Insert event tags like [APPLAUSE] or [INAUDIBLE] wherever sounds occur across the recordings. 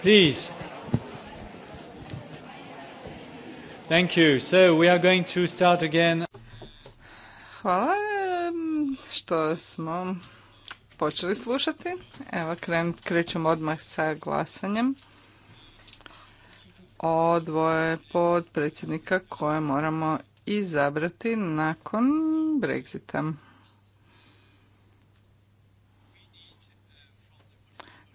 please. Thank you. So we are going to start again. Hvala što smo počeli slušati. Evo kren, krećemo odmah sa glasanjem o dvoje podpredsjednika koje moramo izabrati nakon Brexita.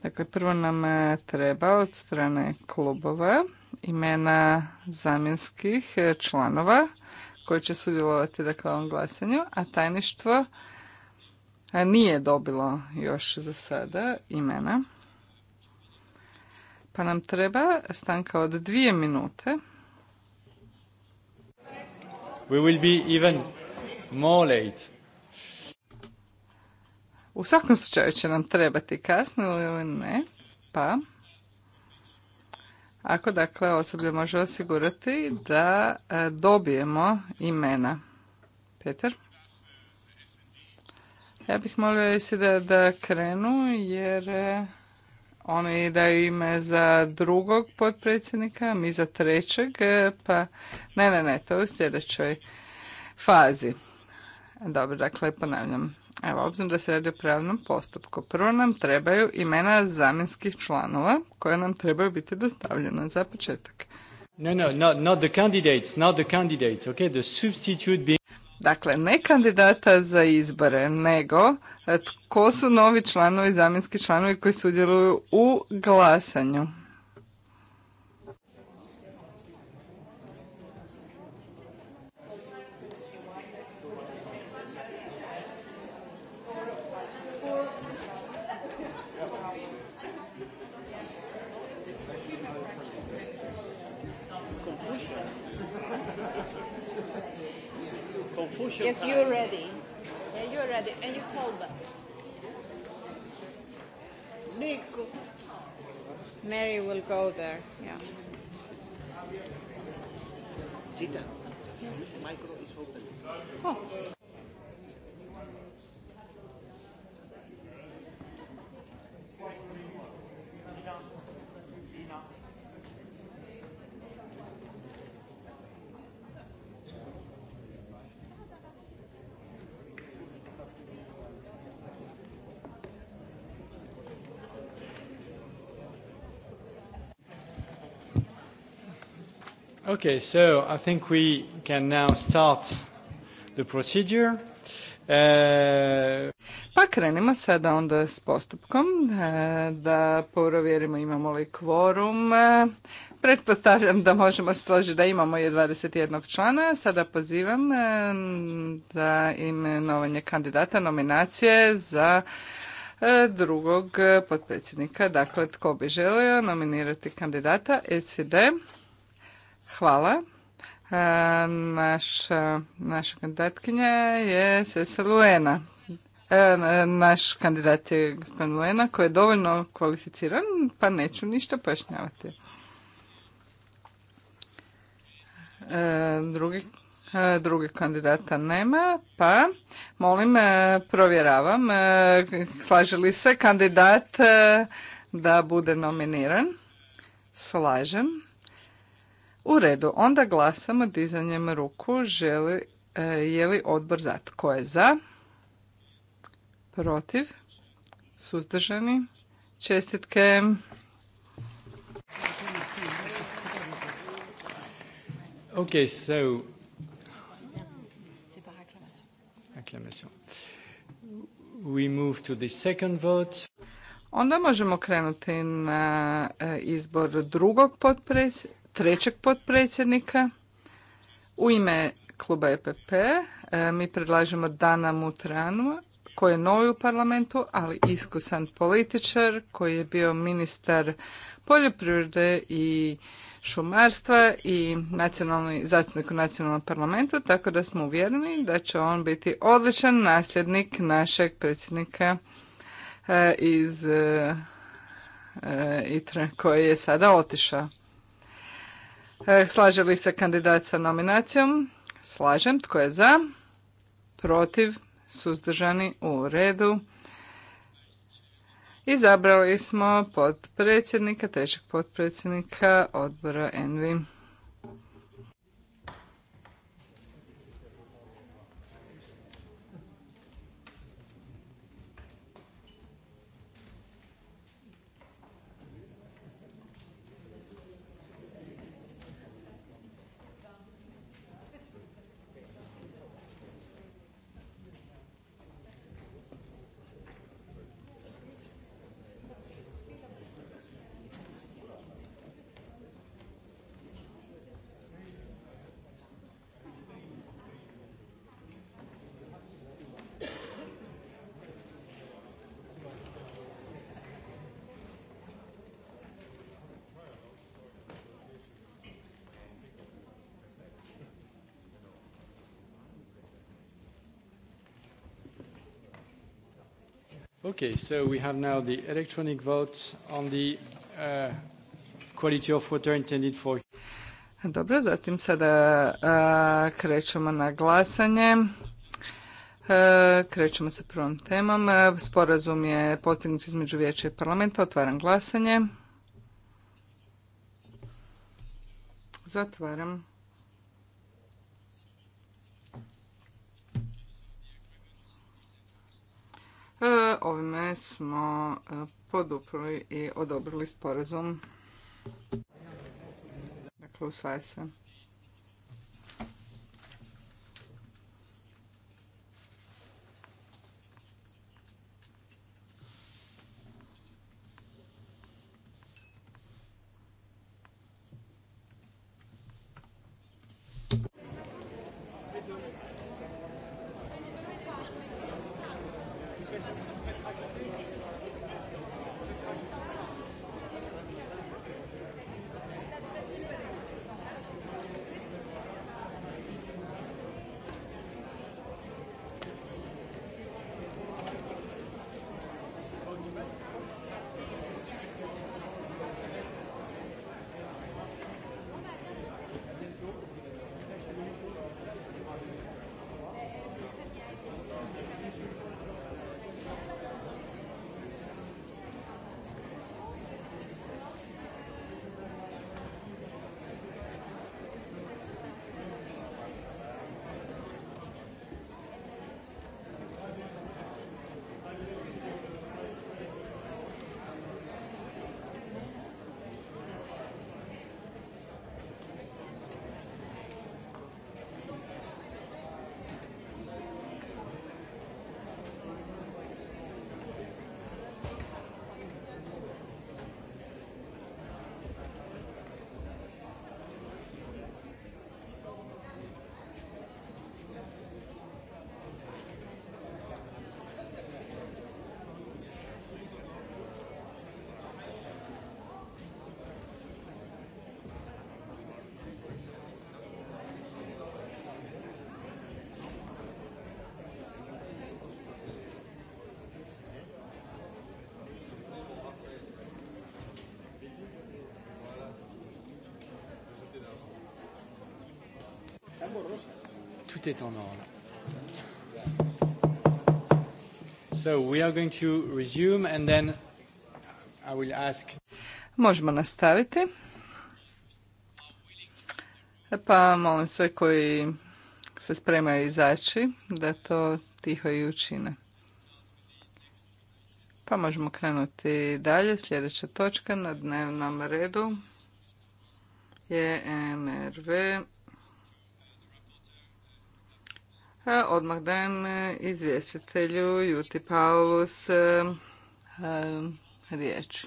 Dakle, prvo nam e, treba od strane klubova imena zamjenskih e, članova koji će sudjelovati dakle u ovom glasanju, a tajništvo e, nije dobilo još za sada imena. Pa nam treba stanka od dvije minute. We will be even more late. U svakom slučaju će nam trebati kasno ili ne, pa ako dakle osoblje može osigurati da e, dobijemo imena. Peter? Ja bih molio da, da krenu jer e, oni daju ime za drugog potpredsjednika, mi za trećeg, e, pa ne, ne, ne, to je u sljedećoj fazi. Dobro, dakle ponavljam. Evo, obzirom da se radi o pravnom postupku. Prvo nam trebaju imena zamjenskih članova koje nam trebaju biti dostavljene za početak. No, no, not the candidates, not the candidates, the substitute being... Dakle, ne kandidata za izbore, nego e, tko su novi članovi, zamjenski članovi koji sudjeluju u glasanju. your yes, time. you're ready. Yeah, you're ready. And you told them. Nico. Mary will go there. Yeah. Tita, micro is open. Oh. Okay, so I think we can now start the procedure. Uh, pa krenimo sada onda s postupkom uh, da provjerimo imamo li kvorum. Pretpostavljam da možemo se složiti da imamo je 21 člana. Sada pozivam uh, za imenovanje kandidata nominacije za drugog potpredsjednika. Dakle, tko bi želio nominirati kandidata? SED. Hvala. E, naša kandidatkinja je Sesa Luena. E, naš kandidat je gospodin Luena koji je dovoljno kvalificiran pa neću ništa pojašnjavati. E, drugi drugi kandidata nema, pa molim provjeravam slaže li se kandidat da bude nominiran. Slažem. U redu, onda glasamo dizanjem ruku. Želi, e, je li odbor za? Tko je za? Protiv? Suzdržani? Čestitke. Ok, so We move to the second vote. Onda možemo krenuti na e, izbor drugog potpredsjednika trećeg potpredsjednika. U ime kluba EPP e, mi predlažemo Dana Mutranu koji je novi u parlamentu, ali iskusan političar koji je bio ministar poljoprivrede i šumarstva i nacionalni zastupnik u nacionalnom parlamentu, tako da smo uvjereni da će on biti odličan nasljednik našeg predsjednika e, iz e, ITRA koji je sada otišao. E, slaže li se kandidat sa nominacijom? Slažem. Tko je za? Protiv? Suzdržani? U redu. Izabrali smo potpredsjednika, trećeg potpredsjednika odbora Envi. Okay, so we have now the electronic vote on the uh, quality of water intended for... Dobro, zatim sada uh, krećemo na glasanje. Uh, krećemo sa prvom temom. Sporazum je postignut između vijeća i parlamenta. Otvaram glasanje. Zatvaram. ovime smo e, poduprli i odobrili sporazum. Dakle, usvaja se. So we are going to resume and then I will ask... Možemo nastaviti. Pa molim sve koji se spremaju izaći da to tiho i učine. Pa možemo krenuti dalje. Sljedeća točka na dnevnom redu je MRV E, odmah dajem e, izvjestitelju Juti Paulus e, riječ.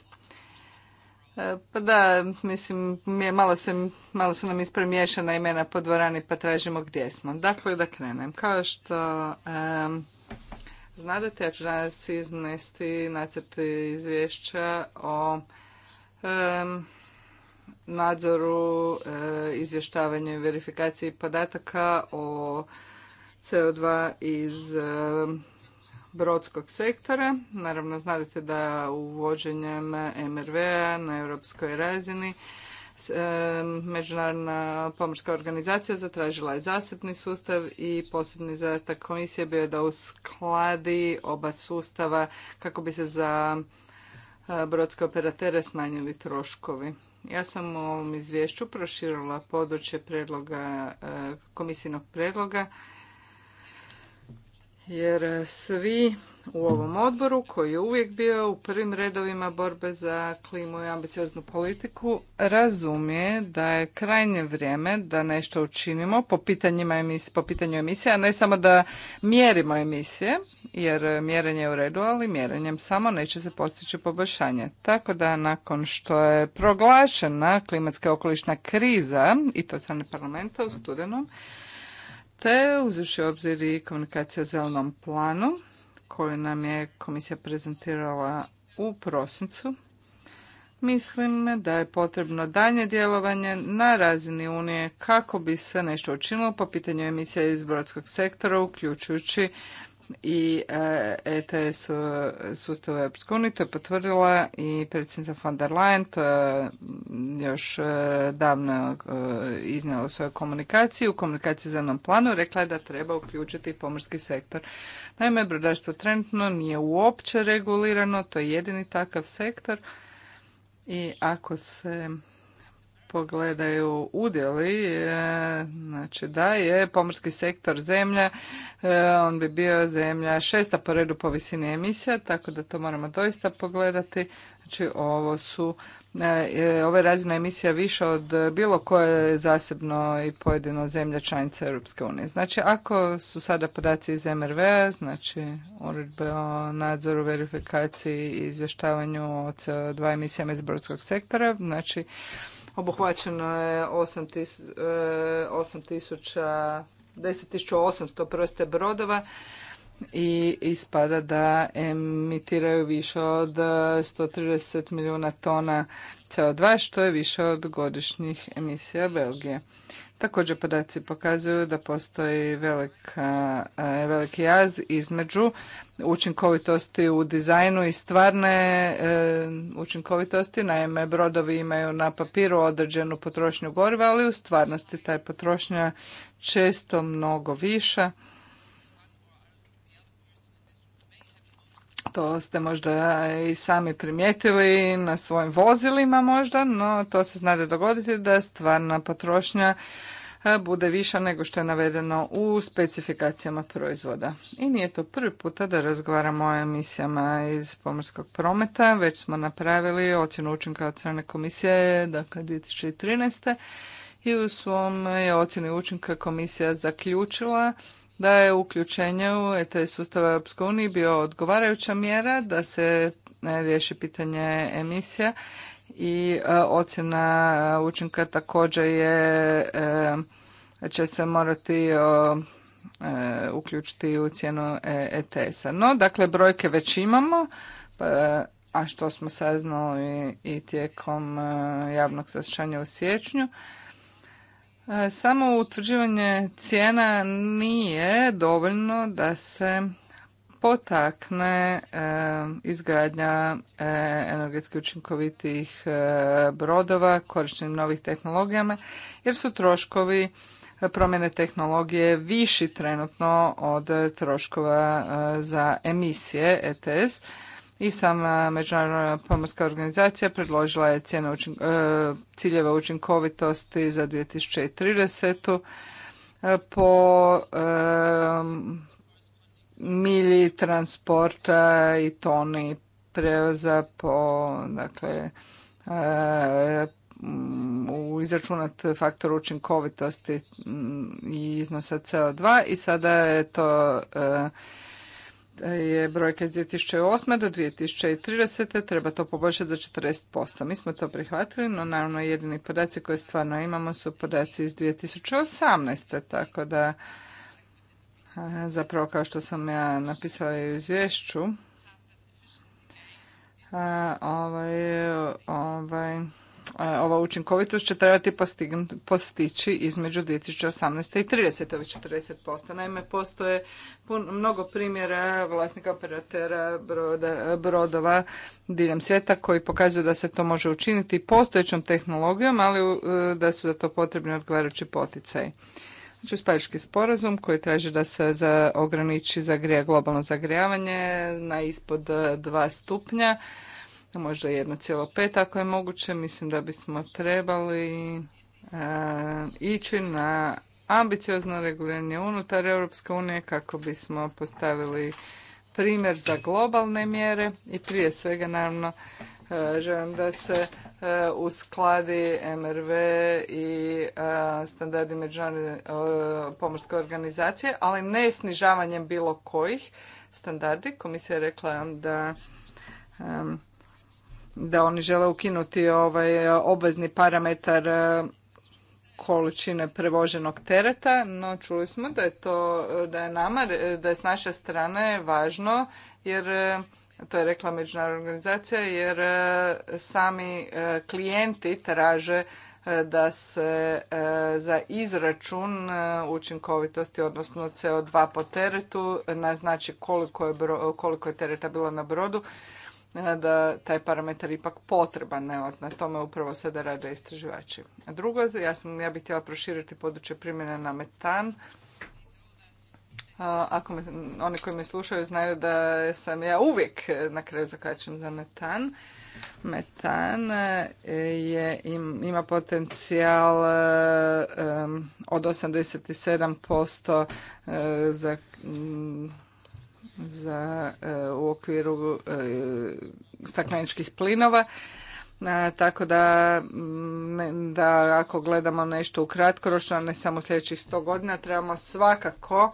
Pa da, mislim, malo, se, malo su nam ispremiješana imena po dvorani pa tražimo gdje smo. Dakle, da krenem. Kao što znate, ja ću danas iznesti nacrt izvješća o nadzoru, izvještavanju i verifikaciji podataka o CO2 iz eh, brodskog sektora. Naravno, znate da uvođenjem MRV-a na europskoj razini eh, Međunarodna pomorska organizacija zatražila je zasebni sustav i posebni zadatak komisije bio je da uskladi oba sustava kako bi se za eh, brodske operatere smanjili troškovi. Ja sam u ovom izvješću proširila područje predloga, komisijnog predloga jer e, svi u ovom odboru koji je uvijek bio u prvim redovima borbe za klimu i ambicioznu politiku razumije da je krajnje vrijeme da nešto učinimo po, pitanjima po pitanju emisija, a ne samo da mjerimo emisije, jer e, mjerenje je u redu, ali mjerenjem samo neće se postići poboljšanje. Tako da nakon što je proglašena klimatska okolišna kriza, i to strane parlamenta u studenom, te uzevši u obzir i komunikaciju o zelenom planu koju nam je komisija prezentirala u prosincu, mislim da je potrebno danje djelovanje na razini Unije kako bi se nešto učinilo po pitanju emisija iz brodskog sektora, uključujući i ETS e sustava Europske To je potvrdila i predsjednica von der Leyen. To je još e, davno e, iznijela u svojoj komunikaciji. U komunikaciji jednom planu rekla je da treba uključiti pomorski sektor. Naime, brodarstvo trenutno nije uopće regulirano. To je jedini takav sektor. I ako se pogledaju udjeli, e, znači da je pomorski sektor zemlja, e, on bi bio zemlja šesta po redu po visini emisija, tako da to moramo doista pogledati. Znači ovo su, e, ove razine emisija više od bilo koje zasebno i pojedino zemlja članica Europske unije. Znači ako su sada podaci iz MRV-a, znači uredbe o nadzoru, verifikaciji i izvještavanju od CO2 emisijama iz brodskog sektora, znači obuhvaćeno je 10.800 e, proste brodova i ispada da emitiraju više od 130 milijuna tona CO2, što je više od godišnjih emisija Belgije. Također podaci pokazuju da postoji velika, e, veliki jaz između učinkovitosti u dizajnu i stvarne e, učinkovitosti. Naime, brodovi imaju na papiru određenu potrošnju goriva, ali u stvarnosti taj potrošnja često mnogo viša To ste možda i sami primijetili na svojim vozilima možda, no to se zna da dogoditi da stvarna potrošnja e, bude viša nego što je navedeno u specifikacijama proizvoda. I nije to prvi puta da razgovaramo o emisijama iz pomorskog prometa, već smo napravili ocjenu učinka od strane komisije, dakle 2013. I u svom je ocjeni učinka komisija zaključila da je uključenje u ETS sustava Europske unije bio odgovarajuća mjera da se e, riješi pitanje emisija i e, ocjena e, učinka također je će se morati uključiti u cijenu ETS-a. No, dakle, brojke već imamo, pa, a što smo saznali i tijekom javnog saslušanja u siječnju, E, samo utvrđivanje cijena nije dovoljno da se potakne e, izgradnja e, energetski učinkovitih brodova korištenjem novih tehnologijama jer su troškovi promjene tehnologije viši trenutno od troškova za emisije ETS i sama Međunarodna pomorska organizacija predložila je cijene ciljeva učinkovitosti za 2030. E, po milji transporta i toni prevoza po dakle e, u izračunat faktor učinkovitosti i iznosa CO2 i sada je to e, je brojka iz 2008. do 2030. treba to poboljšati za 40%. Mi smo to prihvatili, no naravno jedini podaci koje stvarno imamo su podaci iz 2018. Tako da, zapravo kao što sam ja napisala i u izvješću, ovaj, ovaj, E, ova učinkovitost će trebati postići između 2018. i 30. ovih 40%. Naime, postoje mnogo primjera vlasnika operatera brodova diljem svijeta koji pokazuju da se to može učiniti postojećom tehnologijom, ali e, da su za to potrebni odgovarajući poticaj. Znači, sporazum koji traži da se za, ograniči globalno zagrijavanje na ispod e, dva stupnja možda 1,5 ako je moguće. Mislim da bismo trebali eh, ići na ambiciozno reguliranje unutar Europske unije kako bismo postavili primjer za globalne mjere i prije svega naravno eh, želim da se eh, uskladi MRV i standardi međunarodne pomorske organizacije, ali ne snižavanjem bilo kojih standardi. Komisija je rekla da da oni žele ukinuti ovaj e, obvezni parametar e, količine prevoženog tereta, no čuli smo da je to, da je nama, da je s naše strane važno jer e, to je rekla međunarodna organizacija jer sami klijenti traže da se za izračun učinkovitosti, odnosno CO2 po teretu, naznači koliko je, koliko je tereta bilo na brodu, E, da taj parametar ipak potreban, na tome upravo sada rade istraživači. A drugo, ja, sam, ja bih htjela proširiti područje primjene na metan. Ako me, oni koji me slušaju znaju da sam ja uvijek na kraju zakačem za metan. Metan e, je, ima potencijal e, od 87% za za, e, u okviru e, stakleničkih plinova. E, tako da, da ako gledamo nešto u kratkoročno, ne samo sljedećih 100 godina, trebamo svakako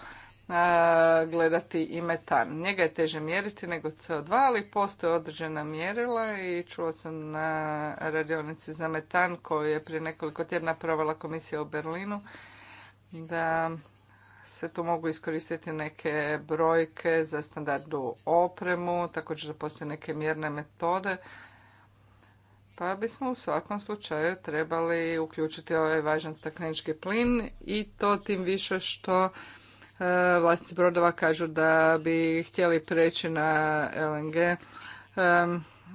gledati i metan. Njega je teže mjeriti nego CO2, ali postoje određena mjerila i čula sam na radionici za metan koju je prije nekoliko tjedna provela komisija u Berlinu da se tu mogu iskoristiti neke brojke za standardnu opremu, također da postoje neke mjerne metode. Pa bismo u svakom slučaju trebali uključiti ovaj važan staklenički plin i to tim više što e, vlasnici brodova kažu da bi htjeli preći na LNG e,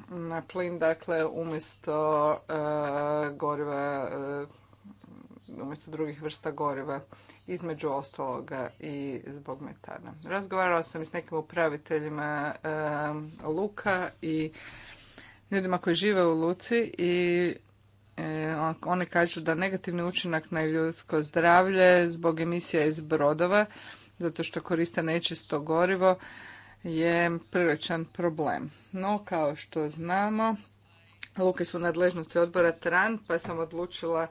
na plin, dakle umjesto e, goriva, umjesto drugih vrsta goriva između ostaloga i zbog metana. Razgovarala sam i s nekim upraviteljima luka i ljudima koji žive u luci i oni kažu da negativni učinak na ljudsko zdravlje zbog emisija iz brodova, zato što koriste nečisto gorivo, je priličan problem. No, kao što znamo, luke su nadležnosti odbora TRAN, pa sam odlučila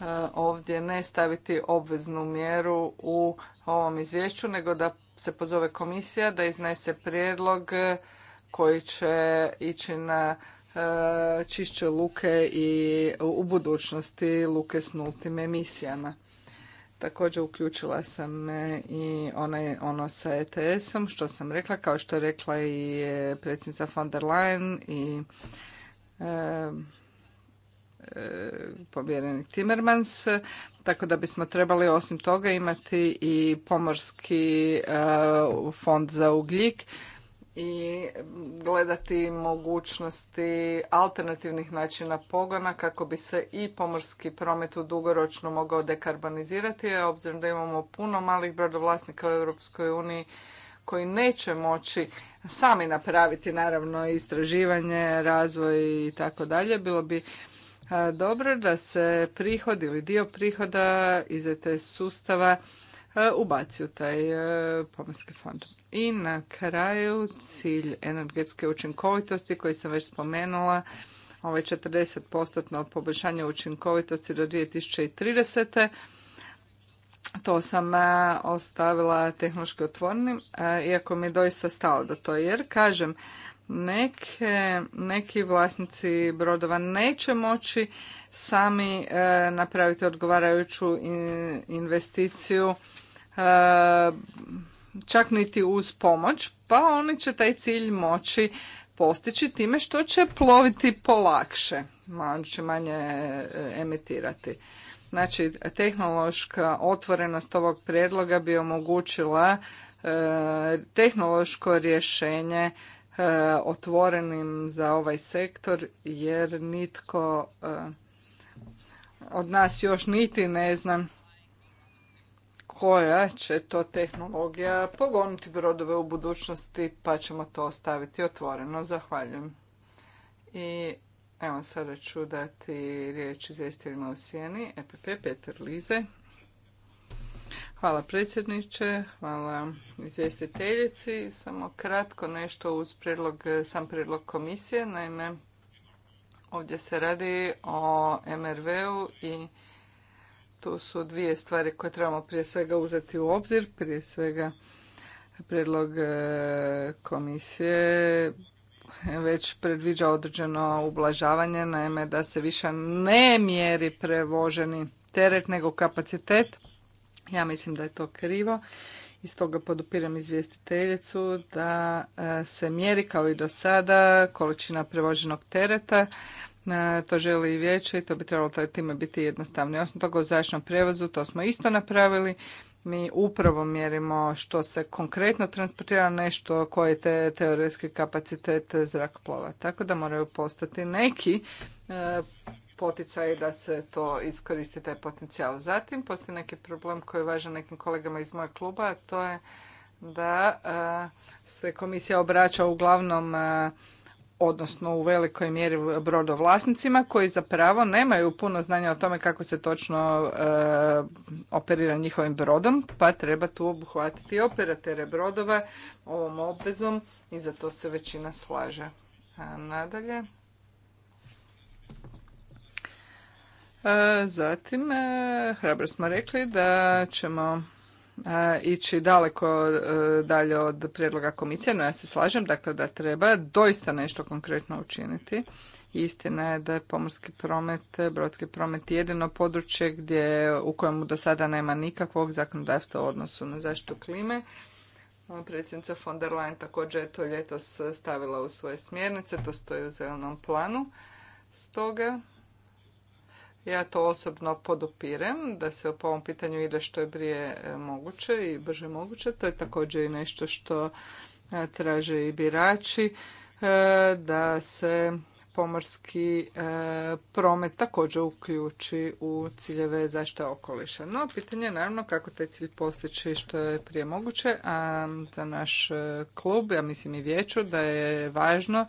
E, ovdje ne staviti obveznu mjeru u ovom izvješću, nego da se pozove komisija da iznese prijedlog koji će ići na e, čišće luke i u budućnosti luke s nultim emisijama. Također uključila sam i onaj, ono sa ETS-om što sam rekla, kao što je rekla i e, predsjednica von der Leyen i povjerenik Timmermans, tako da bismo trebali osim toga imati i pomorski e, fond za ugljik i gledati mogućnosti alternativnih načina pogona kako bi se i pomorski promet u dugoročno mogao dekarbonizirati, a obzirom da imamo puno malih brodovlasnika u Europskoj uniji koji neće moći sami napraviti naravno istraživanje, razvoj i tako dalje, bilo bi dobro da se prihod ili dio prihoda iz ETS sustava ubaci u taj pomorski fond. I na kraju cilj energetske učinkovitosti koji sam već spomenula, ovaj 40% poboljšanje učinkovitosti do 2030. To sam ostavila tehnološki otvornim, iako mi je doista stalo do to, jer kažem, neki vlasnici brodova neće moći sami e, napraviti odgovarajuću investiciju e, čak niti uz pomoć, pa oni će taj cilj moći postići time što će ploviti polakše, on će manje e, emitirati. Znači, tehnološka otvorenost ovog prijedloga bi omogućila tehnološko rješenje E, otvorenim za ovaj sektor jer nitko e, od nas još niti ne zna koja će to tehnologija pogoniti brodove u budućnosti pa ćemo to ostaviti otvoreno. Zahvaljujem. I evo sada ću dati riječ izvjestiteljima u sjeni. EPP Peter Lize. Hvala predsjedniče, hvala izvjestiteljici. Samo kratko nešto uz prijedlog, sam prijedlog komisije. Naime, ovdje se radi o MRV-u i tu su dvije stvari koje trebamo prije svega uzeti u obzir. Prije svega prijedlog e, komisije već predviđa određeno ublažavanje, naime da se više ne mjeri prevoženi teret nego kapacitet ja mislim da je to krivo i toga podupiram izvjestiteljicu da e, se mjeri kao i do sada količina prevoženog tereta. E, to želi i vijeće i to bi trebalo time biti jednostavno. Osim toga u zračnom prevozu to smo isto napravili. Mi upravo mjerimo što se konkretno transportira nešto koje je te teoretski kapacitet zrakoplova. Tako da moraju postati neki e, poticaj da se to iskoristi taj potencijal. Zatim postoji neki problem koji je važan nekim kolegama iz mojeg kluba, a to je da e, se komisija obraća uglavnom e, odnosno u velikoj mjeri brodovlasnicima koji zapravo nemaju puno znanja o tome kako se točno e, operira njihovim brodom, pa treba tu obuhvatiti operatere brodova ovom obvezom i za to se većina slaže. nadalje, E, zatim, e, hrabro smo rekli da ćemo e, ići daleko dalje od prijedloga komisije, no ja se slažem dakle, da treba doista nešto konkretno učiniti. Istina je da je pomorski promet, brodski promet jedino područje gdje, u kojemu do sada nema nikakvog zakonodavstva u odnosu na zaštitu klime. Predsjednica von der Leyen također je to ljetos stavila u svoje smjernice, to stoji u zelenom planu. Stoga ja to osobno podupirem, da se po ovom pitanju ide što je prije e, moguće i brže moguće. To je također i nešto što e, traže i birači, e, da se pomorski promet također uključi u ciljeve zaštite okoliša. No, pitanje je naravno kako taj cilj postići što je prije moguće, a za naš klub, ja mislim i vijeću, da je važno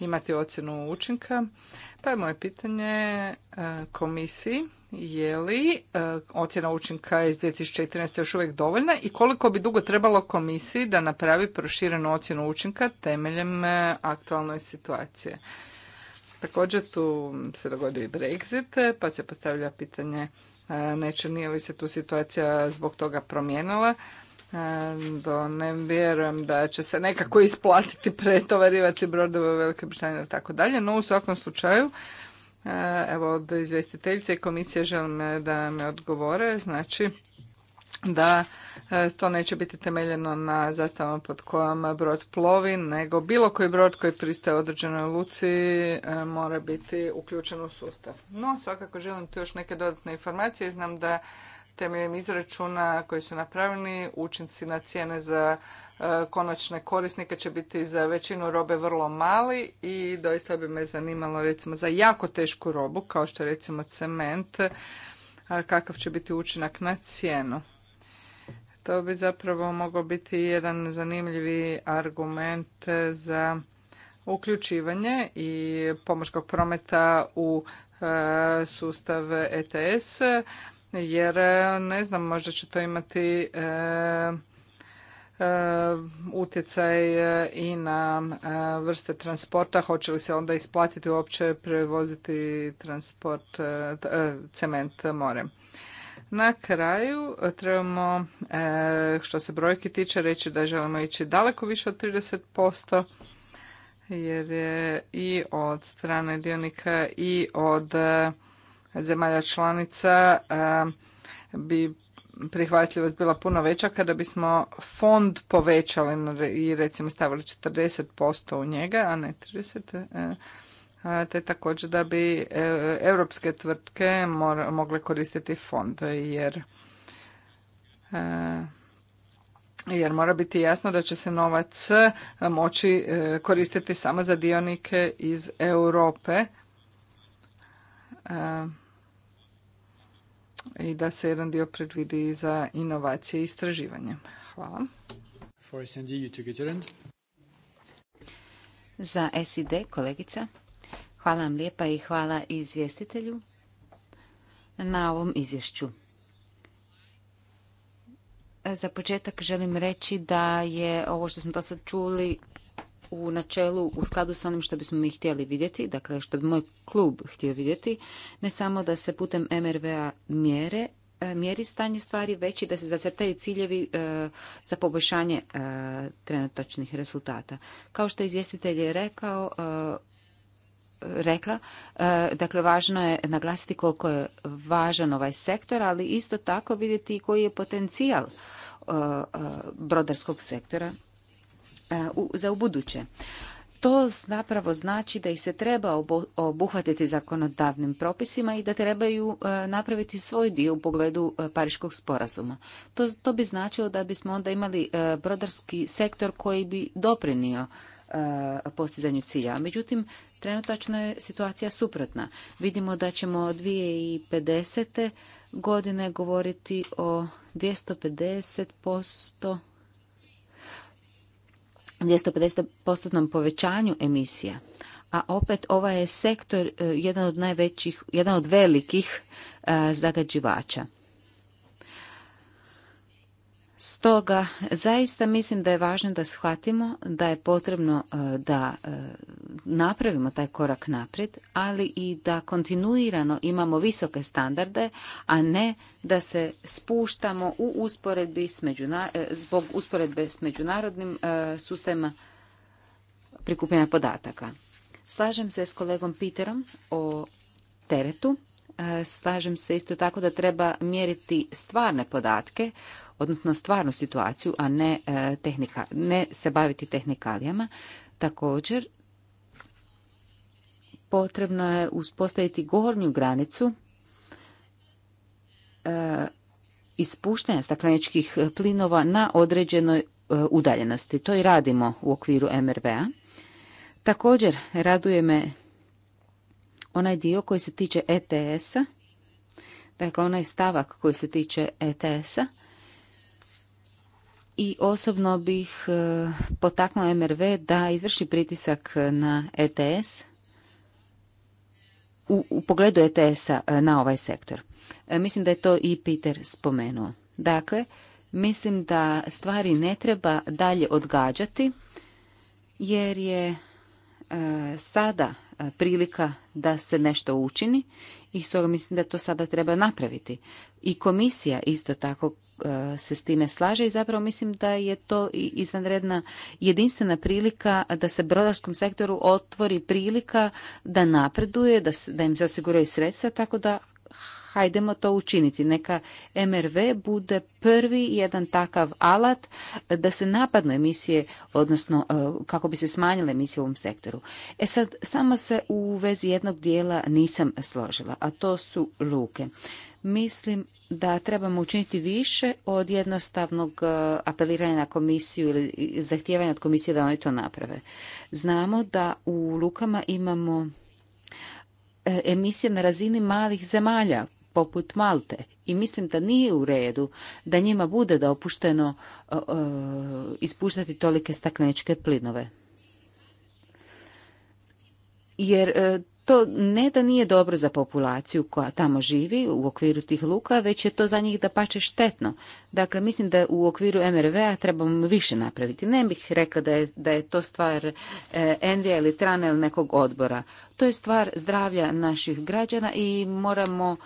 imati ocjenu učinka je moje pitanje e, komisiji je li e, ocjena učinka iz 2014. još uvijek dovoljna i koliko bi dugo trebalo komisiji da napravi proširenu ocjenu učinka temeljem e, aktualne situacije. Također tu se dogodio i Brexit, pa se postavlja pitanje neće nije li se tu situacija zbog toga promijenila do ne vjerujem da će se nekako isplatiti pretovarivati brodove u Velike Britanije i tako dalje, no u svakom slučaju e, evo od izvjestiteljice i komisije želim e, da me odgovore, znači da e, to neće biti temeljeno na zastavama pod kojom brod plovi, nego bilo koji brod koji pristaje određenoj luci mora biti uključen u sustav. No, svakako želim tu još neke dodatne informacije. Znam da temeljem izračuna koji su napravljeni učinci na cijene za e, konačne korisnike će biti za većinu robe vrlo mali i doista bi me zanimalo recimo za jako tešku robu kao što je recimo cement e, kakav će biti učinak na cijenu. To bi zapravo mogao biti jedan zanimljivi argument za uključivanje i pomorskog prometa u e, sustav ETS jer e, ne znam, možda će to imati e, e, utjecaj e, i na e, vrste transporta, hoće li se onda isplatiti uopće prevoziti transport cement morem. Na kraju trebamo, što se brojki tiče, reći da želimo ići daleko više od 30% jer je i od strane dionika i od zemalja članica bi prihvatljivost bila puno veća kada bismo fond povećali i recimo stavili 40% u njega, a ne 30% e, te također da bi e, europske tvrtke mogle koristiti fond jer e, jer mora biti jasno da će se novac moći koristiti samo za dionike iz Europe E, i da se jedan dio predvidi za inovacije i istraživanje. Hvala. za SID, kolegica. Hvala vam lijepa i hvala izvjestitelju na ovom izvješću. Za početak želim reći da je ovo što smo do sad čuli u načelu u skladu s onim što bismo mi htjeli vidjeti, dakle što bi moj klub htio vidjeti, ne samo da se putem MRV-a mjere, e, mjeri stanje stvari, već i da se zacrtaju ciljevi e, za poboljšanje e, trenutačnih rezultata. Kao što izvjestitelj je rekao, rekla. Dakle, važno je naglasiti koliko je važan ovaj sektor, ali isto tako vidjeti koji je potencijal brodarskog sektora E, za ubuduće. To zapravo znači da ih se treba obuhvatiti zakonodavnim propisima i da trebaju e, napraviti svoj dio u pogledu e, Pariškog sporazuma. To, to bi značilo da bismo onda imali brodarski sektor koji bi doprinio postizanju cilja. Međutim, trenutačno je situacija suprotna. Vidimo da ćemo 2050. godine govoriti o 250% 250% povećanju emisija. A opet ovaj je sektor e, jedan od najvećih, jedan od velikih e, zagađivača. Stoga zaista mislim da je važno da shvatimo da je potrebno e, da e, napravimo taj korak naprijed, ali i da kontinuirano imamo visoke standarde, a ne da se spuštamo u usporedbi s e, zbog usporedbe s međunarodnim sustavima prikupljanja podataka. Slažem se s kolegom Peterom o teretu. Slažem se isto tako da treba mjeriti stvarne podatke odnosno stvarnu situaciju, a ne, e, tehnika, ne se baviti tehnikalijama. Također, potrebno je uspostaviti gornju granicu e, ispuštanja stakleničkih plinova na određenoj e, udaljenosti. To i radimo u okviru MRV-a. Također raduje me onaj dio koji se tiče ETS-a, dakle onaj stavak koji se tiče ETS-a i osobno bih e, potaknula MRV da izvrši pritisak na ETS u, pogledu ETS-a e, na ovaj sektor. E, mislim da je to i Peter spomenuo. Dakle, mislim da stvari ne treba dalje odgađati jer je sada prilika da se nešto učini i stoga mislim da to sada treba napraviti. I komisija isto tako E, se s time slaže i zapravo mislim da je to izvanredna jedinstvena prilika da se brodarskom sektoru otvori prilika da napreduje, da, da im se osiguraju sredstva tako da hajdemo to učiniti. Neka MRV bude prvi jedan takav alat da se napadnu emisije, odnosno e, kako bi se smanjile emisije u ovom sektoru. E sad, samo se u vezi jednog dijela nisam složila, a to su luke. Mislim da trebamo učiniti više od jednostavnog e, apeliranja na komisiju ili zahtijevanja od komisije da oni to naprave. Znamo da u lukama imamo e, emisije na razini malih zemalja poput Malte. I mislim da nije u redu da njima bude da opušteno e, e, ispuštati tolike stakleničke plinove. Jer e, to ne da nije dobro za populaciju koja tamo živi u okviru tih luka, već je to za njih da pače štetno. Dakle, mislim da u okviru MRV-a trebamo više napraviti. Ne bih rekla da je, da je to stvar Envija ili Trana ili nekog odbora. To je stvar zdravlja naših građana i moramo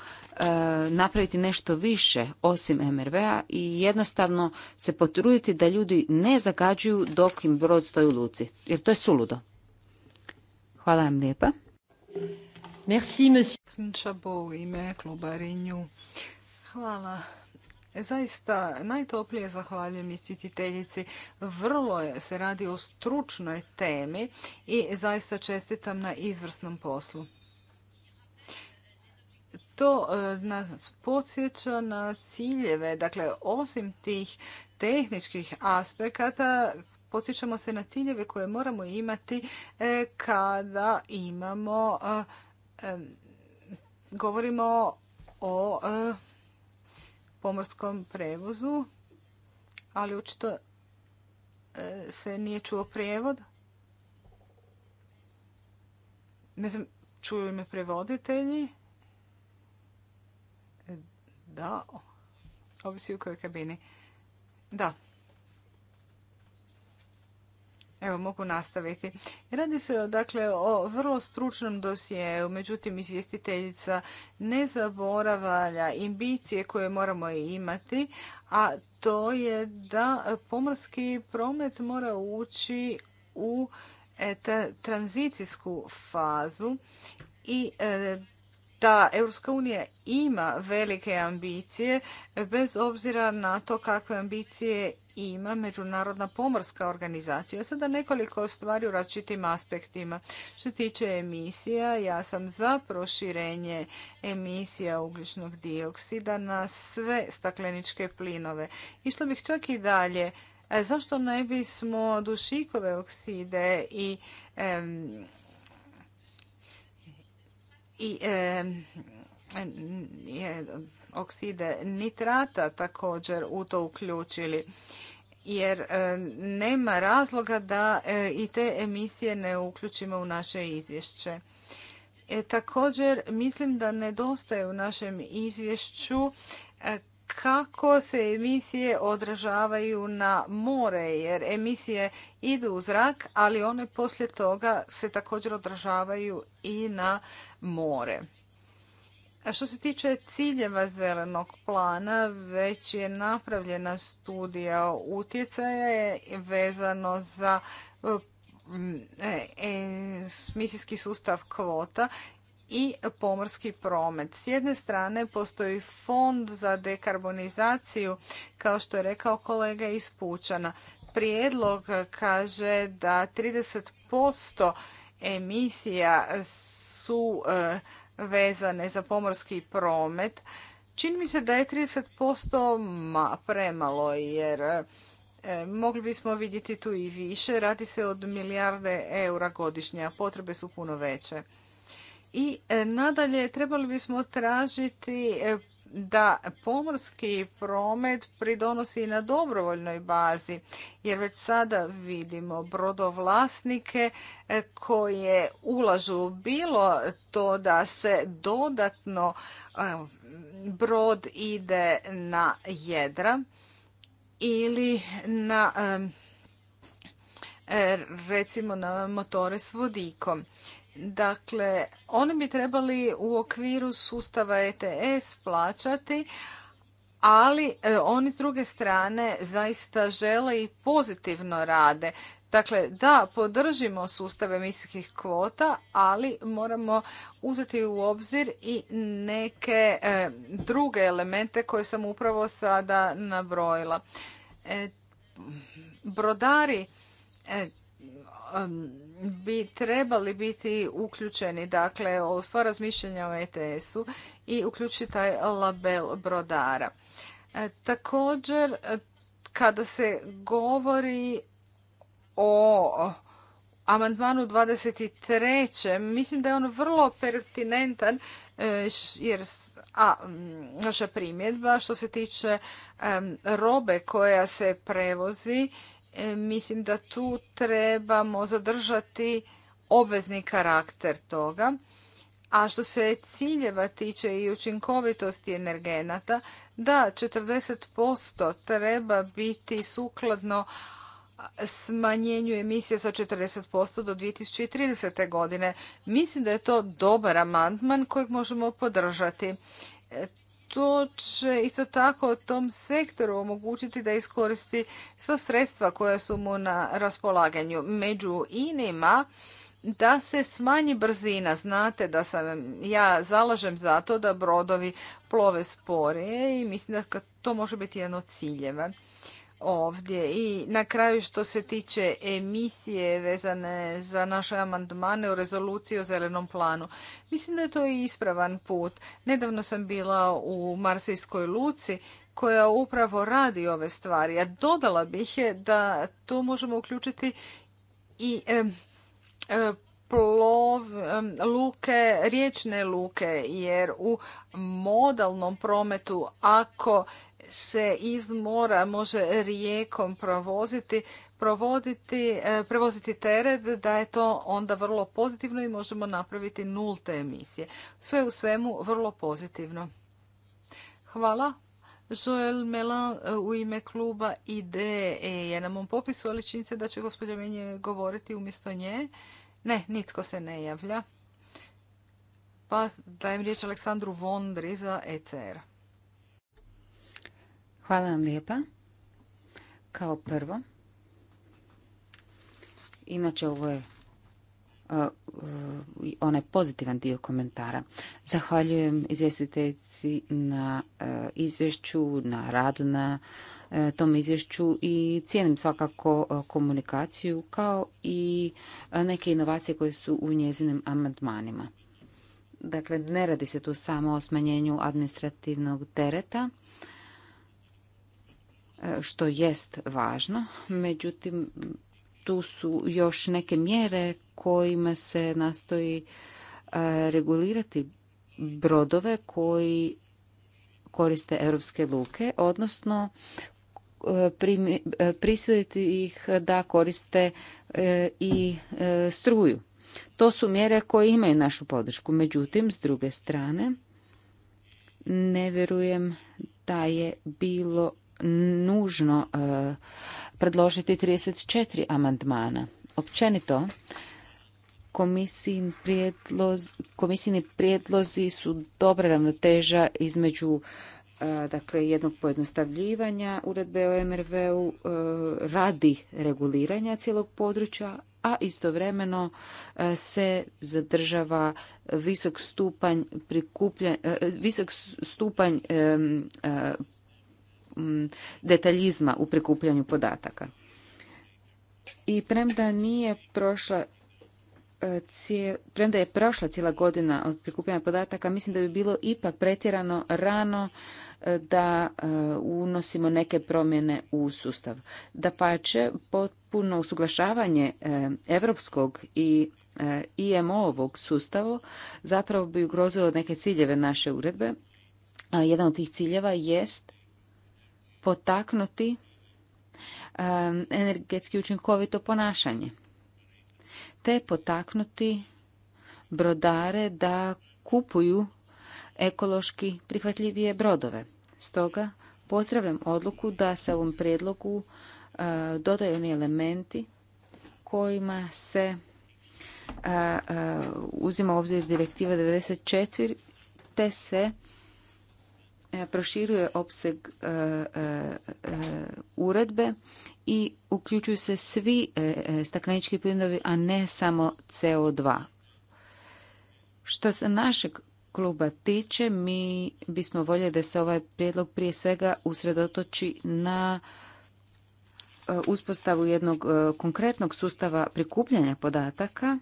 E, napraviti nešto više osim MRV-a i jednostavno se potruditi da ljudi ne zagađuju dok im brod stoji u luci. Jer to je suludo. Hvala vam lijepa. Hvala. E, zaista najtoplije zahvaljujem istititeljici. Vrlo je, se radi o stručnoj temi i zaista čestitam na izvrsnom poslu to e, nas podsjeća na ciljeve. Dakle, osim tih tehničkih aspekata, podsjećamo se na ciljeve koje moramo imati e, kada imamo, e, govorimo o pomorskom prevozu, ali očito se nije čuo prijevod. Ne znam, čuju me prevoditelji. Da, ovisi u kojoj kabini. Da. Evo, mogu nastaviti. Radi se dakle o vrlo stručnom dosjeu, međutim izvjestiteljica ne zaboravlja ambicije koje moramo imati, a to je da pomorski promet mora ući u e, tranzicijsku fazu i e, da Europska unija ima velike ambicije bez obzira na to kakve ambicije ima Međunarodna pomorska organizacija. Sada nekoliko stvari u različitim aspektima. Što se tiče emisija, ja sam za proširenje emisija ugljičnog dioksida na sve stakleničke plinove. Išlo bih čak i dalje. E, zašto ne bismo dušikove okside i i e, okside nitrata također u to uključili jer e, nema razloga da e, i te emisije ne uključimo u naše izvješće. E, također mislim da nedostaje u našem izvješću kako se emisije odražavaju na more, jer emisije idu u zrak, ali one poslije toga se također odražavaju i na more. A što se tiče ciljeva zelenog plana, već je napravljena studija utjecaja vezano za e, e, misijski sustav kvota i pomorski promet. S jedne strane postoji fond za dekarbonizaciju, kao što je rekao kolega iz Pučana. Prijedlog kaže da 30% emisija su e, vezane za pomorski promet. Čini mi se da je 30% premalo jer e, mogli bismo vidjeti tu i više. Radi se od milijarde eura godišnje, a potrebe su puno veće. I e, nadalje trebali bismo tražiti e, da pomorski promet pridonosi na dobrovoljnoj bazi, jer već sada vidimo brodovlasnike e, koje ulažu bilo to da se dodatno brod ide na jedra ili na recimo na motore s vodikom. Dakle, oni bi trebali u okviru sustava ETS plaćati, ali e, oni s druge strane zaista žele i pozitivno rade. Dakle, da, podržimo sustav emisijskih kvota, ali moramo uzeti u obzir i neke e, druge elemente koje sam upravo sada nabrojila. E, brodari bi trebali biti uključeni, dakle, u sva razmišljanja o ETS-u i uključiti taj label brodara. E, također, kada se govori o amandmanu 23. mislim da je on vrlo pertinentan e, jer a naša primjedba što se tiče robe koja se prevozi E, mislim da tu trebamo zadržati obvezni karakter toga. A što se ciljeva tiče i učinkovitosti energenata, da 40% treba biti sukladno smanjenju emisije sa 40% do 2030. godine. Mislim da je to dobar amandman kojeg možemo podržati. E, to će isto tako tom sektoru omogućiti da iskoristi sva sredstva koja su mu na raspolaganju. Među inima da se smanji brzina. Znate da sam ja zalažem za to da brodovi plove sporije i mislim da to može biti jedno od ciljeva ovdje. I na kraju što se tiče emisije vezane za naše amandmane u rezoluciji o zelenom planu. Mislim da je to i ispravan put. Nedavno sam bila u Marsijskoj luci koja upravo radi ove stvari. a dodala bih je da tu možemo uključiti i plov, luke, riječne luke, jer u modalnom prometu ako se iz mora može rijekom provoziti, provoditi, e, prevoziti teret, da je to onda vrlo pozitivno i možemo napraviti nulte emisije. Sve u svemu vrlo pozitivno. Hvala. Joel Melan e, u ime kluba IDE je na mom popisu, ali čini da će gospođa Menje govoriti umjesto nje. Ne, nitko se ne javlja. Pa dajem riječ Aleksandru Vondri za ECR. Hvala vam lijepa. Kao prvo, inače ovo je e, e, onaj pozitivan dio komentara. Zahvaljujem izvjestiteljici na e, izvješću, na radu na tom izvješću i cijenim svakako komunikaciju kao i neke inovacije koje su u njezinim amandmanima. Dakle, ne radi se tu samo o smanjenju administrativnog tereta, E, što jest važno, međutim tu su još neke mjere kojima se nastoji e, regulirati brodove koji koriste europske luke, odnosno e, prisiliti ih da koriste i struju. To su mjere koje imaju našu podršku. Međutim, s druge strane, ne vjerujem da je bilo nužno e, predložiti 34 amandmana. Općenito, komisijni prijedlozi, su dobra ravnoteža između e, dakle jednog pojednostavljivanja uredbe o MRV-u e, radi reguliranja cijelog područja, a istovremeno se zadržava visok stupanj visok stupanj Mm, detaljizma u prikupljanju podataka. I premda nije prošla e, premda je prošla cijela godina od prikupljanja podataka, mislim da bi bilo ipak pretjerano rano e, da e, unosimo neke promjene u sustav. Da pače, potpuno usuglašavanje europskog i IMO-ovog sustava zapravo bi ugrozilo neke ciljeve naše uredbe. A jedan od tih ciljeva jest potaknuti energetski učinkovito ponašanje te potaknuti brodare da kupuju ekološki prihvatljivije brodove. Stoga pozdravljam odluku da se ovom prijedlogu e, dodaju oni elementi kojima se e, e, uzima u obzir direktiva 94 te se E, proširuje opseg e, e, uredbe i uključuju se svi staklenički plinovi, a ne samo CO2. Što se našeg kluba tiče, mi bismo voljeli da se ovaj prijedlog prije svega usredotoči na uspostavu jednog konkretnog sustava prikupljanja podataka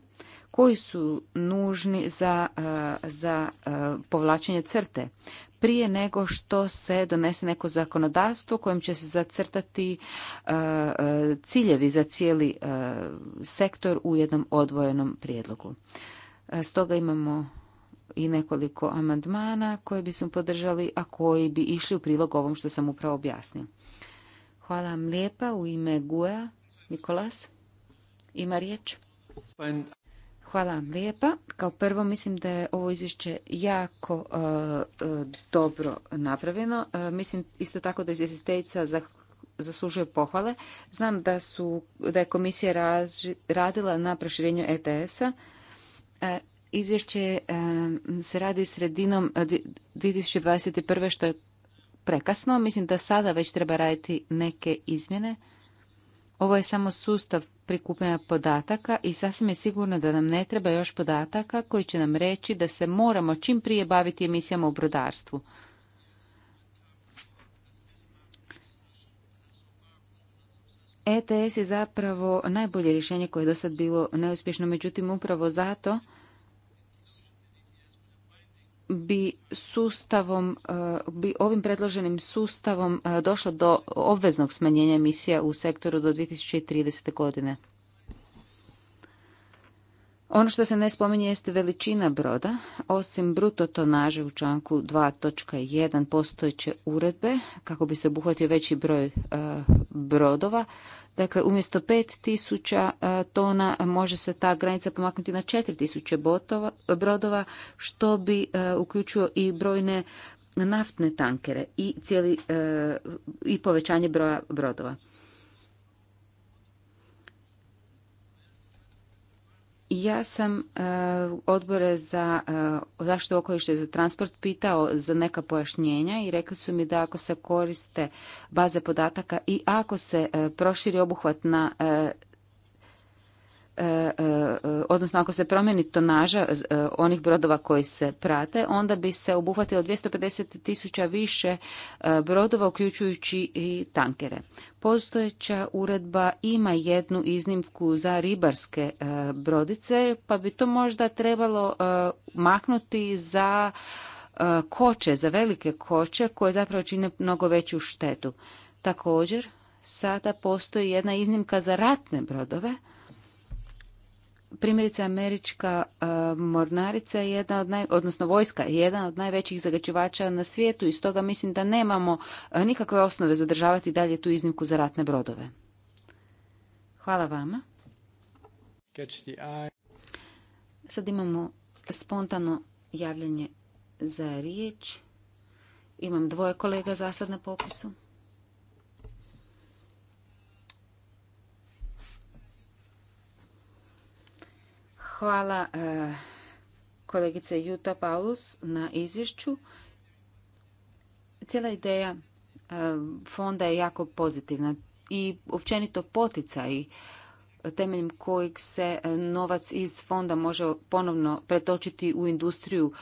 koji su nužni za, e, za e, povlačenje crte prije nego što se donese neko zakonodavstvo kojim će se zacrtati e, ciljevi za cijeli sektor u jednom odvojenom prijedlogu. Stoga imamo i nekoliko amandmana koje bismo podržali, a koji bi išli u prilog ovom što sam upravo objasnio. Hvala vam lijepa. U ime Guja, Nikolas, ima riječ. Hvala vam lijepa. Kao prvo mislim da je ovo izvješće jako e, e, dobro napravljeno. E, mislim isto tako da izvjestiteljica za zaslužuje pohvale. Znam da, su, da je komisija radila na proširenju ETS-a. izvješće se radi sredinom 2021. što je prekasno. Mislim da sada već treba raditi neke izmjene. Ovo je samo sustav prikupljanja podataka i sasvim je sigurno da nam ne treba još podataka koji će nam reći da se moramo čim prije baviti emisijama u brodarstvu. ETS je zapravo najbolje rješenje koje je do sad bilo neuspješno, međutim upravo zato bi sustavom, e, bi ovim predloženim sustavom e, došlo do obveznog smanjenja emisija u sektoru do 2030. godine. Ono što se ne spominje jeste veličina broda. Osim bruto tonaže u članku 2.1 postojeće uredbe, kako bi se obuhvatio veći broj e, brodova, dakle umjesto 5000 e, tona može se ta granica pomaknuti na 4000 brodova, što bi e, uključio i brojne naftne tankere i, cijeli, e, i povećanje broja brodova. Ja sam e, odbore za e, zaštitu okoliša i za transport pitao za neka pojašnjenja i rekli su mi da ako se koriste baze podataka i ako se e, proširi obuhvat na E, e, odnosno ako se promjeni tonaža e, onih brodova koji se prate, onda bi se obuhvatilo 250 tisuća više brodova, uključujući i tankere. Postojeća uredba ima jednu iznimku za ribarske brodice, pa bi to možda trebalo maknuti za koče, za velike koče koje zapravo čine mnogo veću štetu. Također, sada postoji jedna iznimka za ratne brodove, Primjerice, američka e, mornarica je jedna od naj, odnosno vojska je jedan od najvećih zagađivača na svijetu i stoga mislim da nemamo e, nikakve osnove zadržavati dalje tu iznimku za ratne brodove. Hvala vama. Sad imamo spontano javljanje za riječ. Imam dvoje kolega za sad na popisu. Hvala e, kolegice Juta Paulus na izvješću. Cijela ideja e, fonda je jako pozitivna i općenito poticaj temeljem kojeg se e, novac iz fonda može ponovno pretočiti u industriju,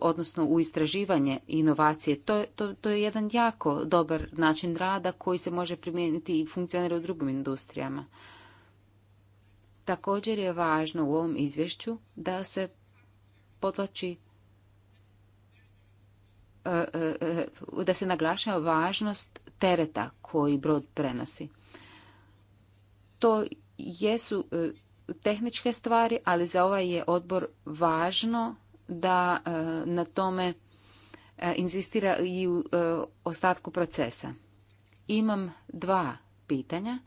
odnosno u istraživanje inovacije. To to je jedan jako dobar način rada koji se može primijeniti i funkcionira u drugim industrijama. Također je važno u ovom izvješću da se potlači e, e, e, da se naglašava važnost tereta koji brod prenosi. To jesu tehničke stvari, ali za ovaj je odbor važno da na tome inzistira i u ostatku procesa. Imam dva pitanja.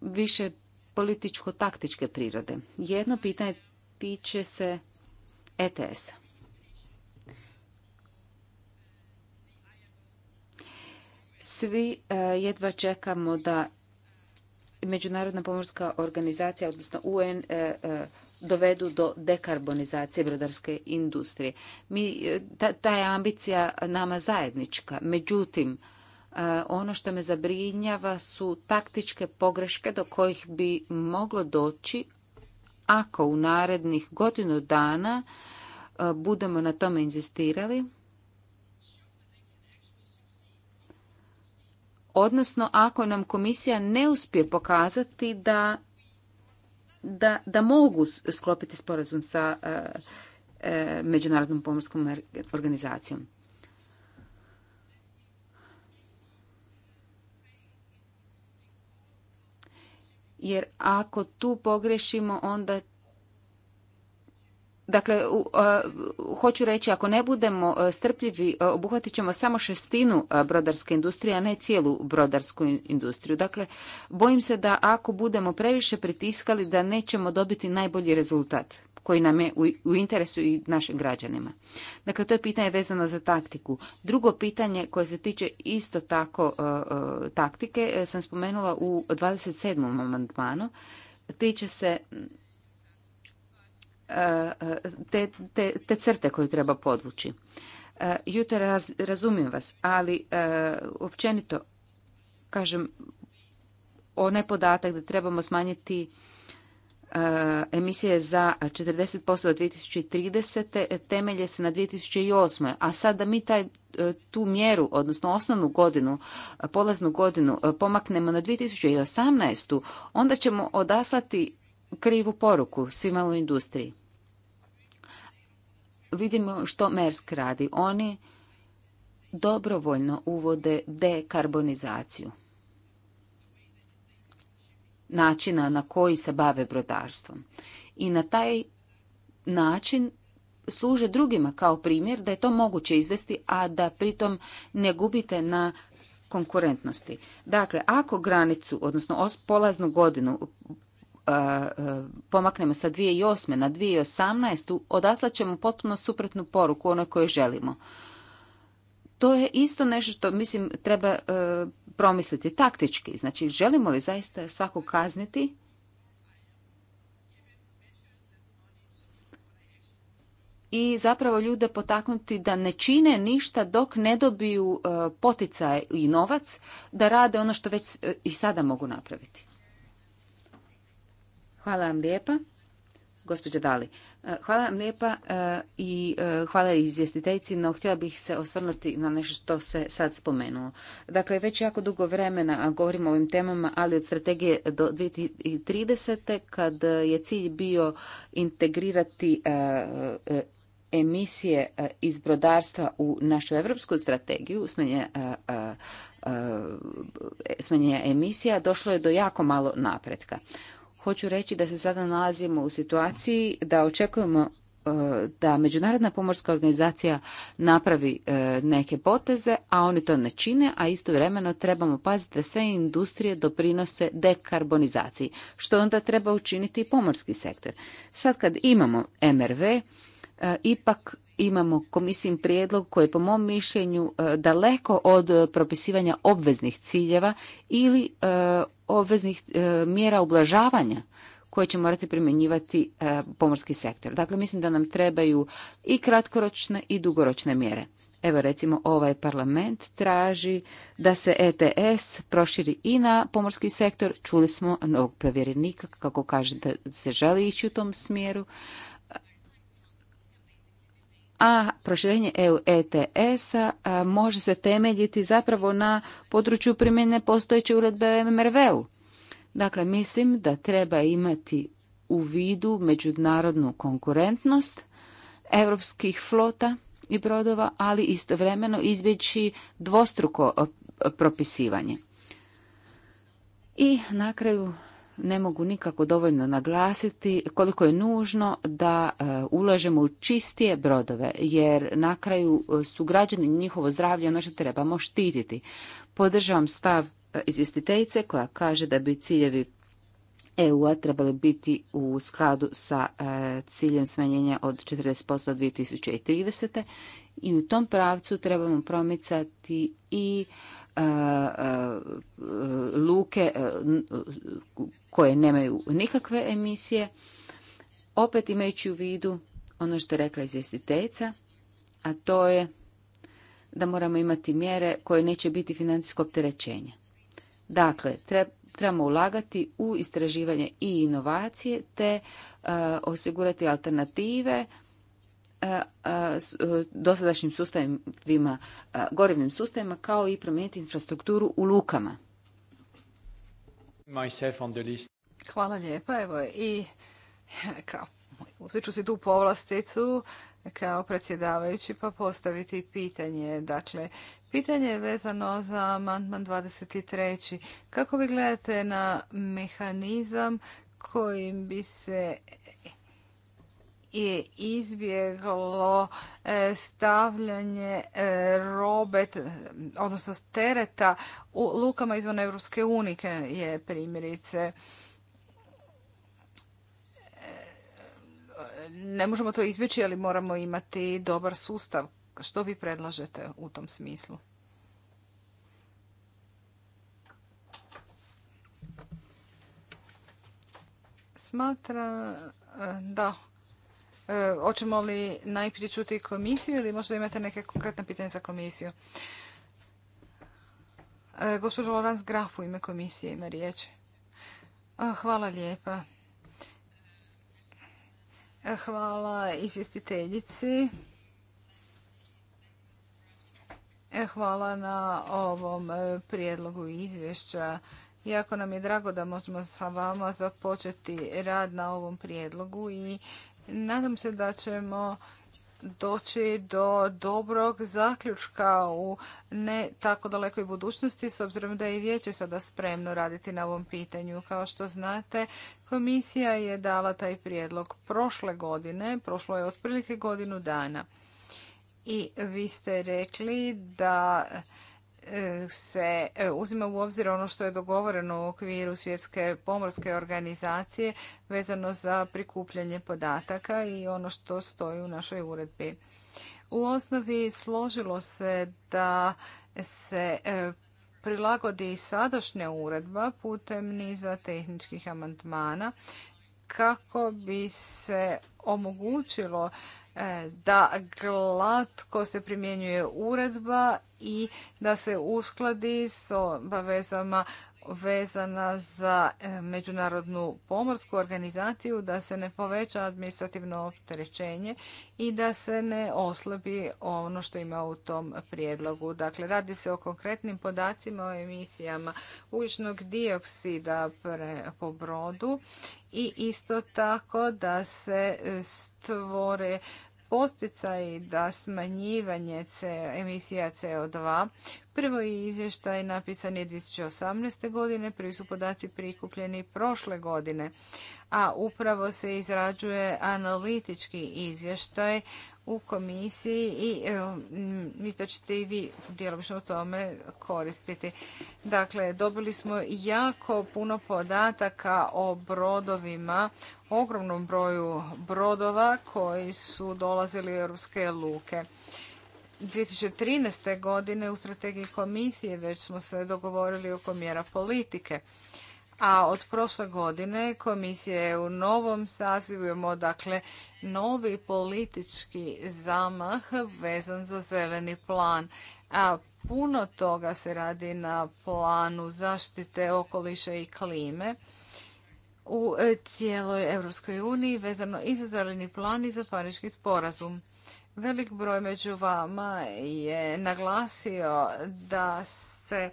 Više političko-taktičke prirode. Jedno pitanje tiče se ETS-a. Svi e, jedva čekamo da Međunarodna pomorska organizacija, odnosno UN, e, e, dovedu do dekarbonizacije brodarske industrije. ta je ambicija nama zajednička. Međutim, E, ono što me zabrinjava su taktičke pogreške do kojih bi moglo doći ako u narednih godinu dana e, budemo na tome inzistirali. Odnosno, ako nam komisija ne uspije pokazati da, da, da mogu sklopiti sporazum sa e, Međunarodnom pomorskom organizacijom. jer ako tu pogrešimo onda Dakle, e, hoću reći, ako ne budemo e, strpljivi, e, obuhvatit ćemo samo šestinu brodarske industrije, a ne cijelu brodarsku industriju. Dakle, bojim se da ako budemo previše pritiskali, da nećemo dobiti najbolji rezultat koji nam je u interesu i našim građanima. Dakle, to je pitanje vezano za taktiku. Drugo pitanje koje se tiče isto tako e, e, taktike e, sam spomenula u 27. amandmanu. Tiče se te, te, te crte koju treba podvući. Jutra razumijem vas, ali općenito kažem onaj podatak da trebamo smanjiti E, emisije za 40% do 2030. E, temelje se na 2008. A sada mi taj, e, tu mjeru, odnosno osnovnu godinu, polaznu godinu, pomaknemo na 2018. onda ćemo odaslati krivu poruku svima u industriji. Vidimo što Mersk radi. Oni dobrovoljno uvode dekarbonizaciju načina na koji se bave brodarstvom. I na taj način služe drugima kao primjer da je to moguće izvesti, a da pritom ne gubite na konkurentnosti. Dakle, ako granicu, odnosno polaznu godinu uh, uh, pomaknemo sa 2008. na 2018. odaslat ćemo potpuno suprotnu poruku onoj koju želimo. To je isto nešto što, mislim, treba uh, promisliti taktički. Znači, želimo li zaista svako kazniti? I zapravo ljude potaknuti da ne čine ništa dok ne dobiju e, poticaj i novac da rade ono što već e, i sada mogu napraviti. Hvala vam lijepa. Gospođa Dali, Hvala vam lijepa e, i e, hvala izvjestiteljici, no htjela bih se osvrnuti na nešto što se sad spomenuo. Dakle, već jako dugo vremena govorimo o ovim temama, ali od strategije do 2030. kad je cilj bio integrirati e, emisije iz brodarstva u našu evropsku strategiju, smenje smanjenja emisija, došlo je do jako malo napretka hoću reći da se sada nalazimo u situaciji da očekujemo e, da Međunarodna pomorska organizacija napravi e, neke poteze, a oni to ne čine, a istovremeno trebamo paziti da sve industrije doprinose dekarbonizaciji, što onda treba učiniti i pomorski sektor. Sad kad imamo MRV, e, ipak imamo komisijin prijedlog koji je po mom mišljenju e, daleko od e, propisivanja obveznih ciljeva ili e, obveznih mjera ublažavanja koje će morati primjenjivati pomorski sektor. Dakle, mislim da nam trebaju i kratkoročne i dugoročne mjere. Evo recimo ovaj parlament traži da se ETS proširi i na pomorski sektor. Čuli smo novog povjerenika kako kaže da se želi ići u tom smjeru a proširenje EU ETS-a može se temeljiti zapravo na području primjene postojeće uredbe MRV-u. Dakle, mislim da treba imati u vidu međunarodnu konkurentnost europskih flota i brodova, ali istovremeno izbjeći dvostruko propisivanje. I na kraju ne mogu nikako dovoljno naglasiti koliko je nužno da e, ulažemo u čistije brodove, jer na kraju e, su građani njihovo zdravlje ono što trebamo štititi. Podržavam stav e, izvjestiteljice koja kaže da bi ciljevi EU-a trebali biti u skladu sa ciljem smanjenja od 40% 2030. i u tom pravcu trebamo promicati i E, e, luke e, koje nemaju nikakve emisije. Opet imajući u vidu ono što je rekla izvjestiteljica, a to je da moramo imati mjere koje neće biti financijsko opterećenje. Dakle, trebamo ulagati u istraživanje i inovacije te osigurati alternative E, e, e, dosadašnjim sustavima, gorivnim sustavima, kao i promijeniti infrastrukturu u lukama. Hvala lijepa. Evo i kao, uzet ću si tu povlasticu kao predsjedavajući pa postaviti pitanje. Dakle, pitanje je vezano za amandman 23. Kako vi gledate na mehanizam kojim bi se je izbjeglo e, stavljanje e, robe, odnosno tereta u lukama izvan Europske unike je primjerice. E, ne možemo to izbjeći, ali moramo imati dobar sustav. Što vi predlažete u tom smislu? Smatra da E, hoćemo li najprije čuti komisiju ili možda imate neke konkretna pitanja za komisiju? E, Gospođa Lorenz Graf u ime komisije ima riječ. Hvala lijepa. E, hvala izvjestiteljici. Hvala na ovom prijedlogu izvješća. Jako nam je drago da možemo sa vama započeti rad na ovom prijedlogu i Nadam se da ćemo doći do dobrog zaključka u ne tako dalekoj budućnosti, s obzirom da je i vijeće sada spremno raditi na ovom pitanju. Kao što znate, komisija je dala taj prijedlog prošle godine, prošlo je otprilike godinu dana. I vi ste rekli da se e, uzima u obzir ono što je dogovoreno u okviru Svjetske pomorske organizacije vezano za prikupljanje podataka i ono što stoji u našoj uredbi. U osnovi složilo se da se e, prilagodi sadašnja uredba putem niza tehničkih amandmana kako bi se omogućilo e, da glatko se primjenjuje uredba i da se uskladi s obavezama vezana za e, Međunarodnu pomorsku organizaciju, da se ne poveća administrativno opterećenje i da se ne oslabi ono što ima u tom prijedlogu. Dakle, radi se o konkretnim podacima o emisijama ugljičnog dioksida po brodu i isto tako da se stvore posticaji da smanjivanje emisija CO2. Prvo izvještaj napisan je 2018. godine, prvi su podaci prikupljeni prošle godine, a upravo se izrađuje analitički izvještaj u komisiji i mm, mislim da ćete i vi djelomično u tome koristiti. Dakle, dobili smo jako puno podataka o brodovima, ogromnom broju brodova koji su dolazili u europske luke. 2013. godine u strategiji komisije već smo se dogovorili oko mjera politike a od prošle godine komisije u novom sazivu imamo dakle novi politički zamah vezan za zeleni plan. A puno toga se radi na planu zaštite okoliša i klime u e, cijeloj Europskoj uniji vezano i za zeleni plan i za pariški sporazum. Velik broj među vama je naglasio da se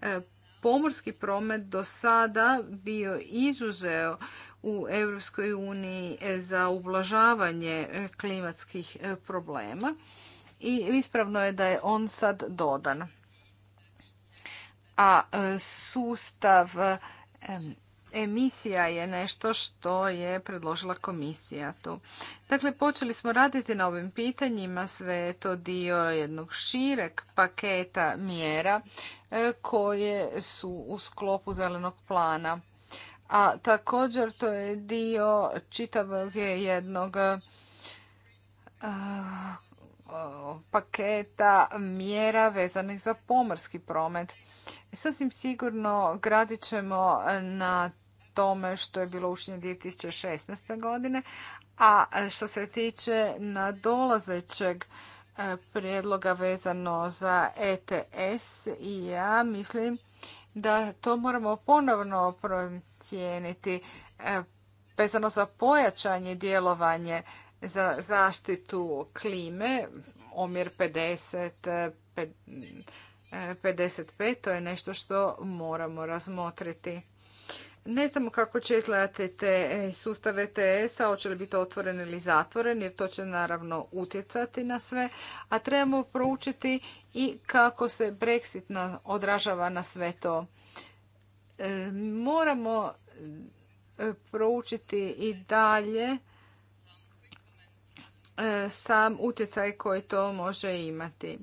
e, pomorski promet do sada bio izuzeo u Europskoj uniji e, za ublažavanje e, klimatskih e, problema i ispravno je da je on sad dodan. A sustav emisija je nešto što je predložila komisija tu. Dakle, počeli smo raditi na ovim pitanjima, sve je to dio jednog šireg paketa mjera E, koje su u sklopu zelenog plana. A također to je dio čitavog jednog e, paketa mjera vezanih za pomorski promet. E, sasvim sigurno gradit ćemo na tome što je bilo učinjeno 2016. godine, a što se tiče nadolazećeg E, prijedloga vezano za ETS i ja mislim da to moramo ponovno procijeniti e, vezano za pojačanje djelovanje za zaštitu klime, omjer 50 55, e, to je nešto što moramo razmotriti. Ne znamo kako će izgledati te e, sustav ETS-a, hoće li biti otvoren ili zatvoren, jer to će naravno utjecati na sve, a trebamo proučiti i kako se Brexit odražava na sve to. E, moramo e, proučiti i dalje sam utjecaj koji to može imati.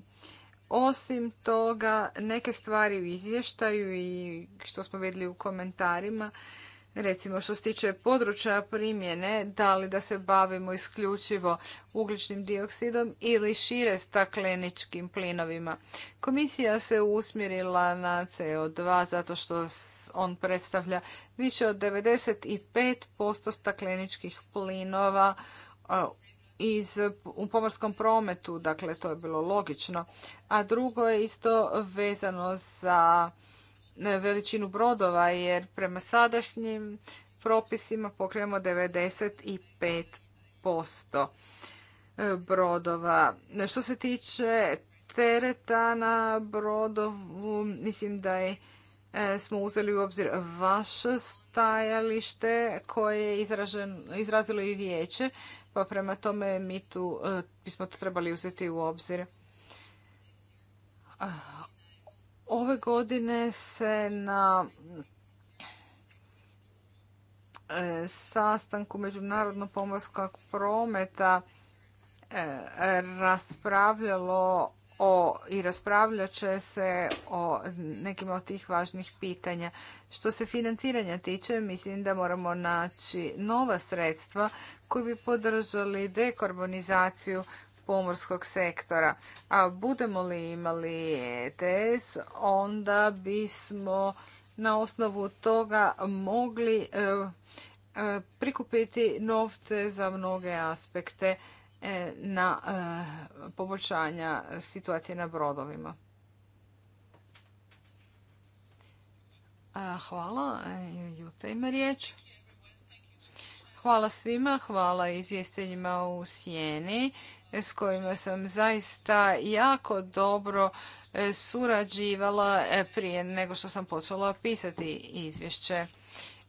Osim toga, neke stvari u izvještaju i što smo vidjeli u komentarima, recimo što se tiče područja primjene, da li da se bavimo isključivo ugljičnim dioksidom ili šire stakleničkim plinovima. Komisija se usmjerila na CO2 zato što on predstavlja više od 95% stakleničkih plinova iz, u pomorskom prometu, dakle to je bilo logično. A drugo je isto vezano za e, veličinu brodova, jer prema sadašnjim propisima pokrijemo 95% e, brodova. Što se tiče tereta na brodovu, mislim da je e, smo uzeli u obzir vaše stajalište koje je izrazilo i vijeće pa prema tome mi tu e, bismo to trebali uzeti u obzir. Ove godine se na e, sastanku Međunarodnog pomorskog prometa e, raspravljalo o, i raspravljat će se o nekim od tih važnih pitanja. Što se financiranja tiče, mislim da moramo naći nova sredstva koji bi podržali dekarbonizaciju pomorskog sektora. A budemo li imali ETS, onda bismo na osnovu toga mogli e, e, prikupiti novce za mnoge aspekte e, na poboljšanja situacije na brodovima. Hvala. Juta ima riječ. Hvala svima, hvala izvjestiteljima u Sjeni s kojima sam zaista jako dobro e, surađivala e, prije nego što sam počela pisati izvješće.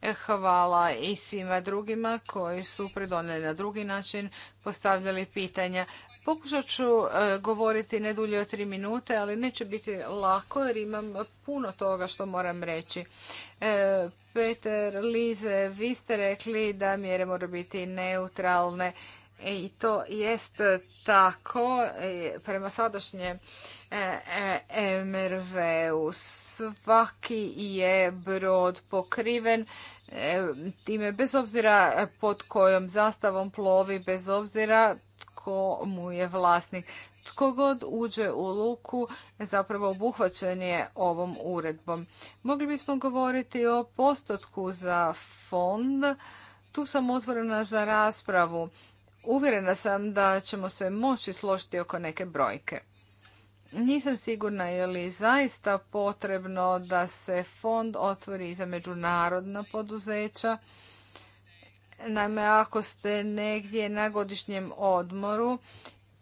E, hvala i svima drugima koji su predonjeli na drugi način, postavljali pitanja. Pokušat ću e, govoriti ne dulje od tri minute, ali neće biti lako jer imam puno toga što moram reći. E, Peter, Lize, vi ste rekli da mjere moraju biti neutralne e, i to jest tako prema sadašnje MRV-u. Svaki je brod pokriven time bez obzira pod kojom zastavom plovi, bez obzira tko mu je vlasnik. Tko god uđe u luku zapravo obuhvaćen je ovom uredbom. Mogli bismo govoriti o postotku za fond. Tu sam otvorena za raspravu. Uvjerena sam da ćemo se moći složiti oko neke brojke. Nisam sigurna je li zaista potrebno da se fond otvori za međunarodna poduzeća Naime, ako ste negdje na godišnjem odmoru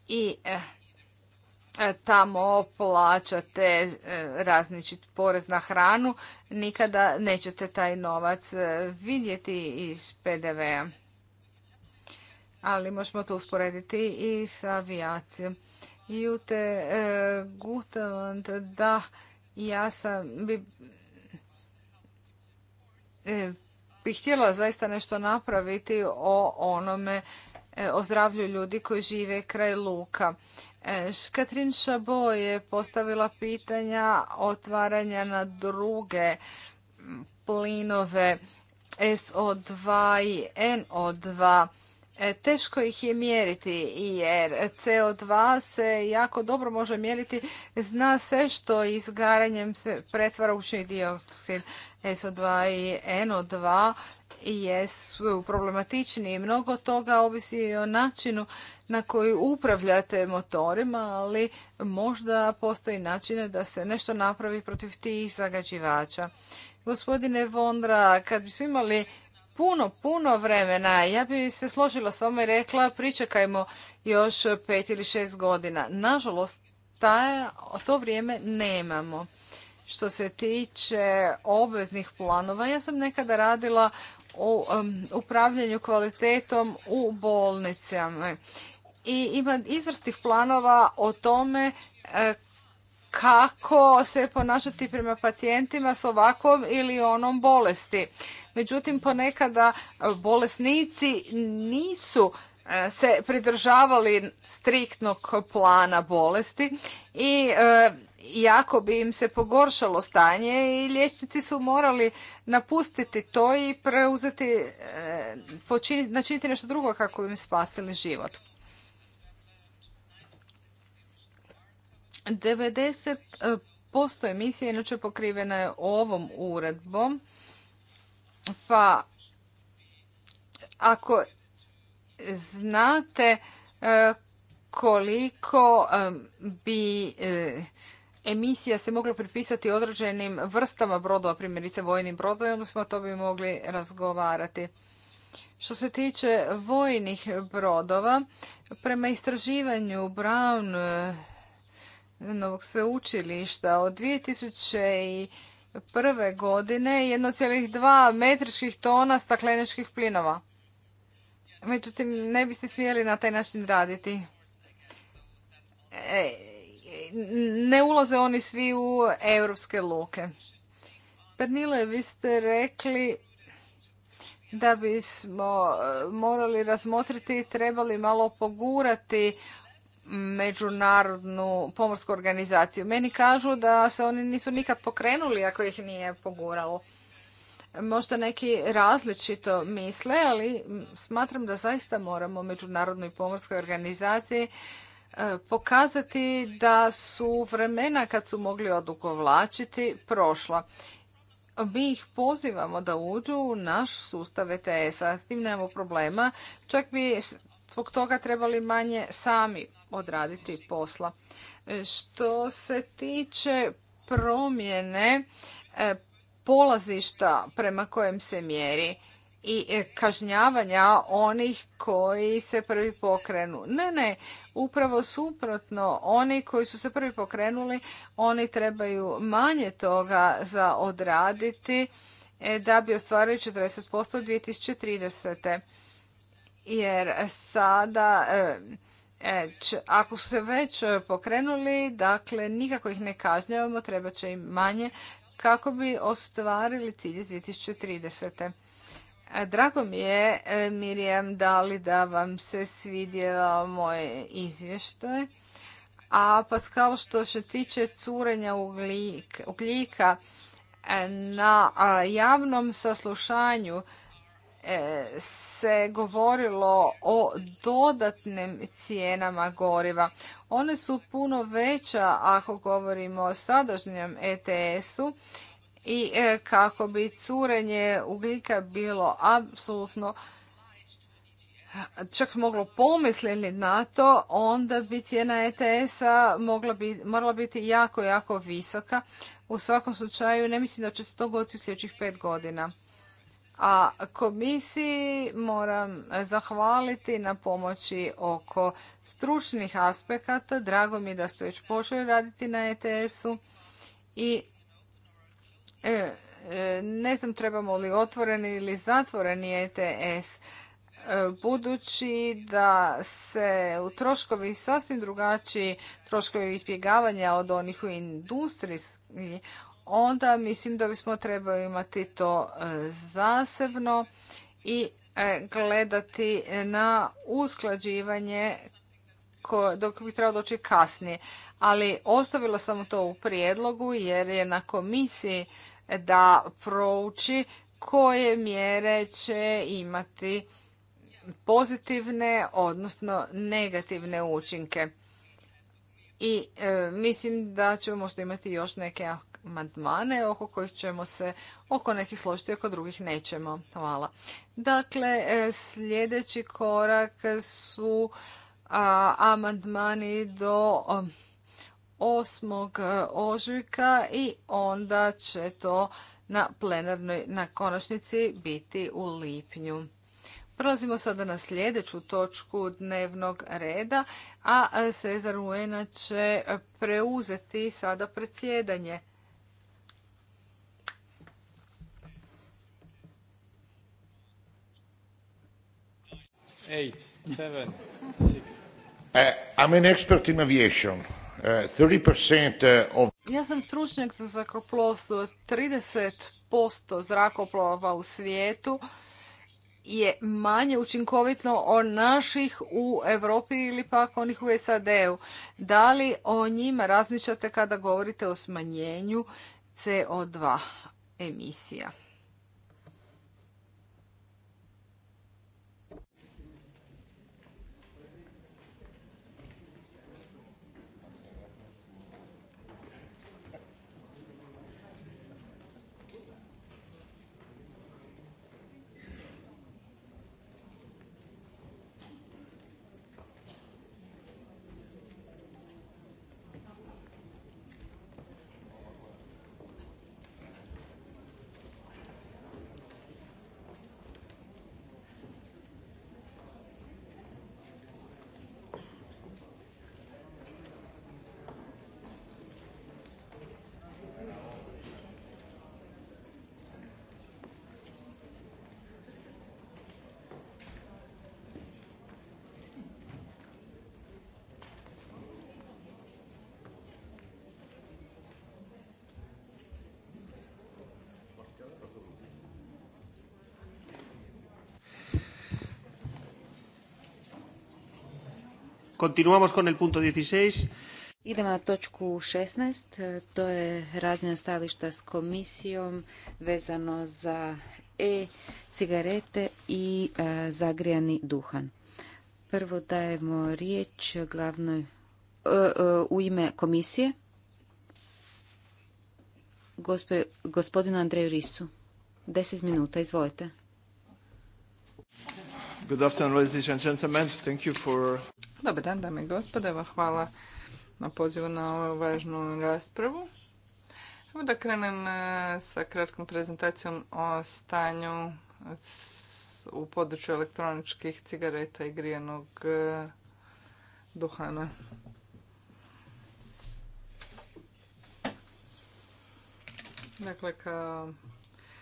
i eh, tamo plaćate eh, različit porez na hranu, nikada nećete taj novac eh, vidjeti iz PDV-a. Ali možemo to usporediti i sa avijacijom. Jute e, da, ja sam bi htjela zaista nešto napraviti o onome, e, o zdravlju ljudi koji žive kraj luka. E, Katrin Šabo je postavila pitanja otvaranja na druge plinove SO2 i NO2 E, teško ih je mjeriti jer CO2 se jako dobro može mjeriti. Zna se što izgaranjem se pretvara učni dioksid SO2 i NO2 jesu problematični i mnogo toga ovisi i o načinu na koji upravljate motorima, ali možda postoji načine da se nešto napravi protiv tih zagađivača. Gospodine Vondra, kad bismo imali puno, puno vremena. Ja bi se složila s vama i rekla pričekajmo još pet ili šest godina. Nažalost, to vrijeme nemamo. Što se tiče obveznih planova, ja sam nekada radila u upravljanju kvalitetom u bolnicama. I ima izvrstih planova o tome e, kako se ponašati prema pacijentima s ovakvom ili onom bolesti. Međutim, ponekada bolesnici nisu e, se pridržavali striktnog plana bolesti i e, jako bi im se pogoršalo stanje i liječnici su morali napustiti to i preuzeti, e, počiniti, načiniti nešto drugo kako bi im spasili život. 90% emisije inače pokrivena je ovom uredbom, pa ako znate e, koliko e, bi e, emisija se mogla pripisati određenim vrstama brodova, primjerice vojnim brodovima, smo to bi mogli razgovarati. Što se tiče vojnih brodova, prema istraživanju Brown novog sveučilišta. Od 2001. godine 1,2 metričkih tona stakleničkih plinova. Međutim, ne biste smijeli na taj način raditi. E, ne ulaze oni svi u europske luke. Pernile, vi ste rekli da bismo e, morali razmotriti i trebali malo pogurati međunarodnu pomorsku organizaciju. Meni kažu da se oni nisu nikad pokrenuli ako ih nije poguralo. Možda neki različito misle, ali smatram da zaista moramo međunarodnoj pomorskoj organizaciji e, pokazati da su vremena kad su mogli odugovlačiti prošla. Mi ih pozivamo da uđu u naš sustav ETS-a. S tim nemamo problema. Čak bi zbog toga trebali manje sami odraditi posla. E, što se tiče promjene e, polazišta prema kojem se mjeri i e, kažnjavanja onih koji se prvi pokrenu. Ne, ne, upravo suprotno, oni koji su se prvi pokrenuli, oni trebaju manje toga za odraditi da bi ostvarili 40% 2030 jer sada e, e, ako su se već e, pokrenuli, dakle nikako ih ne kažnjavamo, treba će im manje kako bi ostvarili cilj iz 2030. Drago mi je, Mirjam Dali, da vam se svidjela moje izvještaje. A pa kao što se tiče curenja ugljika na javnom saslušanju, E, se govorilo o dodatnim cijenama goriva. One su puno veća ako govorimo o sadašnjem ETS-u i e, kako bi curenje ugljika bilo apsolutno čak moglo pomisliti na to, onda bi cijena ETS-a morala biti jako, jako visoka. U svakom slučaju ne mislim da će se to goditi u sljedećih pet godina. A komisiji moram zahvaliti na pomoći oko stručnih aspekata. Drago mi je da ste još počeli raditi na ETS-u i e, e, ne znam trebamo li otvoreni ili zatvoreni ETS e, budući da se u troškovi sasvim drugačiji troškovi ispjegavanja od onih u industriji onda mislim da bismo trebali imati to e, zasebno i e, gledati na usklađivanje dok bi trebalo doći kasnije. Ali ostavila sam to u prijedlogu jer je na komisiji da prouči koje mjere će imati pozitivne, odnosno negativne učinke. I e, mislim da ćemo možda imati još neke amandmane oko kojih ćemo se oko nekih složiti, oko drugih nećemo. Hvala. Dakle, e, sljedeći korak su amandmani do 8. E, ožujka i onda će to na plenarnoj na konačnici biti u lipnju. Prelazimo sada na sljedeću točku dnevnog reda, a Cezar Uena će preuzeti sada predsjedanje. Eh, I'm an expert in eh, eh, Ja sam stručnjak za zrakoplovstvo. 30% zrakoplova u svijetu je manje učinkovitno od naših u Europi ili pak onih u SAD-u. Da li o njima razmišljate kada govorite o smanjenju CO2 emisija? Continuamos con el punto 16. Idemo na točku 16. To je razmjena stajališta s komisijom vezano za e-cigarete i e, zagrijani duhan. Prvo dajemo riječ glavnoj e, e, u ime komisije gospodinu Andreju Risu. Deset minuta, izvolite. Good afternoon, ladies and gentlemen. Thank you for... Dobar dan, dame i gospode. Hvala na pozivu na ovu važnu raspravu. Evo da krenem e, sa kratkom prezentacijom o stanju u području elektroničkih cigareta i grijanog e, duhana. Dakle, kao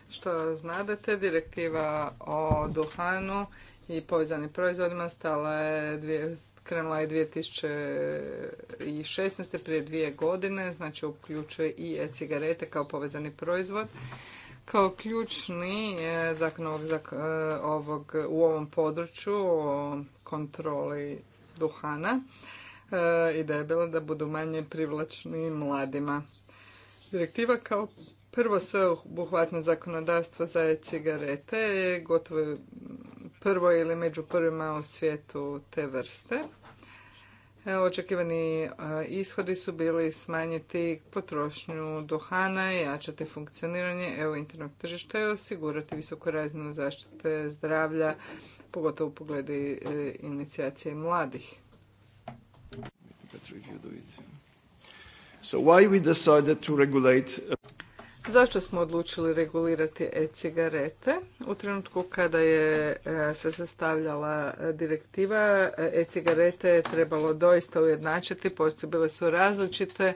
što znate, direktiva o duhanu i povezanim proizvodima stala je Krenula je 2016. prije dvije godine, znači uključuje i e-cigarete kao povezani proizvod. Kao ključni e, zakon ovog, e, ovog, u ovom području o kontroli duhana e, da je bila da budu manje privlačni mladima. Direktiva kao prvo sve obuhvatno zakonodavstvo za e-cigarete je gotovo prvo ili među prvima u svijetu te vrste. E, očekivani e, ishodi su bili smanjiti potrošnju duhana, jačati funkcioniranje EU internog tržišta i osigurati visoku razinu zaštite zdravlja, pogotovo u pogledu e, inicijacije mladih. So why we decided uh, Zašto smo odlučili regulirati e-cigarete? U trenutku kada je e, se sastavljala direktiva, e-cigarete je trebalo doista ujednačiti, postoje su različite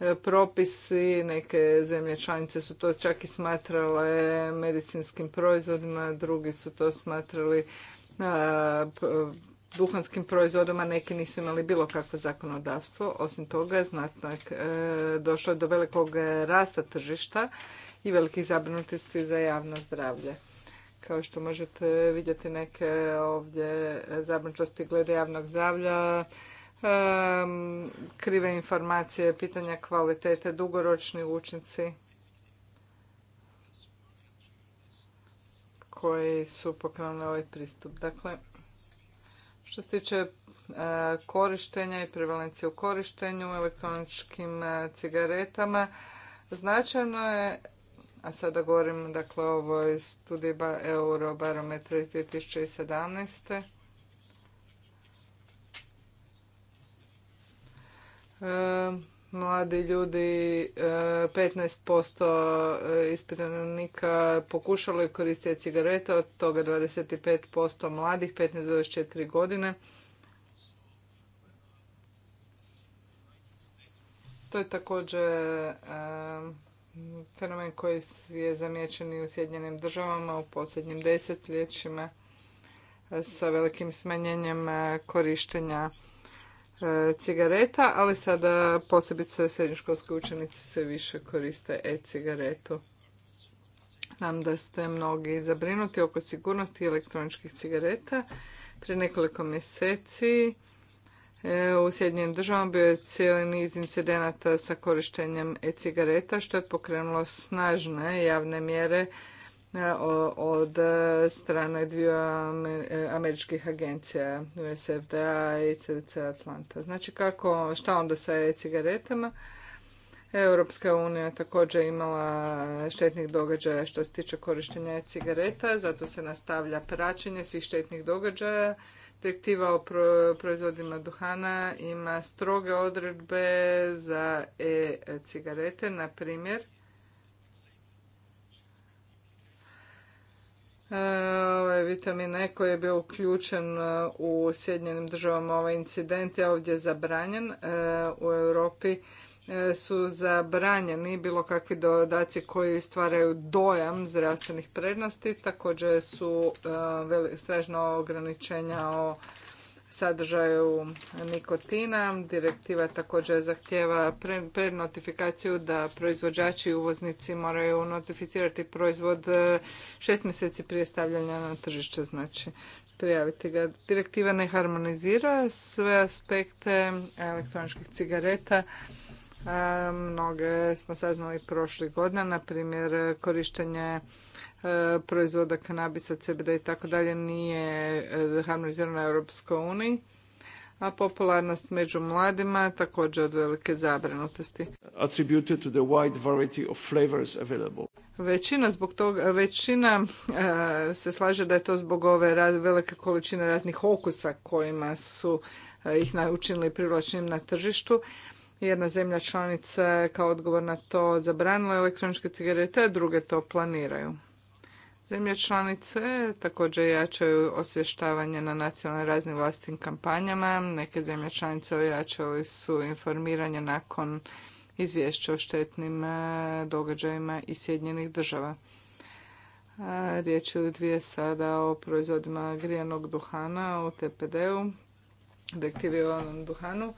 e, propisi, neke zemlje članice su to čak i smatrale medicinskim proizvodima, drugi su to smatrali duhanskim proizvodima, neki nisu imali bilo kakvo zakonodavstvo. Osim toga, znatno je e, došlo do velikog rasta tržišta i velikih zabrinutosti za javno zdravlje. Kao što možete vidjeti neke ovdje zabrinutosti glede javnog zdravlja, e, krive informacije, pitanja kvalitete, dugoročni učinci koji su pokrenuli ovaj pristup. Dakle, što se tiče e, korištenja i prevalencije u korištenju elektroničkim e, cigaretama, značajno je a sada govorim dakle o ovoj studiji Eurobarometra iz 2017 mladi ljudi, 15% e, e, ispitanika pokušalo je koristiti cigarete, od toga 25% mladih, 15-24 godine. To je također e, fenomen koji je zamijećen i u Sjedinjenim državama u posljednjim desetljećima sa velikim smanjenjem korištenja E, cigareta, ali sada posebice srednjoškolske učenice sve više koriste e-cigaretu. Znam da ste mnogi zabrinuti oko sigurnosti elektroničkih cigareta. Prije nekoliko mjeseci e, u Sjedinjenim državama bio je cijeli niz incidenata sa korištenjem e-cigareta, što je pokrenulo snažne javne mjere od strane dviju američkih agencija USFDA i CDC Atlanta. Znači kako, šta onda sa e-cigaretama? Europska unija također imala štetnih događaja što se tiče korištenja cigareta, zato se nastavlja praćenje svih štetnih događaja. Direktiva o proizvodima duhana ima stroge odredbe za e-cigarete, na primjer, E, ovaj vitamin E koji je bio uključen e, u Sjedinjenim državama ovaj incident je ovdje zabranjen. E, u Europi su zabranjeni bilo kakvi dodaci koji stvaraju dojam zdravstvenih prednosti. Također su stražna ograničenja o sadržaju nikotina. Direktiva također zahtjeva prednotifikaciju da proizvođači i uvoznici moraju notificirati proizvod e, šest mjeseci prije stavljanja na tržište, znači prijaviti ga. Direktiva ne harmonizira sve aspekte elektroničkih cigareta Mnoge smo saznali prošlih godina, na primjer korištenje e, proizvoda kanabisa, CBD i tako dalje nije e, harmonizirano u Europskoj uniji, a popularnost među mladima također od velike zabrinutosti. Attributed to the wide variety of flavors available. Većina zbog toga, većina e, se slaže da je to zbog ove velike količine raznih okusa kojima su ih učinili privlačnim na tržištu jedna zemlja članica kao odgovor na to zabranila elektroničke cigarete, a druge to planiraju. Zemlje članice također jačaju osvještavanje na nacionalnoj raznim vlastitim kampanjama. Neke zemlje članice ojačali su informiranje nakon izvješća o štetnim e, događajima iz Sjedinjenih država. E, riječ je dvije sada o proizvodima grijanog duhana u TPD-u, dektivi duhanu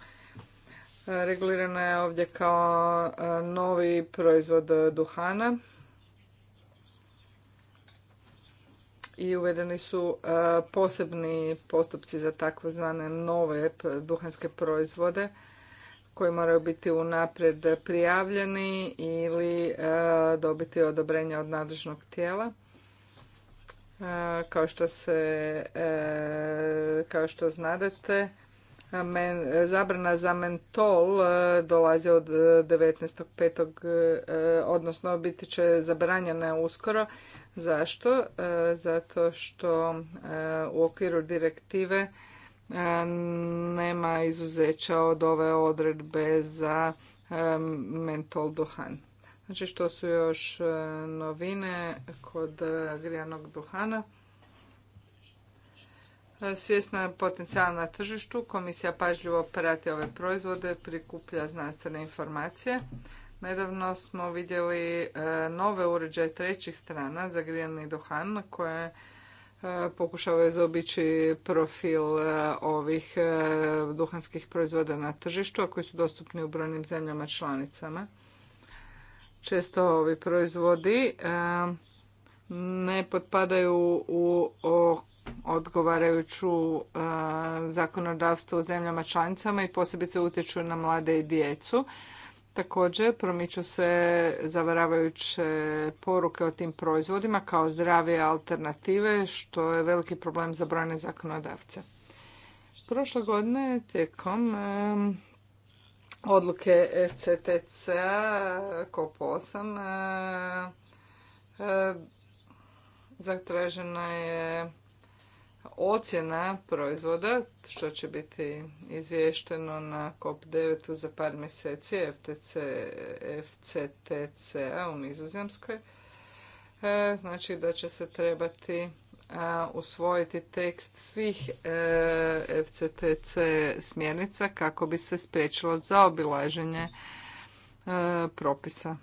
regulirana je ovdje kao e, novi proizvod duhana i uvedeni su e, posebni postupci za takozvane nove duhanske proizvode koji moraju biti unaprijed prijavljeni ili e, dobiti odobrenje od nadležnog tijela. Kao što, se, kao što znadete, men, zabrana za mentol e, dolazi od 19.5. E, e, odnosno biti će zabranjena uskoro. Zašto? Zato što u okviru direktive nema izuzeća od ove odredbe za mentol duhan. Znači što su još novine kod grijanog duhana? E, Svjesna je potencijala na tržištu, komisija pažljivo prati ove proizvode, prikuplja znanstvene informacije. Nedavno smo vidjeli e, nove uređaje trećih strana za grijani duhan koje e, pokušavaju zaobići profil ovih duhanskih proizvoda na tržištu, a koji su dostupni u brojnim zemljama članicama. Često ovi proizvodi ne potpadaju u odgovarajuću e, zakonodavstvo u zemljama članicama i posebice utječu na mlade i djecu. Također promiču se zavaravajuće poruke o tim proizvodima kao zdravije alternative što je veliki problem za brojne zakonodavce. Prošle godine tijekom e, odluke FCTC-a COP8 e, zatražena je ocjena proizvoda, što će biti izvješteno na COP9 za par mjeseci FTC, fctc u Nizozemskoj, e, znači da će se trebati usvojiti tekst svih e, FCTC smjernica kako bi se spriječilo zaobilaženje e, propisa.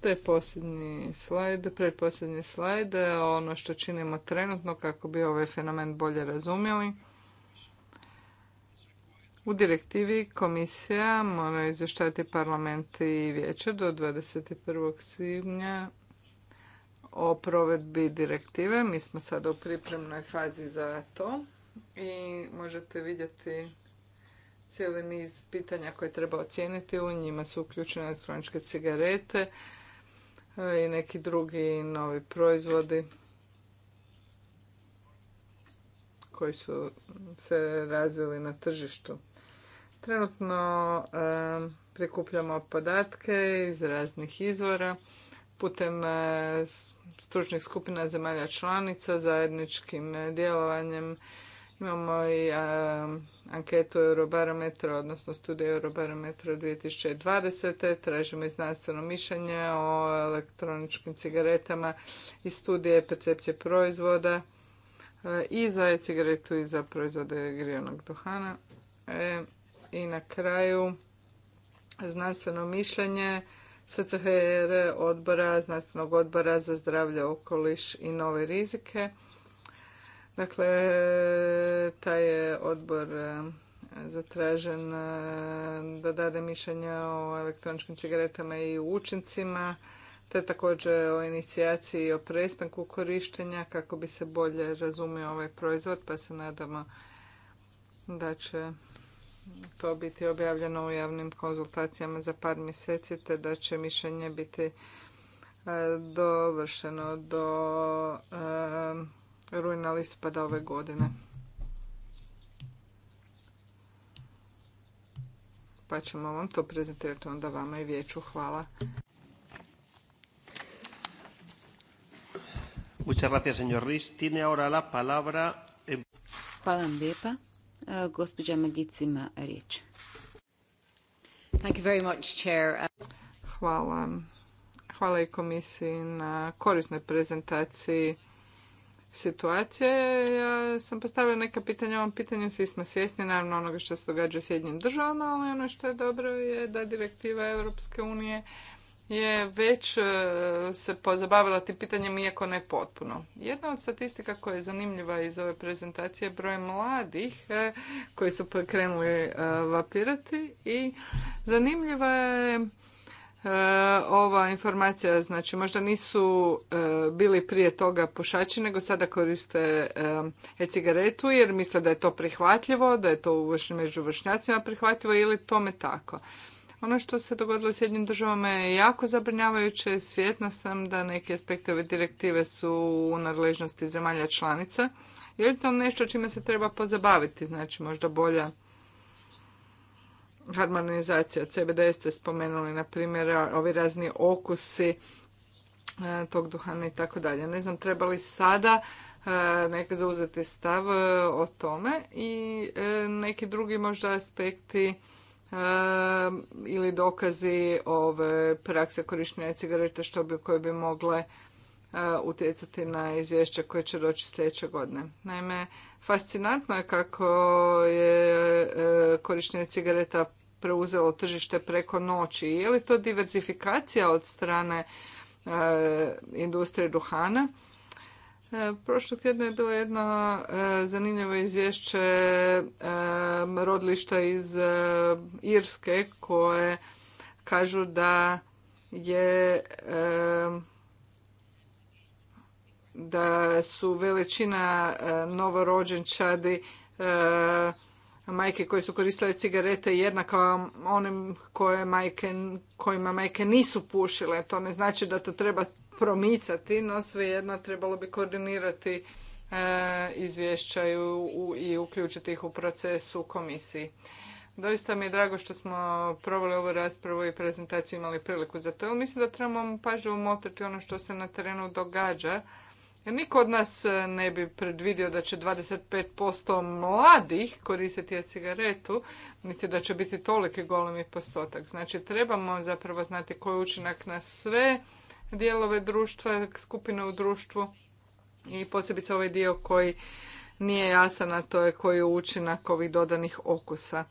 To je posljednji slajd, predposljednji slajd, ono što činimo trenutno kako bi ovaj fenomen bolje razumjeli. U direktivi komisija mora izvještati parlament i vijeće do 21. svibnja o provedbi direktive. Mi smo sada u pripremnoj fazi za to i možete vidjeti cijeli niz pitanja koje treba ocijeniti. U njima su uključene elektroničke cigarete, E, i neki drugi novi proizvodi koji su se razvili na tržištu. Trenutno e, prikupljamo podatke iz raznih izvora putem e, stručnih skupina zemalja članica, zajedničkim djelovanjem Imamo i anketu Eurobarometra, odnosno studiju Eurobarometra 2020. Tražimo i znanstveno mišljenje o elektroničkim cigaretama i studije percepcije proizvoda e, i za e-cigaretu i za proizvode grijanog duhana. E, I na kraju znanstveno mišljenje SCHR odbora, znanstvenog odbora za zdravlje, okoliš i nove rizike – Dakle, taj je odbor e, zatražen e, da dade mišljenja o elektroničkim cigaretama i učincima, te također o inicijaciji i o prestanku korištenja kako bi se bolje razumio ovaj proizvod, pa se nadamo da će to biti objavljeno u javnim konzultacijama za par mjeseci, te da će mišljenje biti e, dovršeno do rujna listopada ove godine. Pa ćemo vam to prezentirati onda vama i vijeću. Hvala. Muchas gracias, señor Riz. Tiene ahora la palabra... Eh, Hvala vam lijepa. E, gospođa Magicima riječ. Hvala. Hvala i komisiji na korisnoj prezentaciji situacije. Ja sam postavila neka pitanja o ovom pitanju, svi smo svjesni naravno onoga što se događa u državama, ali ono što je dobro je da direktiva Europske unije je već e, se pozabavila tim pitanjem, iako ne potpuno. Jedna od statistika koja je zanimljiva iz ove prezentacije je broj mladih e, koji su krenuli e, vapirati i zanimljiva je E, ova informacija, znači možda nisu e, bili prije toga pušači, nego sada koriste e, e-cigaretu jer misle da je to prihvatljivo, da je to među vršnjacima prihvatljivo ili tome tako. Ono što se dogodilo s jednim državama je jako zabrinjavajuće. Svjetna sam da neke aspekte ove direktive su u nadležnosti zemalja članica. Je li to nešto čime se treba pozabaviti? Znači možda bolja harmonizacija CBD ste spomenuli, na primjer, ovi razni okusi e, tog duhana i tako dalje. Ne znam, treba li sada e, neka zauzeti stav e, o tome i neki drugi možda aspekti ili dokazi ove prakse korištenja cigareta što bi koje bi mogle utjecati na izvješće koje će doći sljedeće godine. Naime, Fascinantno je kako je e, korištenje cigareta preuzelo tržište preko noći. Je li to diversifikacija od strane e, industrije duhana? E, prošlog tjedna je bilo jedno zanimljivo izvješće rodilišta iz Irske koje kažu da je da su veličina e, novorođenčadi e, majke koje su koristile cigarete jednaka onim koje majke, kojima majke nisu pušile. To ne znači da to treba promicati, no svejedno trebalo bi koordinirati e, izvješća i uključiti ih u proces u komisiji. Doista mi je drago što smo proveli ovu raspravu i prezentaciju imali priliku za to. Mislim da trebamo pažljivo motriti ono što se na terenu događa Niko od nas e, ne bi predvidio da će 25% mladih koristiti e cigaretu, niti da će biti toliki golemi postotak. Znači trebamo zapravo znati koji je učinak na sve dijelove društva, skupine u društvu i posebice ovaj dio koji nije jasan, a to je koji je učinak ovih dodanih okusa.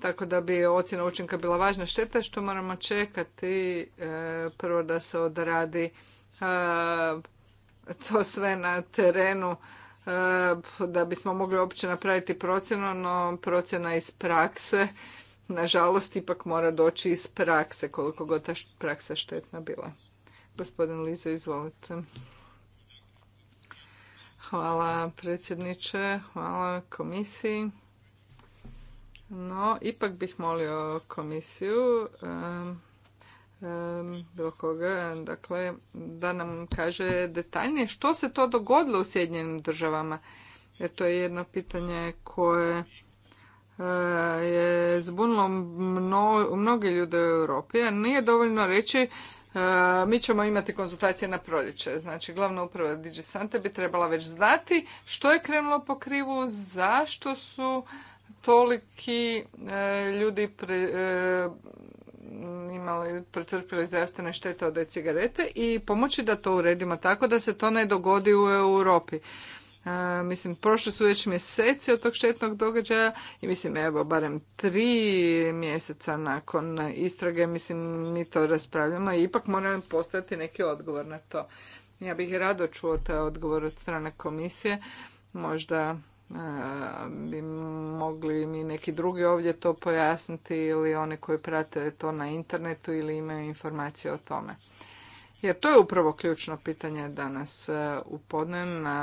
Tako da bi ocjena učinka bila važna šteta što moramo čekati e, prvo da se odradi to sve na terenu e, da bismo mogli uopće napraviti procjenu, no procjena iz prakse nažalost ipak mora doći iz prakse, koliko god ta praksa štetna bila. Gospodin Liza, izvolite. Hvala predsjedniče, hvala komisiji. No, ipak bih molio komisiju e, bilo koga, dakle, da nam kaže detaljnije što se to dogodilo u Sjedinjenim državama. Jer to je jedno pitanje koje e, je zbunilo mno, mnoge ljude u Europi, a nije dovoljno reći e, mi ćemo imati konzultacije na proljeće. Znači, glavna uprava Digi Santa bi trebala već znati što je krenulo po krivu, zašto su toliki e, ljudi pre, imali, pretrpili zdravstvene štete od e-cigarete i pomoći da to uredimo tako da se to ne dogodi u Europi. E, mislim, prošli su već mjeseci od tog štetnog događaja i mislim, evo, barem tri mjeseca nakon istrage, mislim, mi to raspravljamo i ipak mora postojati neki odgovor na to. Ja bih rado čuo taj odgovor od strane komisije. Možda bi mogli mi neki drugi ovdje to pojasniti ili oni koji prate to na internetu ili imaju informacije o tome. Jer to je upravo ključno pitanje danas e, u podnem. na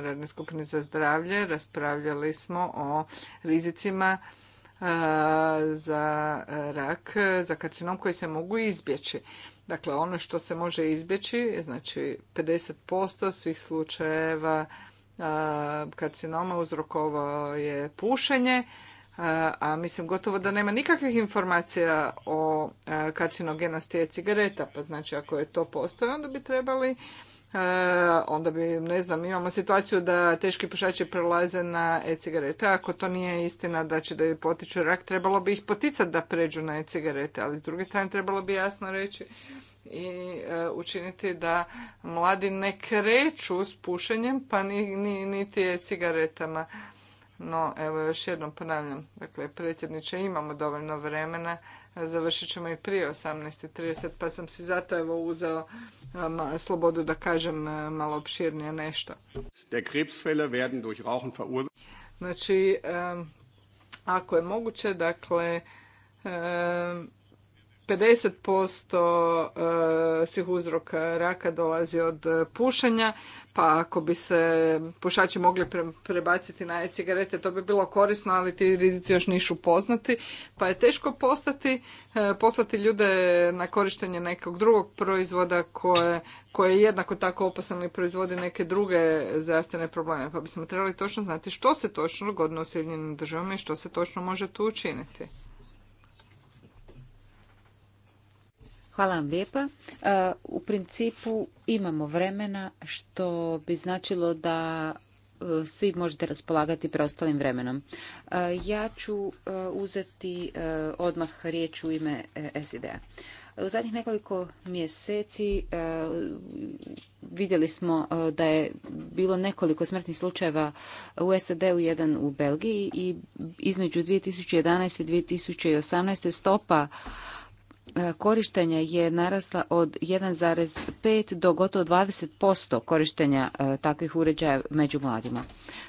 radnoj skupini za zdravlje. Raspravljali smo o rizicima e, za rak, za karcinom koji se mogu izbjeći. Dakle, ono što se može izbjeći, znači 50% svih slučajeva karcinoma uzrokovao je pušenje, a mislim gotovo da nema nikakvih informacija o karcinogenosti e-cigareta, pa znači ako je to postoje onda bi trebali onda bi, ne znam, imamo situaciju da teški pušači prelaze na e-cigarete. Ako to nije istina da će da potiču rak, trebalo bi ih poticati da pređu na e-cigarete, ali s druge strane trebalo bi jasno reći i e, učiniti da mladi ne kreću s pušenjem pa niti je cigaretama. No, evo još jednom ponavljam, dakle predsjedniče imamo dovoljno vremena, završit ćemo i prije 18.30 pa sam si zato evo uzeo um, slobodu da kažem e, malo opširnije nešto. Znači, ako je moguće, dakle, 50% e, svih uzroka raka dolazi od e, pušenja, pa ako bi se pušači mogli prebaciti na e-cigarete, to bi bilo korisno, ali ti rizici još nišu poznati, pa je teško postati, e, poslati ljude na korištenje nekog drugog proizvoda koje, je jednako tako opasan i proizvodi neke druge zdravstvene probleme, pa bismo trebali točno znati što se točno godno u Sjedinjenim državama i što se točno može tu učiniti. Hvala vam lijepa. E, u principu imamo vremena što bi značilo da e, svi možete raspolagati preostalim vremenom. E, ja ću uzeti odmah riječ u ime SID-a. U zadnjih nekoliko mjeseci vidjeli smo da je bilo nekoliko smrtnih slučajeva u SAD-u, jedan u Belgiji i između 2011. i 2018. stopa E, korištenja je narasla od 1,5 do gotovo 20% korištenja e, takvih uređaja među mladima.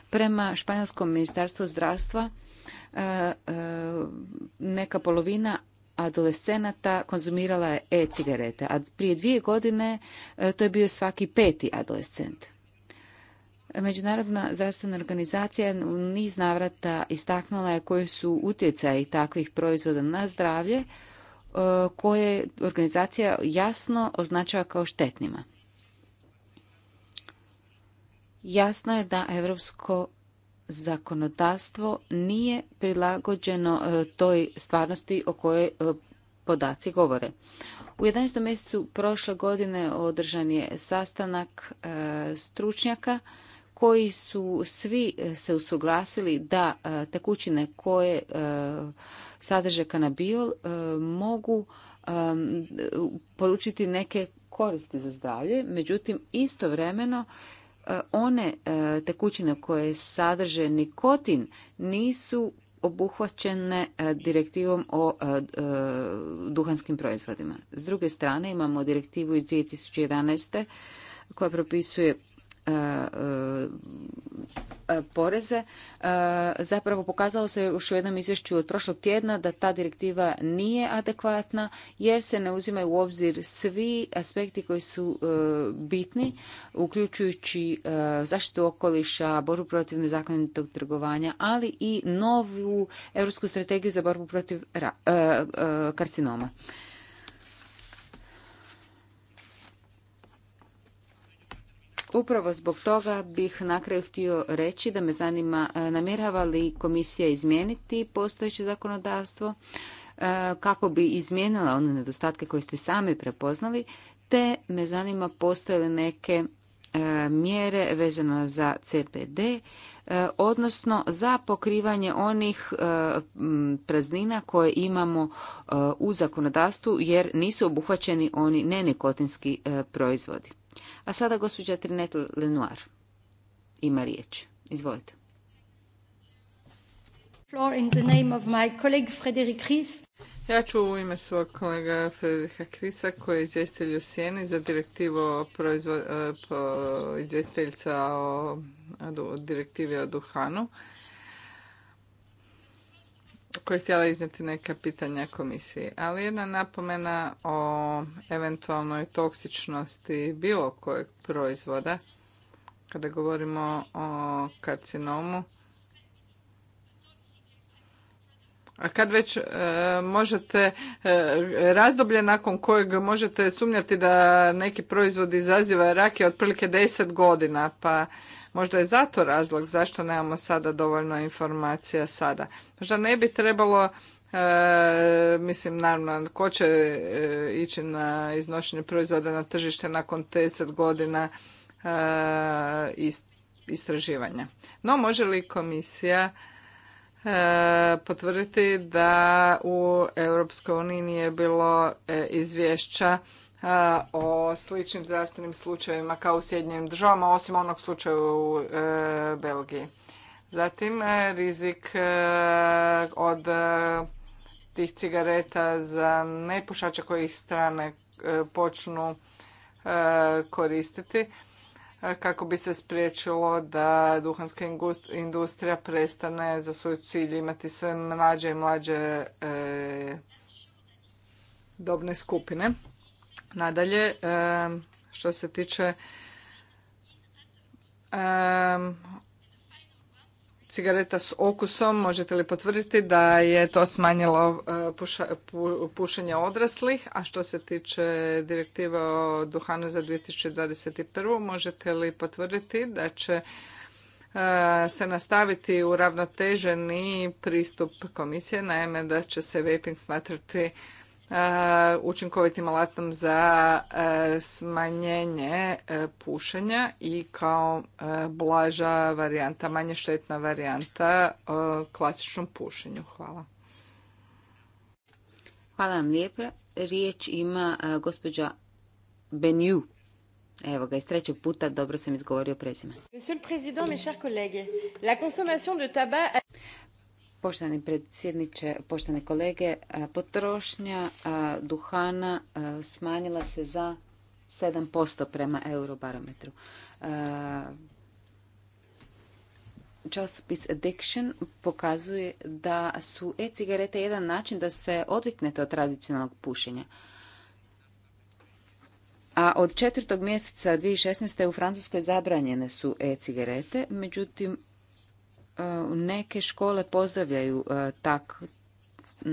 Prema Španjolskom ministarstvu zdravstva e, neka polovina adolescenata konzumirala je e-cigarete, a prije dvije godine to je bio svaki peti adolescent. Međunarodna zdravstvena organizacija niz navrata istaknula je koji su utjecaji takvih proizvoda na zdravlje, E, koje organizacija jasno označava kao štetnima. Jasno je da europsko zakonodavstvo nije prilagođeno e, toj stvarnosti o kojoj e, podaci govore. U 11. mjesecu prošle godine održan je sastanak stručnjaka koji su svi e, se usuglasili da e, tekućine koje e, sadrže kanabiol mogu polučiti neke koristi za zdravlje, međutim istovremeno one tekućine koje sadrže nikotin nisu obuhvaćene direktivom o duhanskim proizvodima. S druge strane imamo direktivu iz 2011. koja propisuje E, e, poreze. E, zapravo pokazalo se još u jednom izvješću od prošlog tjedna da ta direktiva nije adekvatna jer se ne uzimaju u obzir svi aspekti koji su bitni, uključujući zaštitu okoliša, borbu protiv nezakonitog trgovanja, ali i novu europsku strategiju za borbu protiv karcinoma. Upravo zbog toga bih na kraju htio reći da me zanima e, namjerava li komisija izmijeniti postojeće zakonodavstvo e, kako bi izmijenila one nedostatke koje ste sami prepoznali, te me zanima postoje li neke e, mjere vezano za CPD, odnosno za pokrivanje onih praznina koje imamo u zakonodavstvu jer nisu obuhvaćeni oni nenikotinski proizvodi. A sada gospođa Trinette Lenoir ima riječ. Izvolite. Floor in the name of my colleague Frederic Ries. Ja ću u ime svog kolega Frederika Krisa koji je izvjestitelj u Sijeni za direktivu o e, po, izvjestiteljca o direktivi o duhanu koji htjela iznijeti neka pitanja komisiji, ali jedna napomena o eventualnoj toksičnosti bilo kojeg proizvoda kada govorimo o karcinomu. A kad već e, možete, e, razdoblje nakon kojeg možete sumnjati da neki proizvod izaziva rak je otprilike 10 godina, pa Možda je zato razlog zašto nemamo sada dovoljno informacija sada. Možda ne bi trebalo e, mislim, naravno, ko će e, ići na iznošenje proizvoda na tržište nakon 10 godina e, istraživanja. No, može li komisija potvrditi da u Europskoj uniji nije bilo izvješća o sličnim zdravstvenim slučajevima kao u Sjedinjenim državama, osim onog slučaja u e, Belgiji. Zatim e, rizik e, od tih cigareta za nepušače koji ih strane počnu koristiti kako bi se spriječilo da duhanska industrija prestane za svoj cilj imati sve mlađe i mlađe dobne skupine. Nadalje, što se tiče cigareta s okusom, možete li potvrditi da je to smanjilo e, pušenje odraslih, a što se tiče direktive o duhanu za 2021. možete li potvrditi da će e, se nastaviti uravnoteženi pristup komisije, naime da će se vaping smatrati Eh, učinkovitim alatom za eh, smanjenje eh, pušenja i kao blaža varijanta, manje štetna varijanta klasičnom pušenju. Hvala. Hvala vam lijepo. Riječ ima gospođa Benju. Evo ga, iz trećeg puta dobro sam izgovorio prezime. Monsieur le Président, mes chers Poštovani predsjedniče, poštovane kolege, potrošnja duhana smanjila se za 7% prema eurobarometru. Časopis Addiction pokazuje da su e-cigarete jedan način da se odviknete od tradicionalnog pušenja. A od četvrtog mjeseca 2016. u Francuskoj zabranjene su e-cigarete, međutim E, neke škole pozdravljaju e, tak, e,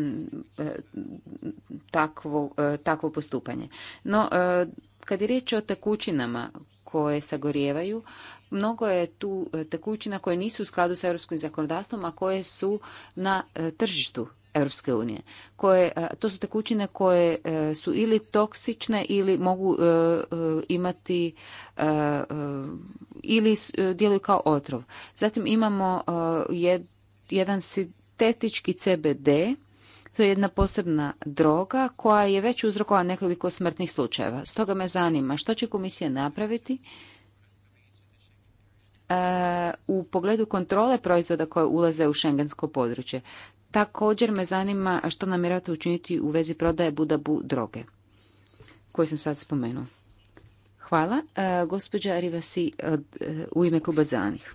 takvo, takvo postupanje. No, kad je riječ o tekućinama koje sagorijevaju, mnogo je tu tekućina koje nisu u skladu sa europskim zakonodavstvom, a koje su na tržištu Europske unije. Koje, to su tekućine koje e, su ili toksične ili mogu e, e, imati ili djeluju kao otrov. Zatim imamo jedan sintetički CBD, to je jedna posebna droga koja je već uzrokovala nekoliko smrtnih slučajeva. Stoga me zanima što će komisija napraviti u pogledu kontrole proizvoda koje ulaze u šengensko područje. Također me zanima što namjerate učiniti u vezi prodaje Budabu droge, koju sam sad spomenuo. Hvala. E, gospođa Rivasi e, u ime kluba Zanih.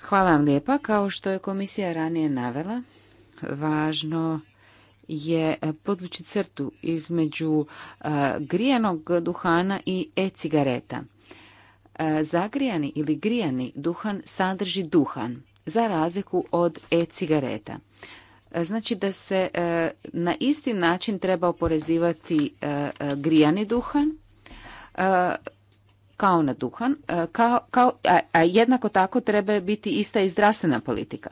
Hvala vam lijepa. Kao što je komisija ranije navela, važno je podvući crtu između e, grijanog duhana i e-cigareta. E, zagrijani ili grijani duhan sadrži duhan, za razliku od e-cigareta. E, znači da se e, na isti način treba oporezivati grijani duhan, kao na duhan, a jednako tako treba biti ista i zdravstvena politika.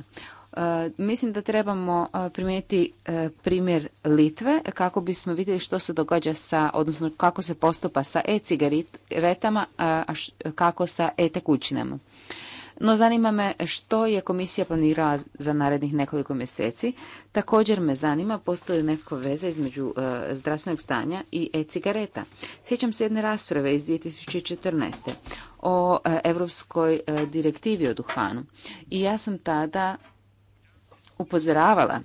E, mislim da trebamo e, primijeti e, primjer Litve kako bismo vidjeli što se događa sa, odnosno kako se postupa sa e-cigaretama, a kako sa e-tekućinama. No zanima me što je komisija planirala za narednih nekoliko mjeseci. Također me zanima postoji li nekakva veza između zdravstvenog stanja i e-cigareta. Sjećam se jedne rasprave iz 2014. o europskoj direktivi o duhanu. I ja sam tada upozoravala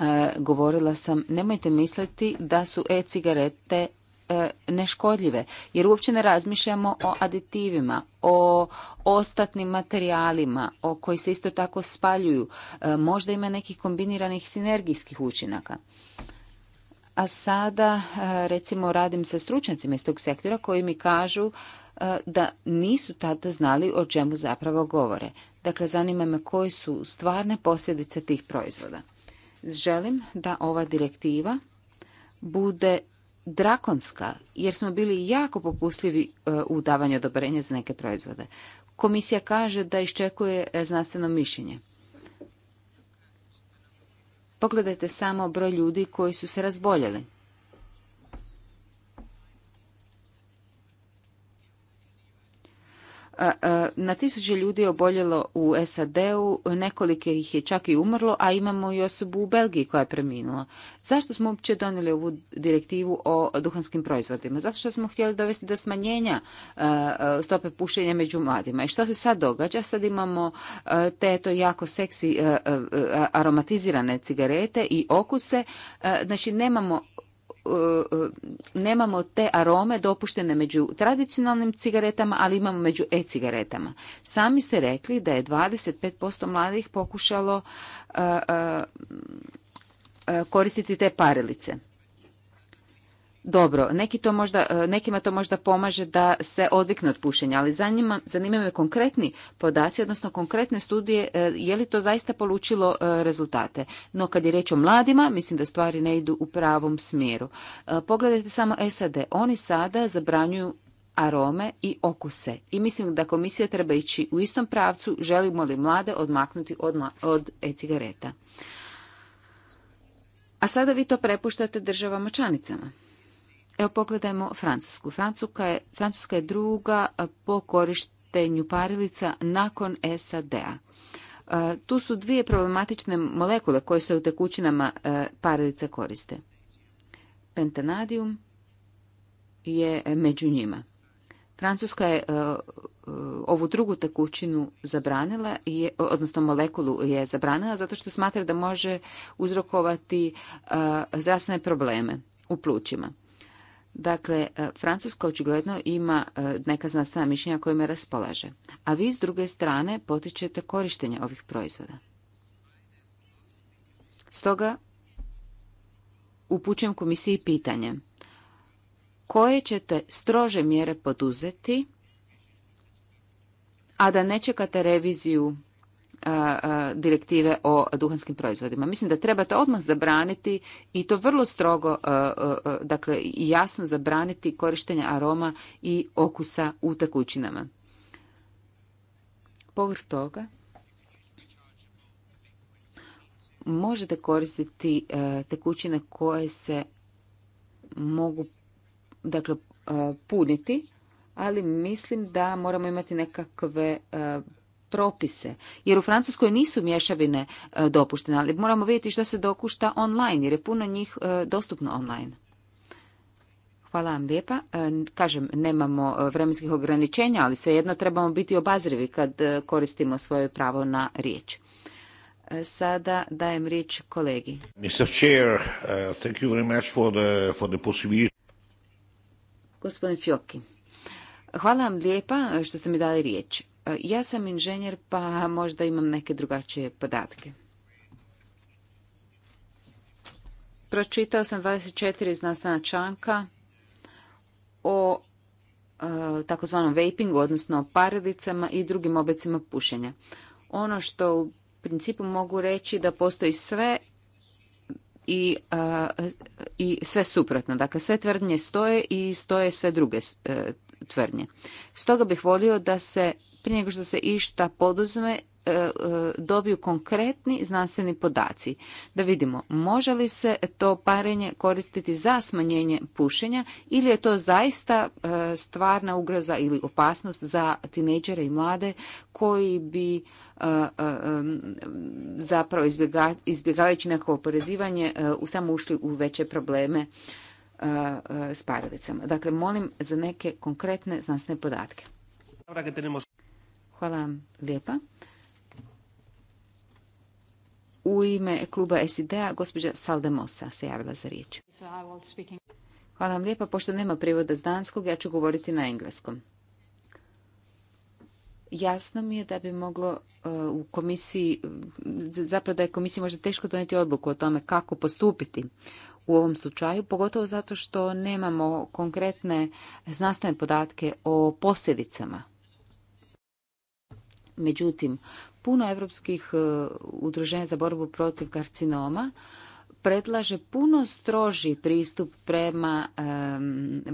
e, govorila sam nemojte misliti da su e-cigarete e, neškodljive jer uopće ne razmišljamo o aditivima, o ostatnim materijalima o koji se isto tako spaljuju. E, možda ima nekih kombiniranih sinergijskih učinaka. A sada recimo radim sa stručnjacima iz tog sektora koji mi kažu da nisu tada znali o čemu zapravo govore. Dakle, zanima me koje su stvarne posljedice tih proizvoda. Želim da ova direktiva bude drakonska, jer smo bili jako popustljivi e, u davanju odobrenja za neke proizvode. Komisija kaže da iščekuje e, znanstveno mišljenje. Pogledajte samo broj ljudi koji su se razboljeli. Na tisuće ljudi je oboljelo u SAD-u, nekoliko ih je čak i umrlo, a imamo i osobu u Belgiji koja je preminula. Zašto smo uopće donijeli ovu direktivu o duhanskim proizvodima? Zato što smo htjeli dovesti do smanjenja stope pušenja među mladima. I što se sad događa? Sad imamo te to jako seksi aromatizirane cigarete i okuse. Znači nemamo E, e, nemamo te arome dopuštene među tradicionalnim cigaretama, ali imamo među e-cigaretama. Sami ste rekli da je 25% mladih pokušalo e, koristiti te parilice dobro. Neki to možda, e, nekima to možda pomaže da se odvikne od pušenja, ali zanima, zanima me konkretni podaci, odnosno konkretne studije, e, je li to zaista polučilo e, rezultate. No kad je riječ o mladima, mislim da stvari ne idu u pravom smjeru. Pogledajte samo SAD, oni sada zabranjuju arome i okuse. I mislim da komisija treba ići u istom pravcu, želimo li mlade odmaknuti od e-cigareta. A sada vi to prepuštate državama članicama. Evo pogledajmo Francusku. Francuska je, Francuska je druga po korištenju parilica nakon SAD-a. E, tu su dvije problematične molekule koje se u tekućinama e, parilice koriste. Pentanadium je među njima. Francuska je e, ovu drugu tekućinu zabranila, odnosno molekulu je zabranila zato što smatra da može uzrokovati zrasne probleme u plućima. Dakle, e, Francuska očigledno ima e, neka znanstvena mišljenja kojima raspolaže, a vi s druge strane potičete korištenje ovih proizvoda. Stoga upućujem komisiji pitanje koje ćete strože mjere poduzeti, a da ne čekate reviziju direktive o duhanskim proizvodima. Mislim da trebate odmah zabraniti i to vrlo strogo, dakle jasno zabraniti korištenje aroma i okusa u tekućinama. Povrh toga, možete koristiti tekućine koje se mogu dakle puniti, ali mislim da moramo imati nekakve propise. Jer u Francuskoj nisu mješavine e, dopuštene, ali moramo vidjeti što se dopušta online, jer je puno njih e, dostupno online. Hvala vam lijepa. E, kažem, nemamo vremenskih ograničenja, ali svejedno trebamo biti obazrivi kad koristimo svoje pravo na riječ. Sada dajem riječ kolegi. Mr. Chair, Gospodin Fjoki, hvala vam lijepa što ste mi dali riječ. E, ja sam inženjer, pa možda imam neke drugačije podatke. Pročitao sam 24 znanstvena članka o e, takozvanom vapingu, odnosno o paradicama i drugim oblicima pušenja. Ono što u principu mogu reći da postoji sve i, e, sve suprotno. Dakle, sve tvrdnje stoje i stoje sve druge tvrdnje. Stoga bih volio da se prije nego što se išta poduzme e, e, dobiju konkretni znanstveni podaci. Da vidimo može li se to parenje koristiti za smanjenje pušenja ili je to zaista e, stvarna ugroza ili opasnost za tineđere i mlade koji bi zapravo izbjegavajući neko oporezivanje samo ušli u veće probleme s paralicama. Dakle, molim za neke konkretne znanstvene podatke. Hvala lijepa. U ime kluba SID-a gospođa Saldemosa se javila za riječ. Hvala vam lijepa. Pošto nema prijevoda s danskog, ja ću govoriti na engleskom. Jasno mi je da bi moglo e, u komisiji, zapravo da je komisiji možda teško donijeti odluku o tome kako postupiti u ovom slučaju, pogotovo zato što nemamo konkretne znanstvene podatke o posljedicama Međutim, puno evropskih e, udruženja za borbu protiv karcinoma predlaže puno stroži pristup prema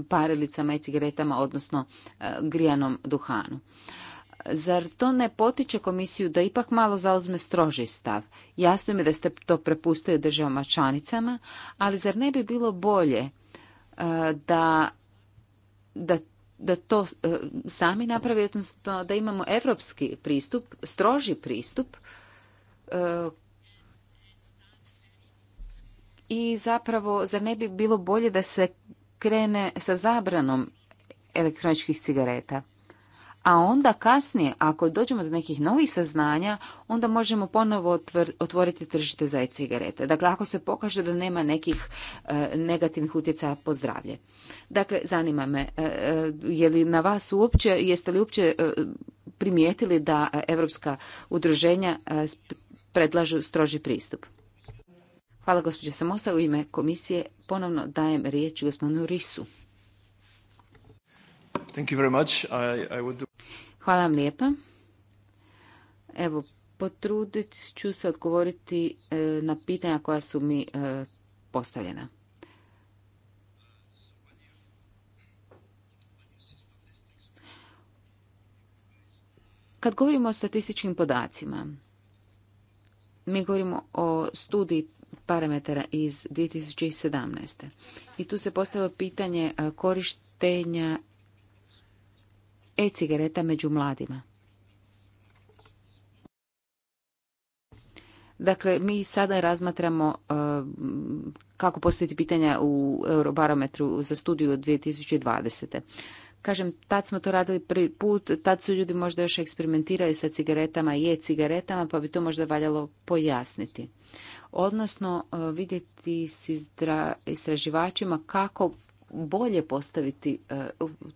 parilicama i cigaretama, odnosno e, grijanom duhanu. Zar to ne potiče komisiju da ipak malo zauzme stroži stav? Jasno mi da ste to prepustili državama članicama, ali zar ne bi bilo bolje e, da da da to e, sami napravi, odnosno da imamo evropski pristup, stroži pristup e, i zapravo zar ne bi bilo bolje da se krene sa zabranom elektroničkih cigareta? a onda kasnije, ako dođemo do nekih novih saznanja, onda možemo ponovo otvoriti tržište za e-cigarete. Dakle, ako se pokaže da nema nekih e, negativnih utjecaja po zdravlje. Dakle, zanima me, e, e, je li na vas uopće, jeste li uopće primijetili da europska udruženja predlažu stroži pristup? Hvala gospođe Samosa. U ime komisije ponovno dajem riječ gospodinu Risu. Thank you Hvala vam lijepa. Evo, potrudit ću se odgovoriti e, na pitanja koja su mi e, postavljena. Kad govorimo o statističkim podacima, mi govorimo o studiji parametara iz 2017. I tu se postavilo pitanje e, korištenja e-cigareta među mladima. Dakle, mi sada razmatramo e, kako postaviti pitanja u Eurobarometru za studiju od 2020. Kažem, tad smo to radili prvi put, tad su ljudi možda još eksperimentirali sa cigaretama i e-cigaretama, pa bi to možda valjalo pojasniti. Odnosno, e, vidjeti s istraživačima kako bolje postaviti e,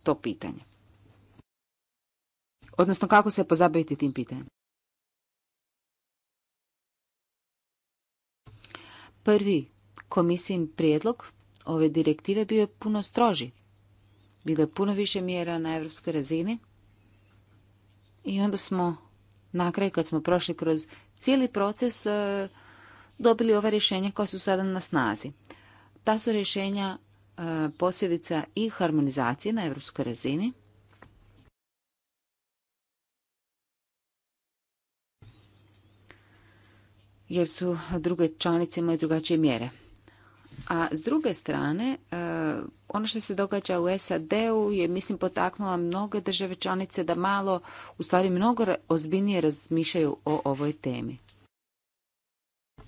to pitanje odnosno kako se pozabaviti tim pitanjem. Prvi komisijin prijedlog ove direktive bio je puno stroži. Bilo je puno više mjera na evropskoj razini i onda smo na kad smo prošli kroz cijeli proces e, dobili ova rješenja koja su sada na snazi. Ta su rješenja e, posljedica i harmonizacije na europskoj razini – jer su druge članice imaju drugačije mjere. A s druge strane, e, ono što se događa u SAD-u je, mislim, potaknula mnoge države članice da malo, u stvari mnogo ozbiljnije razmišljaju o ovoj temi.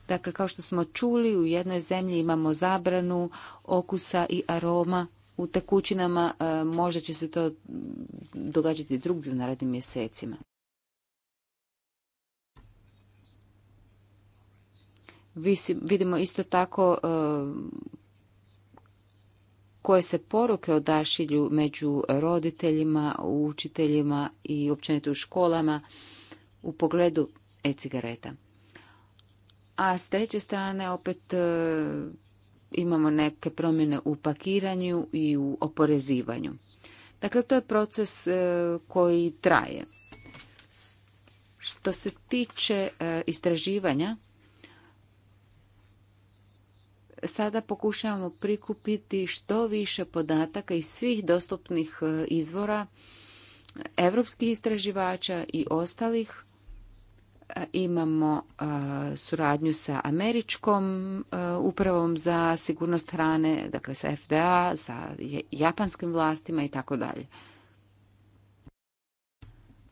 Dakle, kao što smo čuli, u jednoj zemlji imamo zabranu okusa i aroma u tekućinama, e, možda će se to događati drugdje u narednim mjesecima. Vidimo isto tako e, koje se poruke odašilju među roditeljima, učiteljima i općenito u školama u pogledu e-cigareta. A s treće strane opet e, imamo neke promjene u pakiranju i u oporezivanju. Dakle, to je proces e, koji traje. Što se tiče istraživanja, sada pokušavamo prikupiti što više podataka iz svih dostupnih e, izvora evropskih istraživača i ostalih e, imamo e, suradnju sa američkom upravom za sigurnost hrane, dakle sa FDA, sa japanskim vlastima i tako dalje.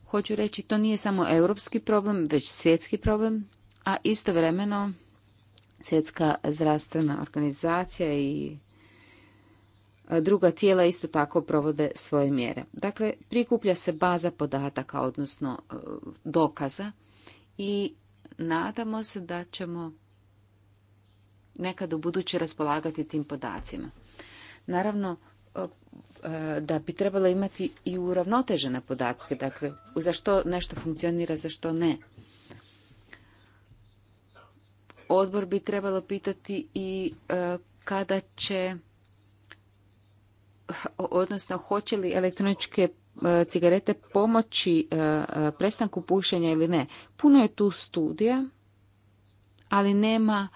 Hoću reći, to nije samo europski problem, već svjetski problem, a istovremeno Svjetska zdravstvena organizacija i e, druga tijela isto tako provode svoje mjere. Dakle, prikuplja se baza podataka, odnosno e, dokaza i nadamo se da ćemo nekad u buduće raspolagati tim podacima. Naravno, e, da bi trebalo imati i uravnotežene podatke, dakle, za što nešto funkcionira, za što ne odbor bi trebalo pitati i e, kada će odnosno hoće li elektroničke e, cigarete pomoći e, prestanku pušenja ili ne. Puno je tu studija, ali nema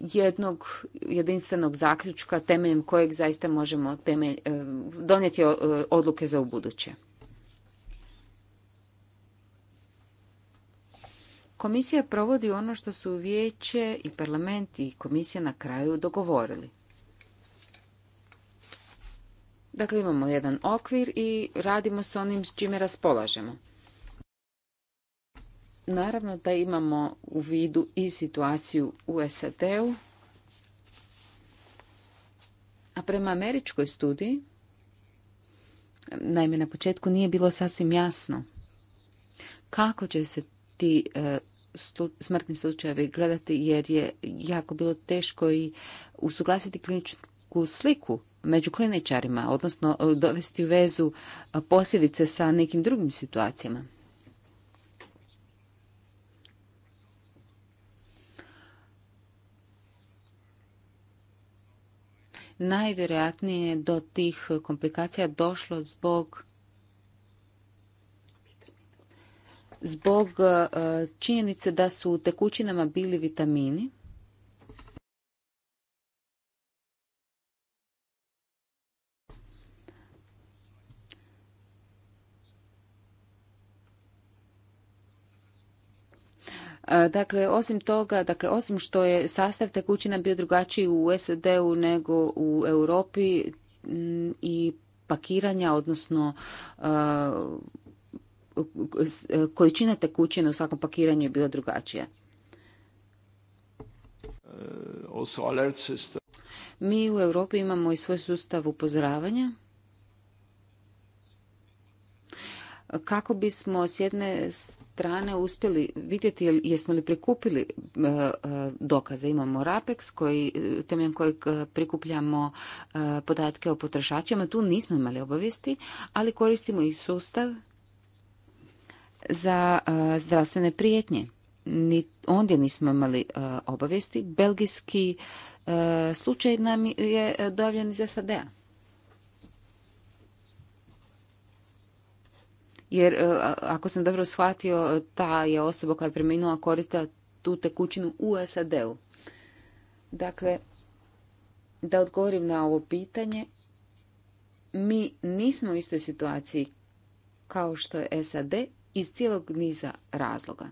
jednog jedinstvenog zaključka temeljem kojeg zaista možemo donijeti odluke za ubuduće. Komisija provodi ono što su vijeće i parlament i komisija na kraju dogovorili. Dakle, imamo jedan okvir i radimo s onim s čime raspolažemo. Naravno da imamo u vidu i situaciju u SAD-u, a prema američkoj studiji, naime na početku nije bilo sasvim jasno kako će se ti e, smrtni slučajevi gledati jer je jako bilo teško i usuglasiti kliničku sliku među kliničarima, odnosno e, dovesti u vezu e, posljedice sa nekim drugim situacijama. Najvjerojatnije do tih komplikacija došlo zbog zbog e, činjenice da su u tekućinama bili vitamini. E, dakle, osim toga, dakle, osim što je sastav tekućina bio drugačiji u SAD-u nego u Europi i pakiranja, odnosno e, količina tekućine u svakom pakiranju je bila drugačija. Uh, Mi u Europi imamo i svoj sustav upozoravanja kako bismo s jedne strane uspjeli vidjeti jesmo li prikupili uh, uh, dokaze. Imamo RAPEX koji, temeljem kojeg prikupljamo podatke o potrošačima. Tu nismo imali obavijesti, ali koristimo i sustav za e, zdravstvene prijetnje. ondje nismo imali e, obavijesti. Belgijski e, slučaj nam je dojavljen iz SAD-a. Jer ako sam dobro shvatio, ta je osoba koja je preminula koristila tu tekućinu u SAD-u. Dakle, da odgovorim na ovo pitanje, mi nismo u istoj situaciji kao što je SAD, iz cijelog niza razloga.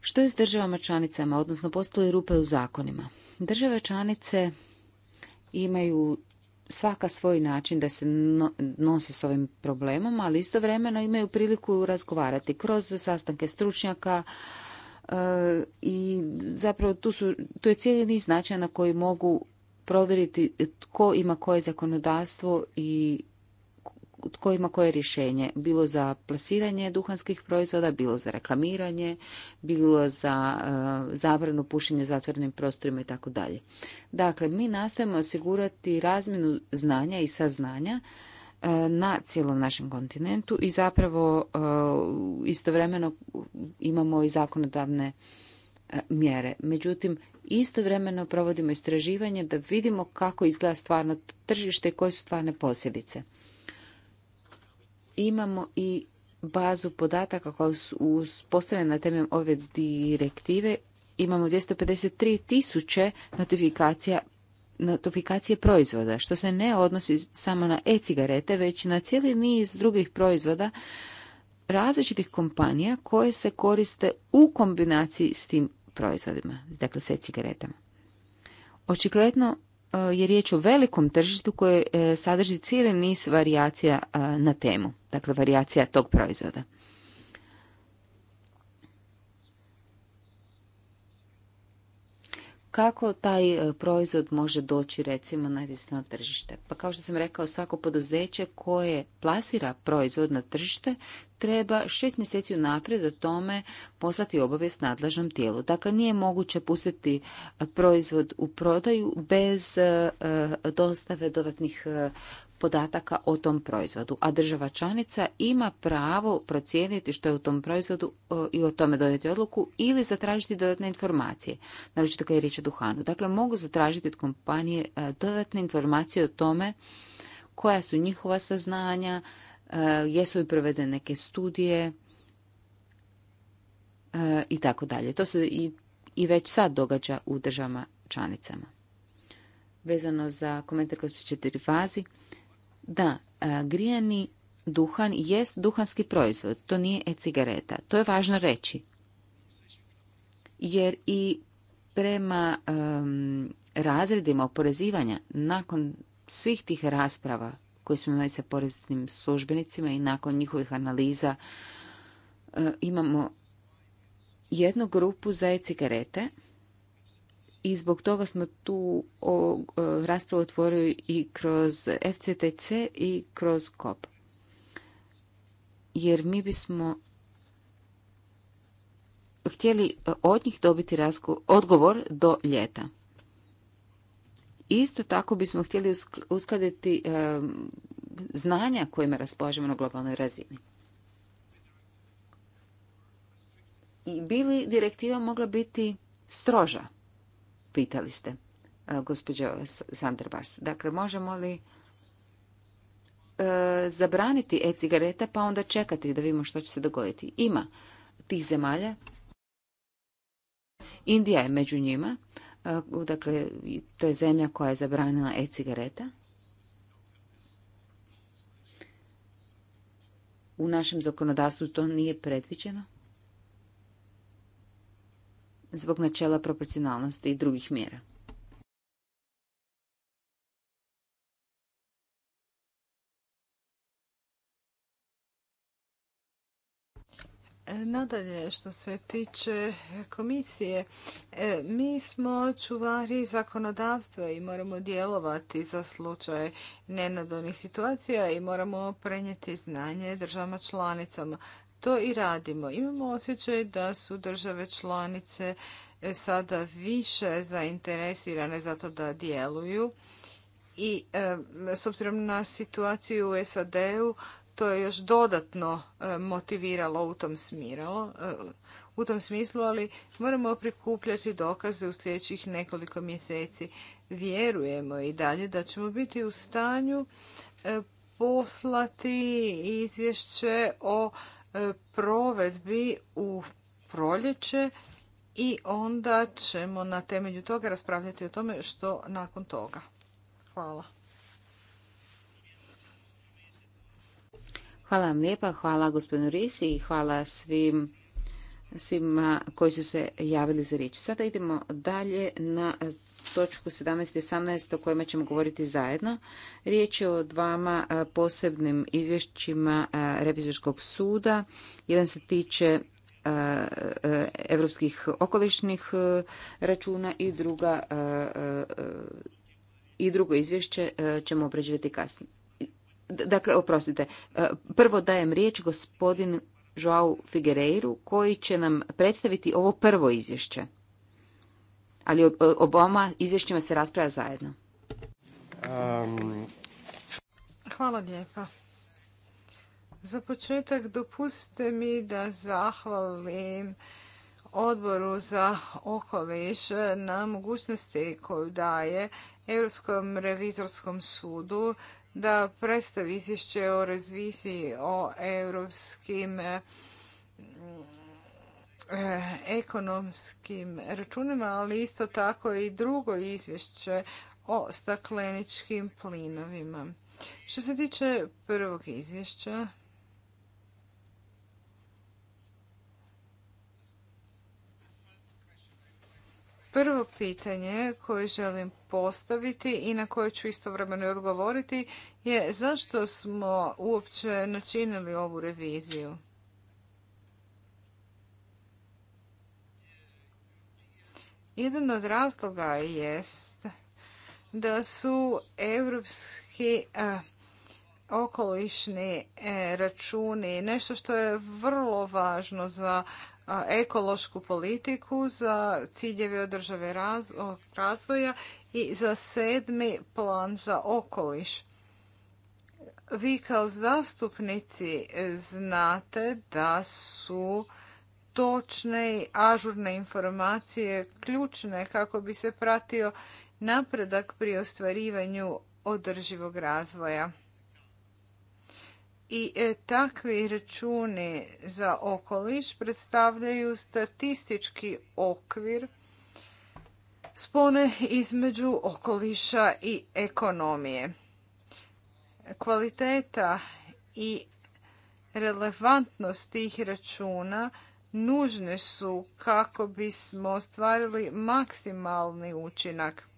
Što je s državama članicama, odnosno postoje rupe u zakonima? Države članice imaju svaka svoj način da se nose s ovim problemom, ali istovremeno imaju priliku razgovarati kroz sastanke stručnjaka, E, i zapravo tu, su, tu je cijeli niz značaja koji mogu provjeriti tko ima koje zakonodavstvo i tko ima koje rješenje, bilo za plasiranje duhanskih proizvoda, bilo za reklamiranje, bilo za e, zabranu pušenja u zatvorenim prostorima i tako dalje. Dakle, mi nastojimo osigurati razmjenu znanja i saznanja E, na cijelom našem kontinentu i zapravo e, istovremeno imamo i zakonodavne e, mjere. Međutim, istovremeno provodimo istraživanje da vidimo kako izgleda stvarno tržište i koje su stvarne posljedice. Imamo i bazu podataka koja su na temeljem ove direktive. Imamo 253 tisuće notifikacija notifikacije proizvoda, što se ne odnosi samo na e-cigarete, već na cijeli niz drugih proizvoda različitih kompanija koje se koriste u kombinaciji s tim proizvodima, dakle s e-cigaretama. Očigledno e, je riječ o velikom tržištu koje e, sadrži cijeli niz varijacija e, na temu, dakle varijacija tog proizvoda. kako taj e, proizvod može doći recimo na jedinstveno tržište. Pa kao što sam rekao, svako poduzeće koje plasira proizvod na tržište treba šest mjeseci unaprijed o tome poslati obavijest nadležnom tijelu. Dakle, nije moguće pustiti e, proizvod u prodaju bez e, dostave dodatnih podataka o tom proizvodu, a država članica ima pravo procijeniti što je u tom proizvodu e, i o tome donijeti odluku ili zatražiti dodatne informacije, naročito kad je riječ o duhanu. Dakle, mogu zatražiti od kompanije e, dodatne informacije o tome koja su njihova saznanja, e, jesu li provedene neke studije i tako dalje. To se i, i već sad događa u državama članicama. Vezano za komentar koji četiri fazi, da, e, grijani duhan jest duhanski proizvod, to nije e-cigareta. To je važno reći. Jer i prema um, razredima oporezivanja, nakon svih tih rasprava koje smo imali sa poreznim službenicima i nakon njihovih analiza, e, imamo jednu grupu za e-cigarete – i zbog toga smo tu o, raspravu otvorili i kroz FCTC i kroz KOP. Jer mi bismo htjeli e, od njih dobiti odgovor do ljeta. Isto tako bismo htjeli uskladiti e, znanja kojima raspolažemo na globalnoj razini. I bili direktiva mogla biti stroža? pitali ste, e, gospođo Sanderbars. Dakle, možemo li e, zabraniti e cigareta pa onda čekati da vidimo što će se dogoditi. Ima tih zemalja. Indija je među njima. E, dakle, to je zemlja koja je zabranila e-cigareta. U našem zakonodavstvu to nije predviđeno zbog načela proporcionalnosti i drugih mjera. Nadalje, što se tiče komisije, e, mi smo čuvari zakonodavstva i moramo djelovati za slučaj nenadovnih situacija i moramo prenijeti znanje državama članicama to i radimo. Imamo osjećaj da su države članice e, sada više zainteresirane za to da djeluju i e, s obzirom na situaciju u SAD-u to je još dodatno e, motiviralo u tom smiralo, u tom smislu, ali moramo prikupljati dokaze u sljedećih nekoliko mjeseci. Vjerujemo i dalje da ćemo biti u stanju poslati izvješće o E, provedbi u proljeće i onda ćemo na temelju toga raspravljati o tome što nakon toga. Hvala. Hvala vam lijepa, hvala gospodinu Risi i hvala svim svima koji su se javili za riječ. Sada idemo dalje na točku 17 i 18 o kojima ćemo govoriti zajedno. Riječ je o dvama e, posebnim izvješćima e, Revizorskog suda. Jedan se tiče europskih e, okolišnih računa i druga i drugo izvješće ćemo obrađivati kasnije. Dakle, oprostite, prvo dajem riječ gospodin Joao Figueiredo koji će nam predstaviti ovo prvo izvješće ali oboma izvješćima se raspravlja zajedno. Um. Hvala lijepa. Za početak dopustite mi da zahvalim odboru za okoliš na mogućnosti koju daje Europskom revizorskom sudu da predstavi izvješće o reviziji o europskim Eh, ekonomskim računima, ali isto tako i drugo izvješće o stakleničkim plinovima. Što se tiče prvog izvješća, prvo pitanje koje želim postaviti i na koje ću istovremeno odgovoriti je zašto smo uopće načinili ovu reviziju? Jedan od razloga jest da su europski okolišni e, računi nešto što je vrlo važno za ekološku politiku, za ciljeve održave razvoja i za sedmi plan za okoliš. Vi kao zastupnici e, znate da su točne i ažurne informacije ključne kako bi se pratio napredak pri ostvarivanju održivog razvoja. I e, takvi računi za okoliš predstavljaju statistički okvir spone između okoliša i ekonomije. Kvaliteta i relevantnost tih računa nužne su kako bismo ostvarili maksimalni učinak.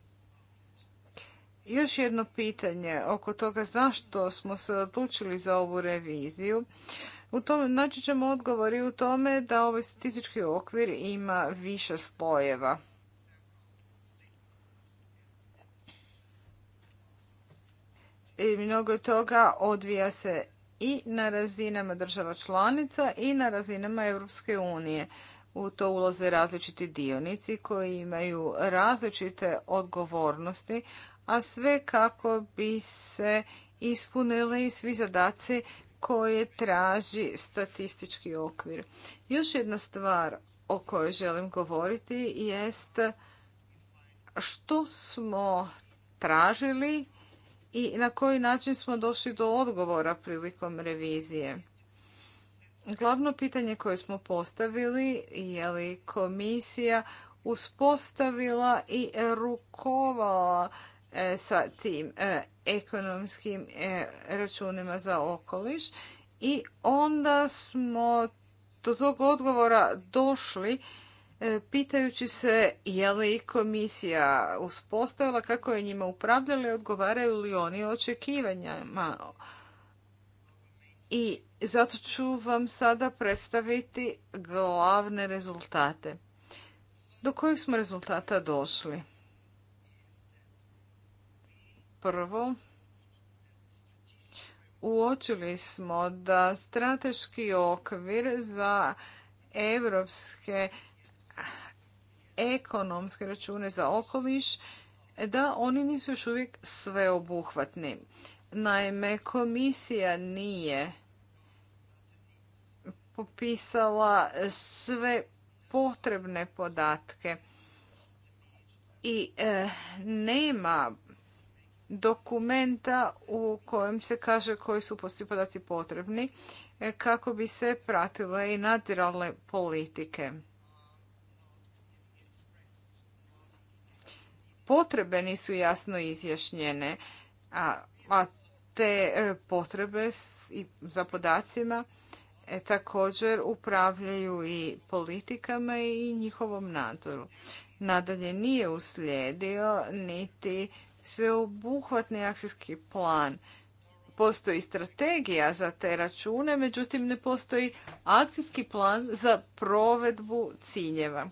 Još jedno pitanje oko toga zašto smo se odlučili za ovu reviziju. U tome, naći ćemo odgovor i u tome da ovaj statistički okvir ima više slojeva. I mnogo toga odvija se i na razinama država članica i na razinama Europske unije. U to ulaze različiti dionici koji imaju različite odgovornosti, a sve kako bi se ispunili svi zadaci koje traži statistički okvir. Još jedna stvar o kojoj želim govoriti jest što smo tražili i na koji način smo došli do odgovora prilikom revizije. Glavno pitanje koje smo postavili je li komisija uspostavila i rukovala e, sa tim e, ekonomskim e, računima za okoliš i onda smo do tog odgovora došli E, pitajući se je li komisija uspostavila, kako je njima upravljala i odgovaraju li oni očekivanjama. I zato ću vam sada predstaviti glavne rezultate. Do kojih smo rezultata došli? Prvo, uočili smo da strateški okvir za evropske ekonomske račune za okoliš, da oni nisu još uvijek sveobuhvatni. Naime, komisija nije popisala sve potrebne podatke i e, nema dokumenta u kojem se kaže koji su svi podaci potrebni e, kako bi se pratile i nadzirale politike. potrebe nisu jasno izjašnjene, a, a te e, potrebe za podacima e, također upravljaju i politikama i njihovom nadzoru. Nadalje nije uslijedio niti sveobuhvatni akcijski plan. Postoji strategija za te račune, međutim ne postoji akcijski plan za provedbu ciljeva.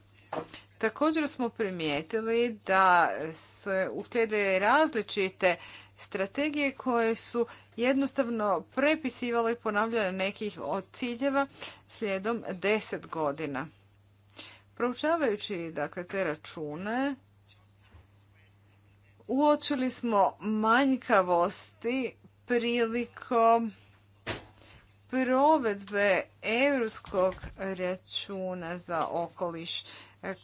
Također smo primijetili da se uslijede različite strategije koje su jednostavno prepisivale i ponavljale nekih od ciljeva slijedom deset godina. Proučavajući dakle, te račune, uočili smo manjkavosti prilikom provedbe europskog računa za okoliš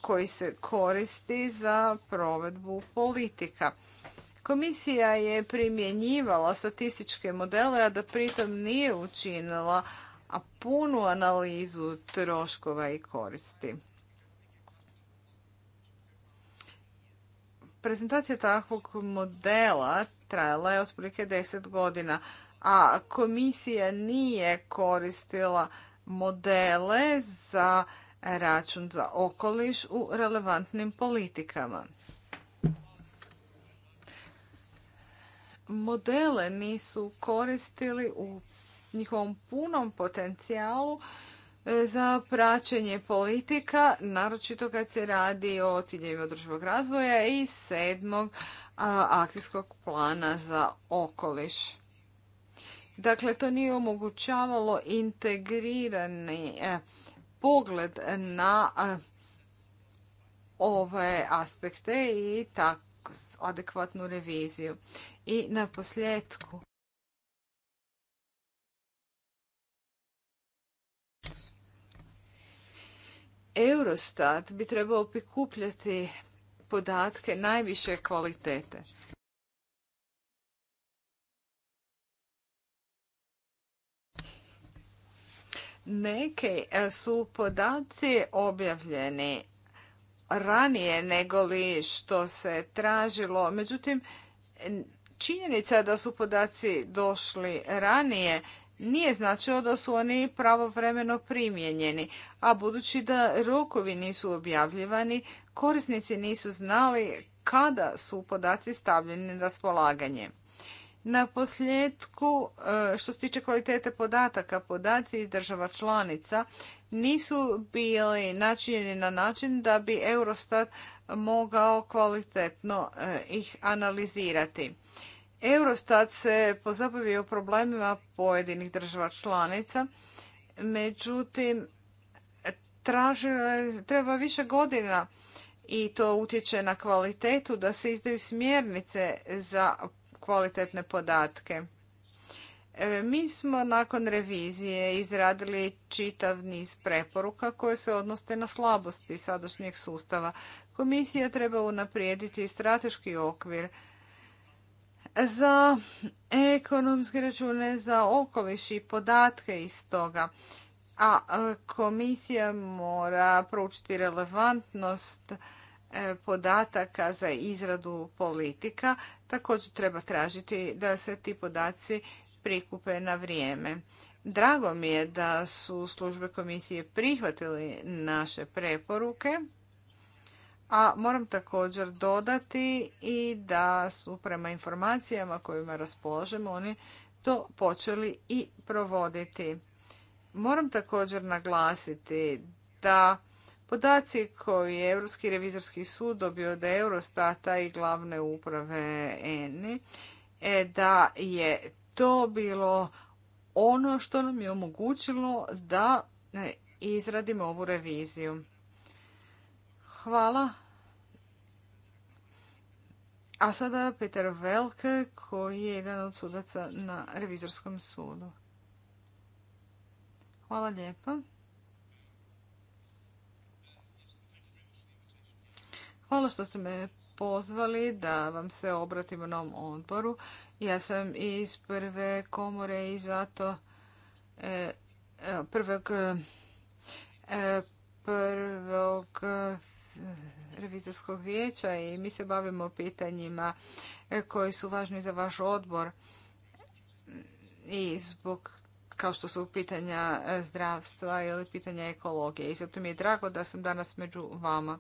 koji se koristi za provedbu politika. Komisija je primjenjivala statističke modele, a da pritom nije učinila a punu analizu troškova i koristi. Prezentacija takvog modela trajala je otprilike 10 godina, a komisija nije koristila modele za račun za okoliš u relevantnim politikama. Modele nisu koristili u njihovom punom potencijalu e, za praćenje politika, naročito kad se radi o ciljevima održivog razvoja i sedmog akcijskog plana za okoliš. Dakle, to nije omogućavalo integrirani e, pogled na ove aspekte i tako adekvatnu reviziju. I na posljedku. Eurostat bi trebao prikupljati podatke najviše kvalitete. Neke su podaci objavljeni ranije nego li što se tražilo. Međutim, činjenica da su podaci došli ranije nije značilo da su oni pravovremeno primijenjeni, a budući da rokovi nisu objavljivani, korisnici nisu znali kada su podaci stavljeni na raspolaganje. Na posljedku, e, što se tiče kvalitete podataka, podaci iz država članica nisu bili načinjeni na način da bi Eurostat mogao kvalitetno e, ih analizirati. Eurostat se pozabavio problemima pojedinih država članica, međutim, treba više godina i to utječe na kvalitetu da se izdaju smjernice za kvalitetne podatke. E, mi smo nakon revizije izradili čitav niz preporuka koje se odnose na slabosti sadašnjeg sustava. Komisija treba unaprijediti strateški okvir za ekonomske račune, za okoliš i podatke iz toga. A e, komisija mora proučiti relevantnost e, podataka za izradu politika Također treba tražiti da se ti podaci prikupe na vrijeme. Drago mi je da su službe komisije prihvatili naše preporuke, a moram također dodati i da su prema informacijama kojima raspolažemo oni to počeli i provoditi. Moram također naglasiti da Podaci koji je Europski revizorski sud dobio od Eurostata i glavne uprave ENI da je to bilo ono što nam je omogućilo da e, izradimo ovu reviziju. Hvala. A sada Peter Velke koji je jedan od sudaca na revizorskom sudu. Hvala lijepa. Hvala što ste me pozvali da vam se obratim na ovom odboru. Ja sam iz prve komore i zato e, e, prvog e, prvog revizorskog vijeća i mi se bavimo pitanjima koji su važni za vaš odbor i zbog kao što su pitanja e, zdravstva ili pitanja ekologije. I zato mi je drago da sam danas među vama.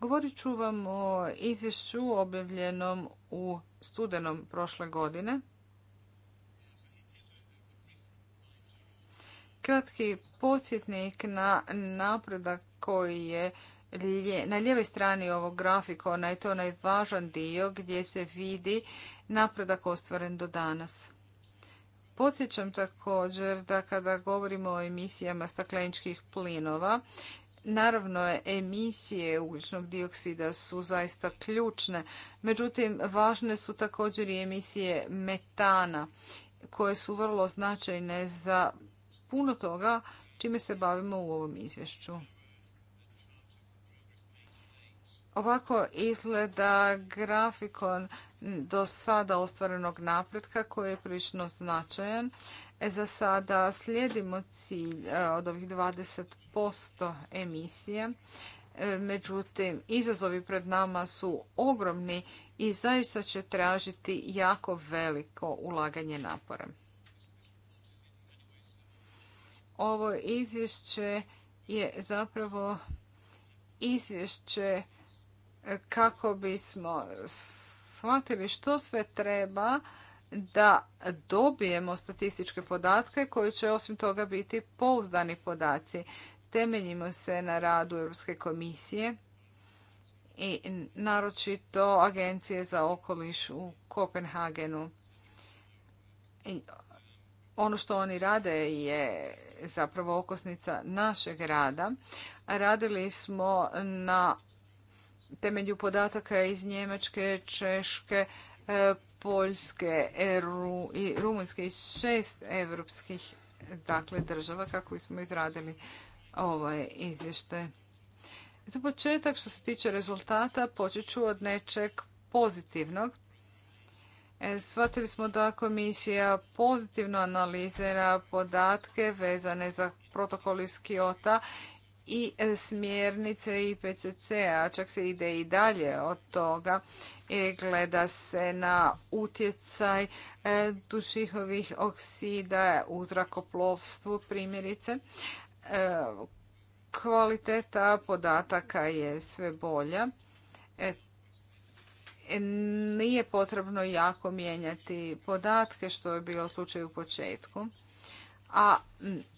Govorit ću vam o izvješću objavljenom u studenom prošle godine. Kratki podsjetnik na napredak koji je na lijevoj strani ovog grafika. Onaj to onaj dio gdje se vidi napredak ostvaren do danas. Podsjećam također da kada govorimo o emisijama stakleničkih plinova, Naravno, emisije ugljičnog dioksida su zaista ključne, međutim, važne su također i emisije metana, koje su vrlo značajne za puno toga čime se bavimo u ovom izvješću. Ovako izgleda grafikon do sada ostvarenog napretka koji je prilično značajan. E, za sada slijedimo cilj e, od ovih 20% emisije. E, međutim, izazovi pred nama su ogromni i zaista će tražiti jako veliko ulaganje napora. Ovo izvješće je zapravo izvješće kako bismo shvatili što sve treba da dobijemo statističke podatke koji će osim toga biti pouzdani podaci. Temeljimo se na radu Europske komisije i naročito Agencije za okoliš u Kopenhagenu. Ono što oni rade je zapravo okosnica našeg rada. Radili smo na temelju podataka iz Njemačke, Češke, e, Poljske, e, i Rumunjske iz šest evropskih dakle, država kako smo izradili ovaj izvještaj. Za početak što se tiče rezultata počet ću od nečeg pozitivnog. E, shvatili smo da komisija pozitivno analizira podatke vezane za protokol iz Kiota i e, smjernice IPCC-a, čak se ide i dalje od toga, e, gleda se na utjecaj e, dušihovih oksida u zrakoplovstvu primjerice. Kvaliteta podataka je sve bolja. Nije potrebno jako mijenjati podatke, što je bilo slučaj u početku a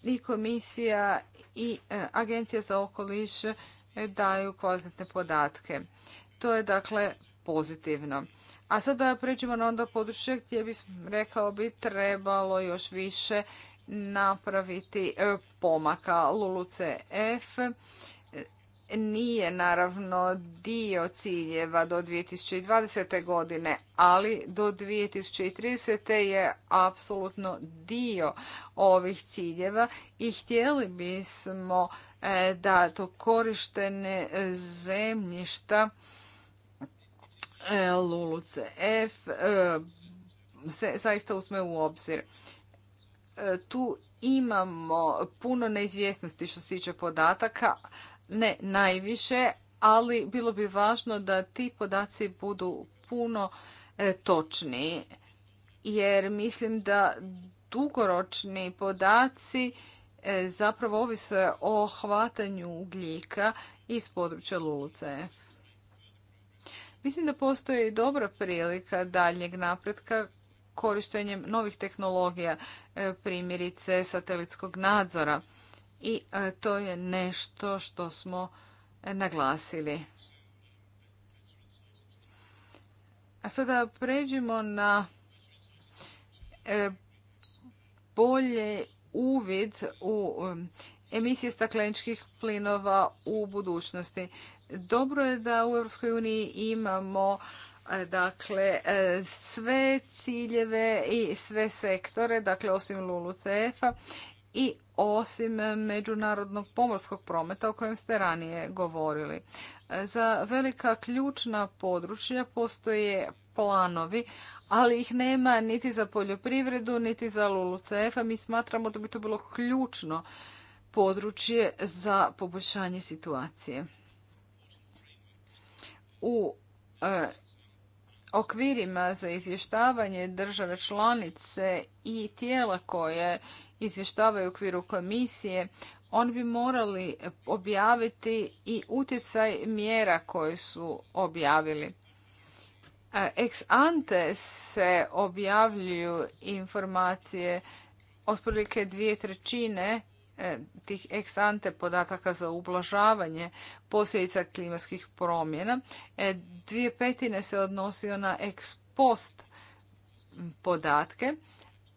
i komisija i e, agencija za okoliš daju kvalitetne podatke. To je dakle pozitivno. A sada pređemo na onda područje gdje bi rekao bi trebalo još više napraviti e, pomaka LULUCF nije naravno dio ciljeva do 2020. godine, ali do 2030. je apsolutno dio ovih ciljeva i htjeli bismo e, da to korištene zemljišta e, f e, se zaista usme u obzir. Tu imamo puno neizvjesnosti što se tiče podataka, ne najviše, ali bilo bi važno da ti podaci budu puno e, točniji jer mislim da dugoročni podaci e, zapravo ovise o hvatanju ugljika iz područja luce. Mislim da postoji dobra prilika daljnjeg napretka korištenjem novih tehnologija, e, primjerice satelitskog nadzora i e, to je nešto što smo e, naglasili. A sada pređimo na e, bolje uvid u emisije stakleničkih plinova u budućnosti. Dobro je da u EU imamo dakle sve ciljeve i sve sektore, dakle osim LULUCF-a i osim međunarodnog pomorskog prometa o kojem ste ranije govorili. Za velika ključna područja postoje planovi, ali ih nema niti za poljoprivredu, niti za LULUCF-a. Mi smatramo da bi to bilo ključno područje za poboljšanje situacije. U e, okvirima za izvještavanje države članice i tijela koje izvještavaju u okviru komisije, oni bi morali objaviti i utjecaj mjera koje su objavili. E, ex ante se objavljuju informacije otprilike dvije trećine e, tih ex ante podataka za ublažavanje posljedica klimatskih promjena. E, dvije petine se odnosio na ex post podatke,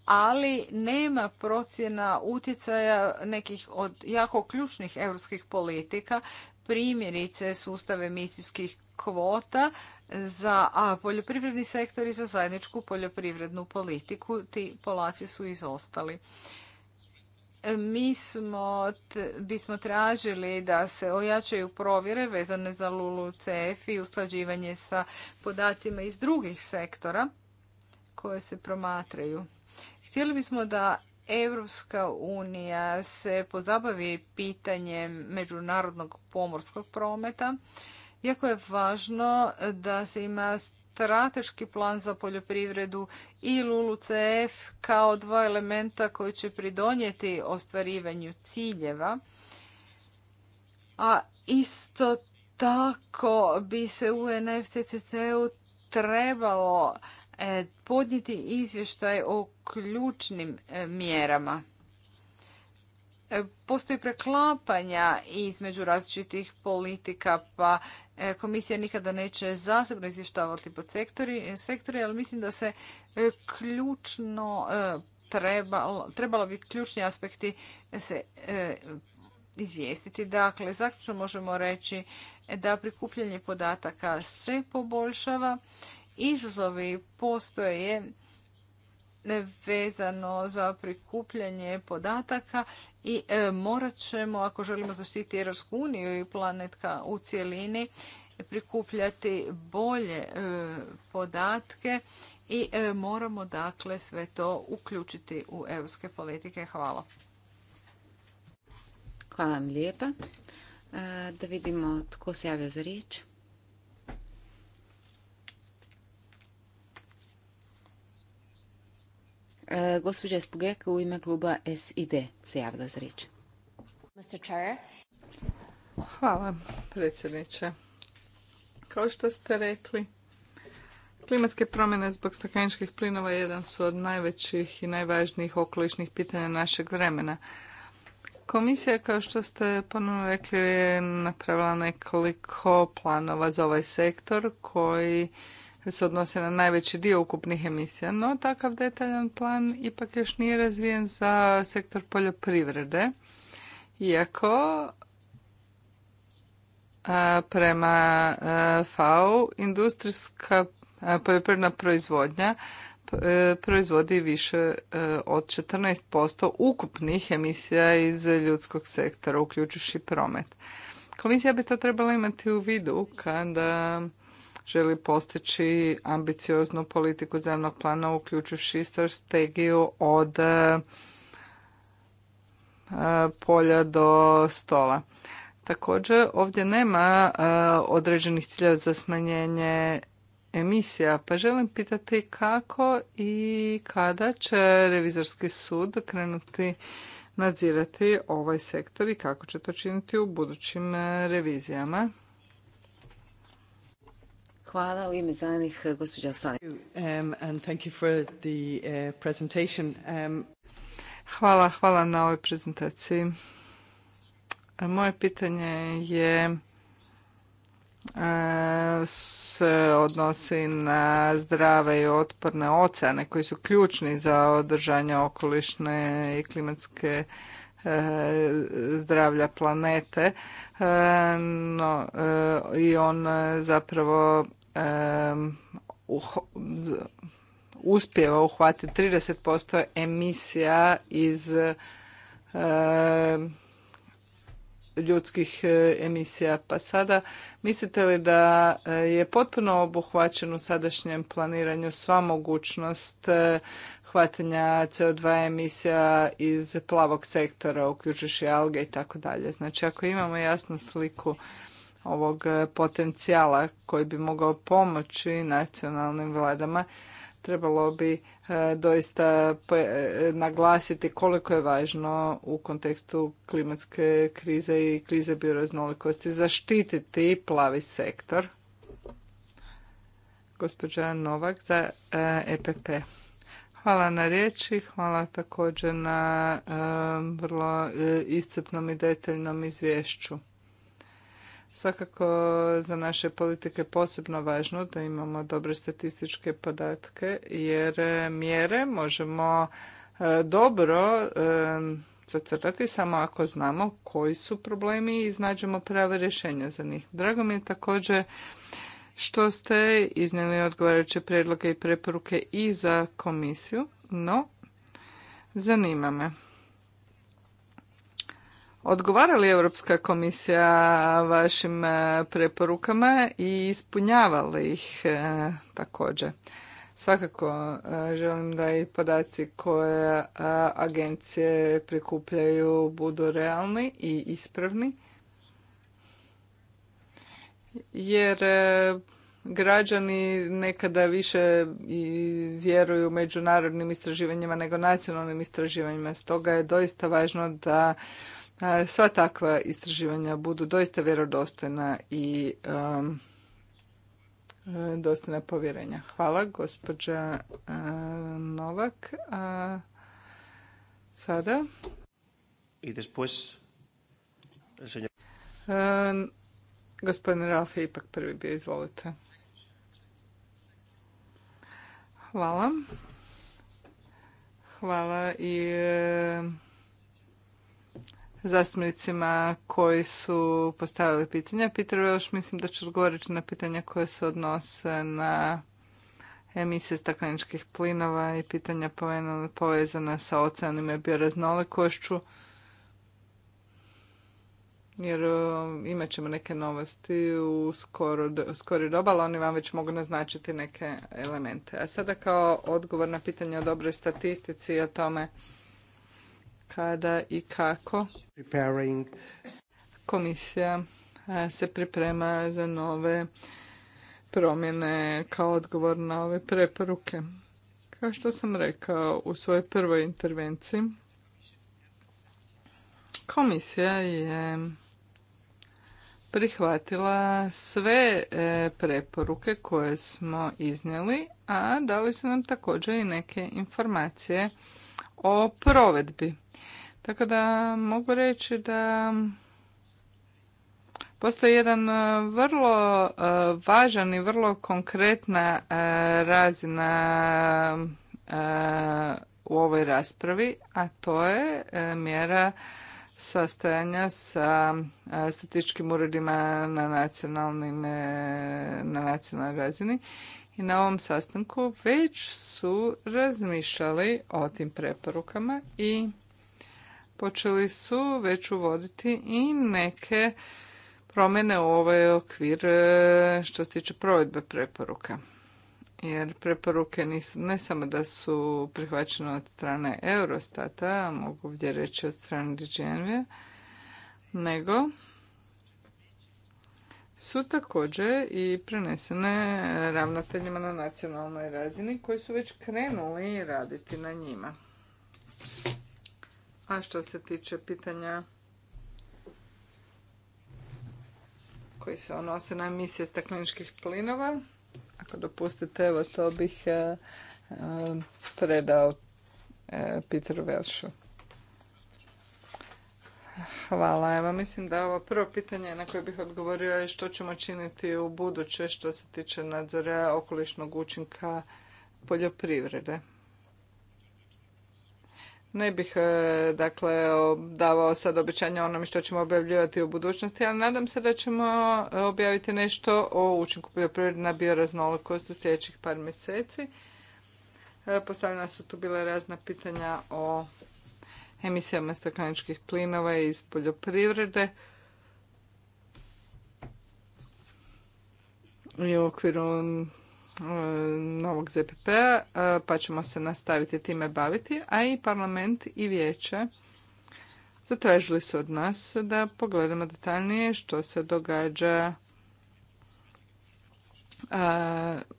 ali nema procjena utjecaja nekih od jako ključnih europskih politika, primjerice sustave emisijskih kvota za a, poljoprivredni sektor i za zajedničku poljoprivrednu politiku. Ti polaci su izostali. Mi smo, bismo tražili da se ojačaju provjere vezane za Lulu CF i usklađivanje sa podacima iz drugih sektora koje se promatraju. Htjeli bismo da Europska unija se pozabavi pitanjem međunarodnog pomorskog prometa, iako je važno da se ima strateški plan za poljoprivredu i LULUCF kao dva elementa koji će pridonijeti ostvarivanju ciljeva. A isto tako bi se u u trebalo E, podnijeti izvještaj o ključnim e, mjerama. E, postoji preklapanja između različitih politika, pa komisija nikada neće zasebno izvještavati po sektori, sektori ali mislim da se ključno trebalo, trebalo bi ključni aspekti se izvijestiti. Dakle, zaključno možemo reći da prikupljanje podataka se poboljšava izazovi postoje vezano za prikupljanje podataka i e, morat ćemo, ako želimo zaštiti Europsku uniju i planetka u cjelini, prikupljati bolje e, podatke i e, moramo dakle sve to uključiti u europske politike. Hvala. Hvala vam lijepa. Da vidimo tko se javlja za riječ. E, gospođa Spugeka u ime kluba SID se javila za riječ. Hvala, predsjedniče. Kao što ste rekli, Klimatske promjene zbog stakleničkih plinova jedan su od najvećih i najvažnijih okolišnih pitanja našeg vremena. Komisija, kao što ste ponovno rekli, je napravila nekoliko planova za ovaj sektor koji se odnose na najveći dio ukupnih emisija, no takav detaljan plan ipak još nije razvijen za sektor poljoprivrede, iako prema FAO industrijska poljoprivredna proizvodnja e, proizvodi više e, od 14% ukupnih emisija iz ljudskog sektora, uključujući promet. Komisija bi to trebala imati u vidu kada želi postići ambicioznu politiku zelenog plana uključujući strategiju od e, polja do stola. Također ovdje nema e, određenih ciljeva za smanjenje emisija, pa želim pitati kako i kada će revizorski sud krenuti nadzirati ovaj sektor i kako će to činiti u budućim e, revizijama. Hvala u ime zelenih eh, gospođa Osvani. Um, eh, um, hvala, hvala na ovoj prezentaciji. E, moje pitanje je eh, se odnosi na zdrave i otporne oceane koji su ključni za održanje okolišne i klimatske zdravlja planete no, i on zapravo uspjeva uhvatiti 30% emisija iz ljudskih e, emisija. Pa sada mislite li da e, je potpuno obuhvaćen u sadašnjem planiranju sva mogućnost e, hvatanja CO2 emisija iz plavog sektora, uključujući alge i tako dalje. Znači ako imamo jasnu sliku ovog e, potencijala koji bi mogao pomoći nacionalnim vladama trebalo bi e, doista e, naglasiti koliko je važno u kontekstu klimatske krize i krize bioraznolikosti zaštititi plavi sektor. Gospođa Novak za EPP. Hvala na riječi, hvala također na vrlo iscrpnom i detaljnom izvješću svakako za naše politike posebno važno da imamo dobre statističke podatke jer e, mjere možemo e, dobro e, zacrtati samo ako znamo koji su problemi i iznađemo prave rješenja za njih. Drago mi je također što ste iznijeli odgovarajuće prijedloge i preporuke i za komisiju, no zanima me Odgovara li Europska komisija vašim e, preporukama i ispunjava li ih e, također? Svakako e, želim da i podaci koje agencije prikupljaju budu realni i ispravni. Jer građani nekada više vjeruju međunarodnim istraživanjima nego nacionalnim istraživanjima. Stoga je doista važno da sva takva istraživanja budu doista vjerodostojna i um, dostojna povjerenja. Hvala, gospođa Novak. sada. I después, gospodin Ralf je ipak prvi bio, izvolite. Hvala. Hvala i zastupnicima koji su postavili pitanja. Peter Veloš mislim da će odgovoriti na pitanja koje se odnose na emisije stakleničkih plinova i pitanja povezana sa oceanima i bioraznolikošću. Jer imat ćemo neke novosti u skoro, skori doba, ali oni vam već mogu naznačiti neke elemente. A sada kao odgovor na pitanje o dobroj statistici i o tome kada i kako komisija e, se priprema za nove promjene kao odgovor na ove preporuke. Kao što sam rekao u svojoj prvoj intervenciji, komisija je prihvatila sve e, preporuke koje smo iznijeli, a dali su nam također i neke informacije o provedbi. Tako da mogu reći da postoji jedan e, vrlo e, važan i vrlo konkretna e, razina u ovoj raspravi, a to je mjera sastajanja sa statističkim uredima na, na nacionalnoj razini i na ovom sastanku već su razmišljali o tim preporukama i počeli su već uvoditi i neke promjene u ovaj okvir e, što se tiče provedbe preporuka. Jer preporuke nisu, ne samo da su prihvaćene od strane Eurostata, mogu ovdje reći od strane DGNV, nego su također i prenesene ravnateljima na nacionalnoj razini koji su već krenuli raditi na njima. A što se tiče pitanja koji se odnose na emisije stakleničkih plinova, ako dopustite, evo to bih eh, eh, predao eh, Peter Velšu. Hvala. Evo, mislim da ovo prvo pitanje na koje bih odgovorio je što ćemo činiti u buduće što se tiče nadzora okolišnog učinka poljoprivrede. Ne bih e, dakle davao sad obećanje onome što ćemo objavljivati u budućnosti, ali nadam se da ćemo e, objaviti nešto o učinku poljoprivrede na bioraznolikost u sljedećih par mjeseci. E, postavljena su tu bila razna pitanja o emisijama stakleničkih plinova iz poljoprivrede i u okviru e, novog ZPP-a, e, pa ćemo se nastaviti time baviti, a i parlament i vijeće zatražili su od nas da pogledamo detaljnije što se događa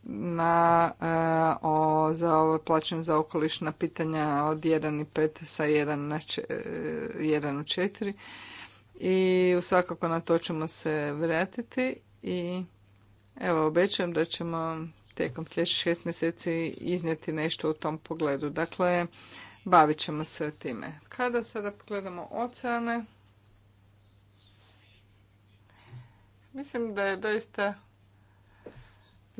na, eh, o, za ovo plaćanje za okolišna pitanja od 1,5 sa 1, na 1 eh, u i svakako na to ćemo se vratiti i evo obećam da ćemo tijekom sljedećih šest mjeseci iznijeti nešto u tom pogledu. Dakle, bavit ćemo se time. Kada sada pogledamo oceane, mislim da je doista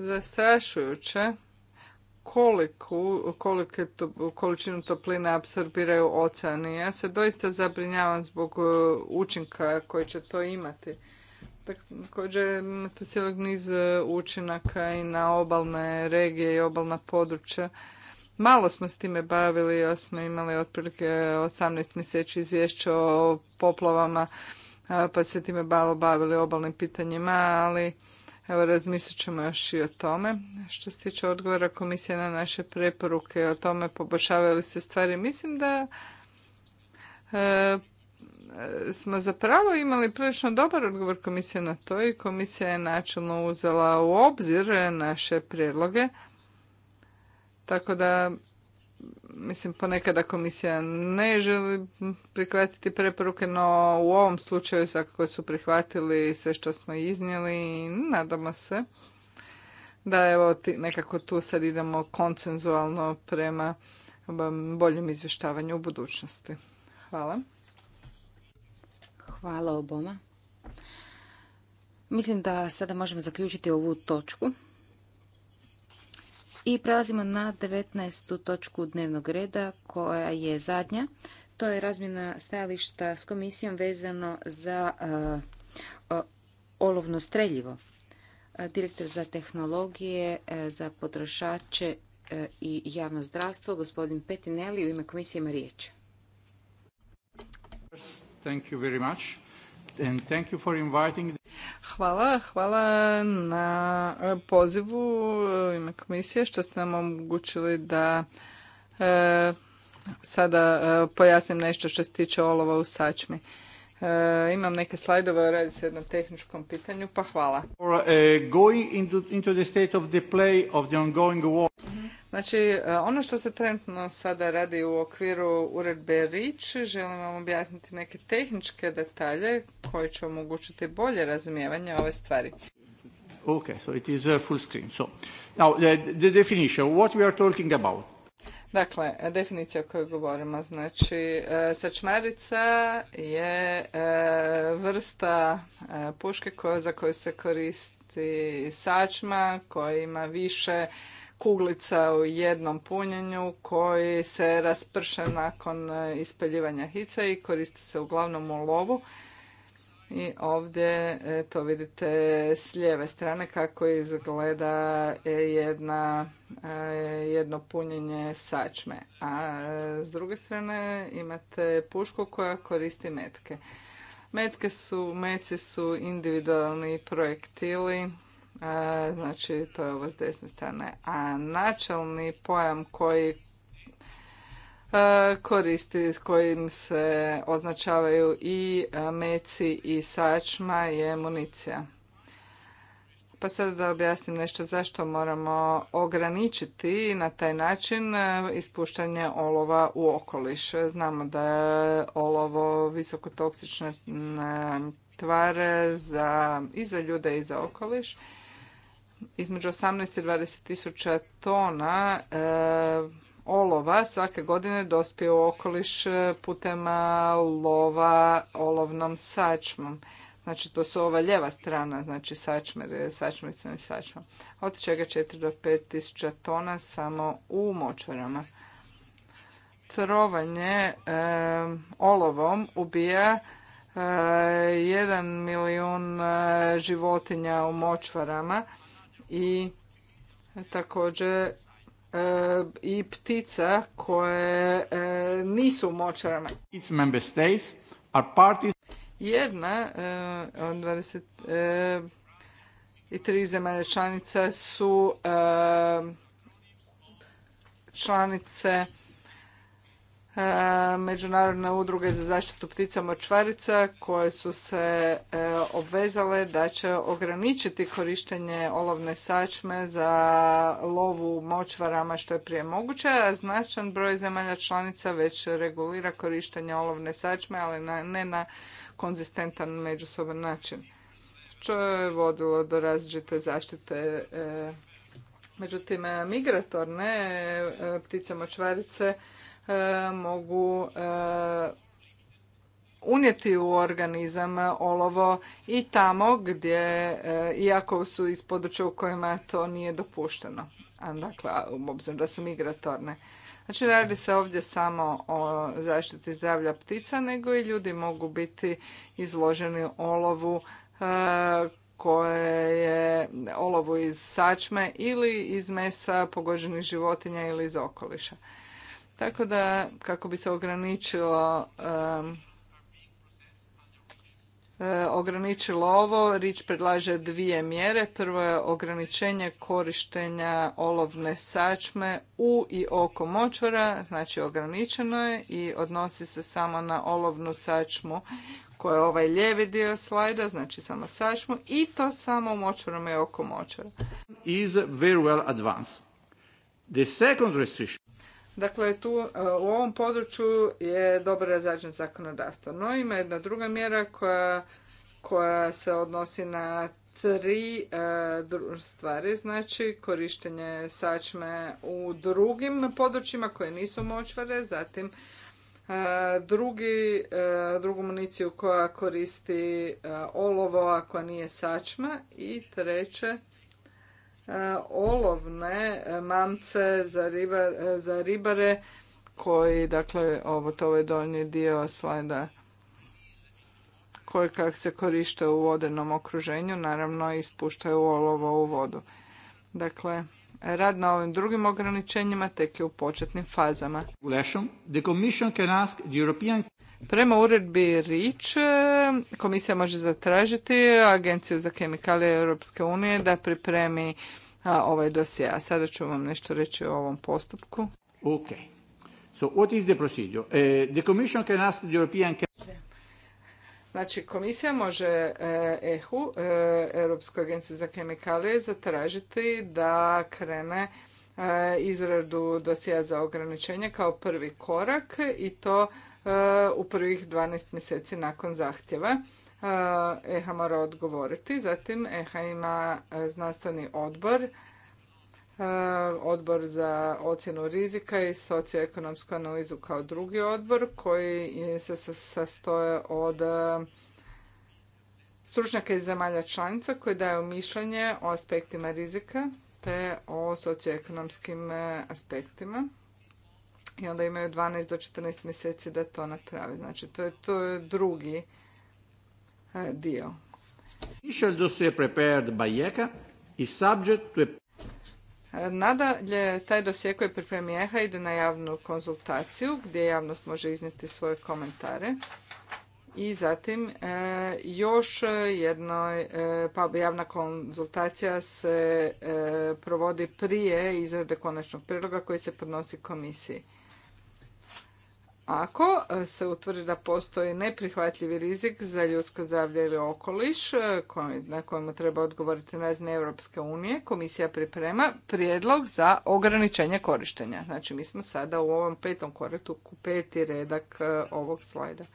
zastrašujuće koliku, kolike količinu topline apsorbiraju oceani. Ja se doista zabrinjavam zbog e, učinka koji će to imati. Također ima tu cijelog niz e, učinaka i na obalne regije i obalna područja. Malo smo s time bavili, ja smo imali otprilike 18 mjeseci izvješća o poplavama, e, pa se time malo bavili obalnim pitanjima, ali Evo, razmislit ćemo još i o tome. Što se tiče odgovora komisije na naše preporuke o tome poboljšavaju li se stvari, mislim da e, smo zapravo imali prilično dobar odgovor komisije na to i komisija je načelno uzela u obzir naše prijedloge. Tako da mislim ponekada komisija ne želi prihvatiti preporuke, no u ovom slučaju svakako su prihvatili sve što smo iznijeli i nadamo se da evo nekako tu sad idemo konsenzualno prema boljem izvještavanju u budućnosti. Hvala. Hvala oboma. Mislim da sada možemo zaključiti ovu točku. I prelazimo na 19. točku dnevnog reda koja je zadnja. To je razmjena stajališta s komisijom vezano za e, olovno streljivo. E, direktor za tehnologije, e, za potrošače i javno zdravstvo, gospodin Petinelli, u ime komisije ima riječ. Thank Hvala, hvala na pozivu ime komisije što ste nam omogućili da e, sada e, pojasnim nešto što se tiče olova u sačmi. E, imam neke slajdove, radi se o jednom tehničkom pitanju, pa hvala. into, the mhm. Znači, e, ono što se trenutno sada radi u okviru uredbe RIČ, želim vam objasniti neke tehničke detalje koji će omogućiti bolje razumijevanje ove stvari. so it is uh, full screen. So, now, the what we are talking about. Dakle, definicija o kojoj govorimo, znači e, sačmarica je e, vrsta puške za koju se koristi sačma, koja ima više kuglica u jednom punjenju koji se rasprše nakon e, ispeljivanja hica i koriste se uglavnom u lovu. I ovdje to vidite s lijeve strane kako izgleda jedna, e, jedno punjenje sačme. A e, s druge strane imate pušku koja koristi metke. Metke su, meci su individualni projektili E, znači to je ovo s desne strane, a načelni pojam koji e, koristi s kojim se označavaju i e, meci i sačma je municija. Pa sad da objasnim nešto zašto moramo ograničiti na taj način ispuštanje olova u okoliš. Znamo da je olovo visokotoksične tvare za, i za ljude i za okoliš između 18 i 20 tisuća tona e, olova svake godine dospije u okoliš e, putem lova olovnom sačmom. Znači to su ova ljeva strana, znači sačmer, i sačmom. Od čega 4 do 5.000 tisuća tona samo u močvarama. Trovanje e, olovom ubija jedan milijun životinja u močvarama i također e, i ptica koje e, nisu u močarama. Jedna e, od 20 i tri zemalja članica su članice E, Međunarodne udruge za zaštitu ptica močvarica koje su se e, obvezale da će ograničiti korištenje olovne sačme za lovu močvarama što je prije moguće, a značan broj zemalja članica već regulira korištenje olovne sačme, ali ne na konzistentan međusoban način. Što je vodilo do različite zaštite e. Međutim, migratorne ptice močvarice E, mogu e, unijeti u organizam olovo i tamo gdje, e, iako su iz područja u kojima to nije dopušteno. dakle, obzirom da su migratorne. Znači, radi se ovdje samo o zaštiti zdravlja ptica, nego i ljudi mogu biti izloženi olovu koje je olovu iz sačme ili iz mesa pogođenih životinja ili iz okoliša. Tako da kako bi se ograničilo eh, ograničilo ovo, Rič predlaže dvije mjere. Prvo je ograničenje korištenja olovne sačme u i oko močvara, znači ograničeno je i odnosi se samo na olovnu sačmu koja je ovaj lijevi dio slajda, znači samo sačmu i to samo u močvarama i oko močvara. Is very well advanced. The second restriction Dakle, tu e, u ovom području je dobro razrađeno zakonodavstvo. No, ima jedna druga mjera koja, koja se odnosi na tri e, stvari, znači korištenje sačme u drugim područjima koje nisu močvare, zatim e, drugi, drugu municiju koja koristi olovo, a koja nije sačma i treće olovne e, mamce za, e, za ribare koji, dakle, ovo to je ovaj donji dio slajda koji se korište u vodenom okruženju, naravno ispuštaju olovo u vodu. Dakle, rad na ovim drugim ograničenjima tek je u početnim fazama. Prema uredbi rič, komisija može zatražiti Agenciju za kemikalije Europske unije da pripremi ovaj dosje. A sada ću vam nešto reći o ovom postupku. So what is the procedure? Eh, the commission can ask the European Znači, komisija može EHU, e eh, Europsku agenciju za kemikalije, zatražiti da krene eh, izradu dosija za ograničenje kao prvi korak i to u prvih 12 mjeseci nakon zahtjeva. E, EHA mora odgovoriti, zatim EHA ima e, znanstveni odbor, e, odbor za ocjenu rizika i socioekonomsku analizu kao drugi odbor koji se sastoje od stručnjaka iz zemalja članica koji daju mišljenje o aspektima rizika te o socioekonomskim aspektima i onda imaju 12 do 14 mjeseci da to naprave. Znači, to je, to je drugi e, dio. E, nadalje, taj dosje koji pripremi EHA ide na javnu konzultaciju gdje javnost može iznijeti svoje komentare. I zatim e, još jedna pa javna konzultacija se provodi prije izrade konačnog priloga koji se podnosi komisiji. Ako e, se utvrdi da postoji neprihvatljivi rizik za ljudsko zdravlje ili okoliš e, na kojemu treba odgovoriti razine Europske unije, komisija priprema prijedlog za ograničenje korištenja. Znači mi smo sada u ovom petom koraku, peti redak e, ovog slajda.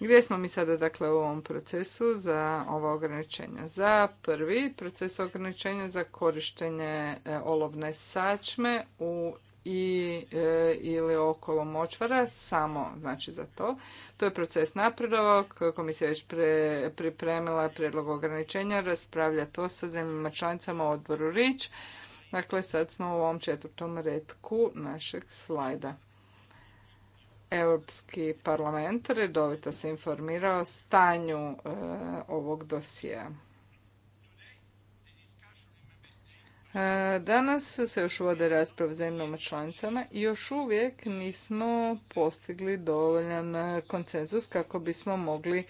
Gdje smo mi sada dakle u ovom procesu za ova ograničenja? Za prvi proces ograničenja za korištenje olovne sačme u i, e, ili okolo močvara, samo znači za to. To je proces napredovao, komisija je već pripremila prijedlog ograničenja, raspravlja to sa zemljama članicama odboru Rič. Dakle, sad smo u ovom četvrtom redku našeg slajda. Europski parlament redovito se informirao o stanju e, ovog dosjea. Danas se još uvode rasprave zemljama članicama i još uvijek nismo postigli dovoljan konsenzus kako bismo mogli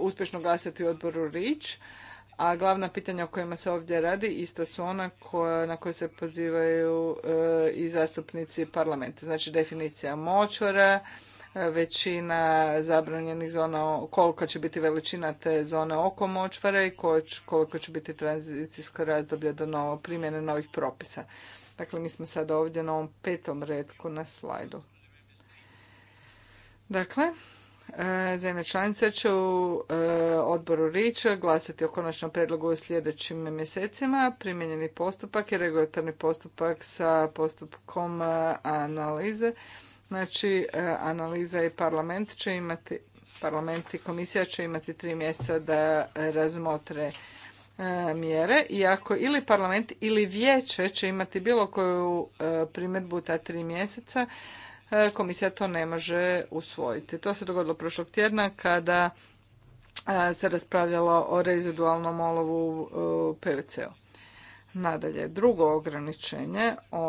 uspješno glasati u odboru Rič, a glavna pitanja o kojima se ovdje radi ista su ona na koje se pozivaju i zastupnici parlamenta. Znači definicija močvara, većina zabranjenih zona, kolika će biti veličina te zone oko močvare i koliko će biti tranzicijsko razdoblje do novo, primjene novih propisa. Dakle, mi smo sad ovdje na ovom petom redku na slajdu. Dakle, e, zemlje članice će u e, odboru Rič glasati o konačnom predlogu u sljedećim mjesecima. Primijenjeni postupak i regulatorni postupak sa postupkom e, analize Znači, e, analiza i parlament će imati, parlament i komisija će imati tri mjeseca da razmotre e, mjere, iako ili parlament ili vijeće će imati bilo koju e, primjedbu ta tri mjeseca, komisija to ne može usvojiti. To se dogodilo prošlog tjedna kada se raspravljalo o rezidualnom olovu PVC-u. Nadalje, drugo ograničenje o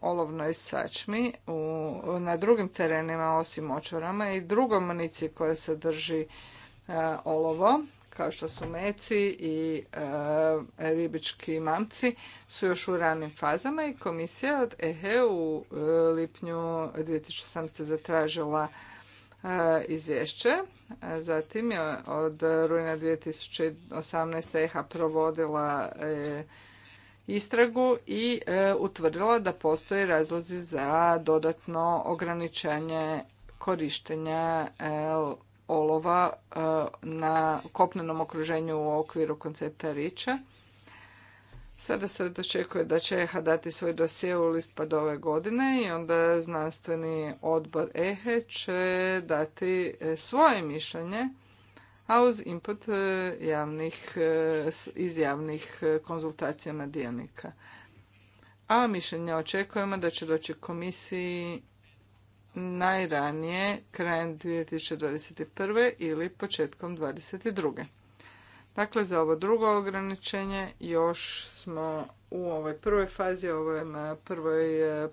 olovnoj sačmi u, na drugim terenima osim očvarama i drugoj municiji koja sadrži e, olovo, kao što su meci i e, ribički mamci, su još u ranim fazama i komisija od EHE u e, lipnju 2018. zatražila e, izvješće. Zatim je od rujna 2018. EHA provodila e, istragu i e, utvrdila da postoje razlozi za dodatno ograničenje korištenja e, olova e, na kopnenom okruženju u okviru koncepta Riča. Sada se očekuje da će EHA dati svoj dosje u listopadu ove godine i onda znanstveni odbor EHE će dati svoje mišljenje a uz input e, e, iz javnih e, konzultacijama dionika. A mišljenja očekujemo da će doći komisiji najranije krajem 2021. ili početkom 2022. Dakle, za ovo drugo ograničenje još smo u ovoj prvoj fazi, ovom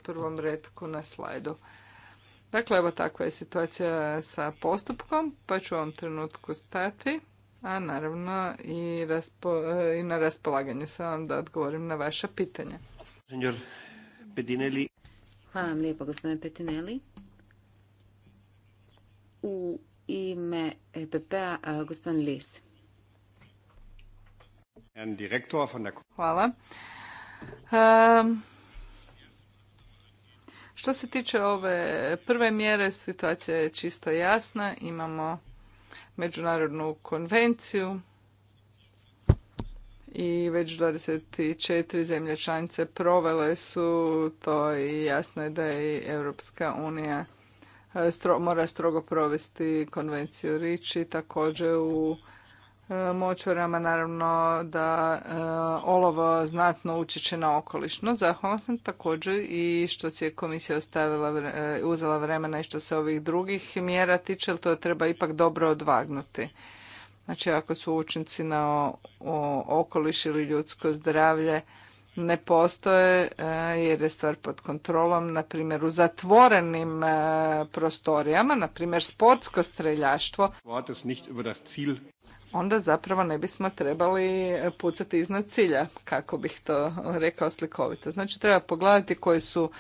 prvom redku na slajdu. Dakle, evo takva je situacija sa postupkom, pa ću u ovom trenutku stati, a naravno i, e, i na raspolaganju sam vam da odgovorim na vaša pitanja. Petinelli. Hvala vam lijepo, gospodine Petinelli. U ime EPP-a, e, gospodin Lis. Hvala. Um, što se tiče ove prve mjere, situacija je čisto jasna. Imamo međunarodnu konvenciju i već 24 zemlje članice provele su to i jasno je da je Europska unija eh, mora strogo provesti konvenciju Riči također u močvarama, naravno da e, olovo znatno utječe na okolišno. Zahvala sam također i što si je komisija ostavila, e, uzela vremena i što se ovih drugih mjera tiče, ali to treba ipak dobro odvagnuti. Znači ako su učinci na okoliš ili ljudsko zdravlje ne postoje e, jer je stvar pod kontrolom, na primjer u zatvorenim prostorijama, na primjer sportsko streljaštvo onda zapravo ne bismo trebali pucati iznad cilja, kako bih to rekao slikovito. Znači treba pogledati koje su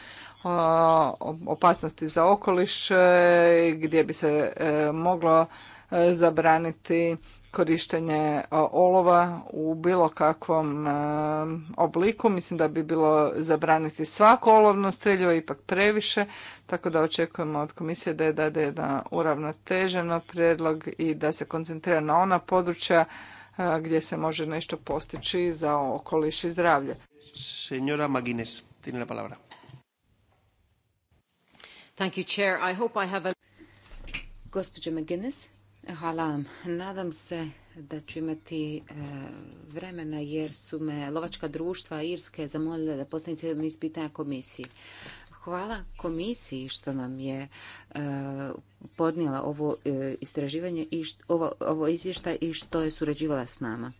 opasnosti za okoliš, e, gdje bi se e, moglo e, zabraniti korištenje e, olova u bilo kakvom e, obliku. Mislim da bi bilo zabraniti svako olovno streljivo ipak previše, tako da očekujemo od komisije da je dade jedan uravnoteženo prijedlog i da se koncentrira na ona područja e, gdje se može nešto postići za okoliš i zdravlje. Senjora Magines, tiene la palabra. Thank you, Chair. I hope I have a... Gospođa McGuinness, Hvala vam. Nadam se da ću imati e, vremena jer su me lovačka društva Irske zamolila da postavim cijeli niz pitanja komisiji. Hvala komisiji što nam je e, podnijela ovo e, istraživanje i ovo, ovo izvještaj i što je surađivala s nama.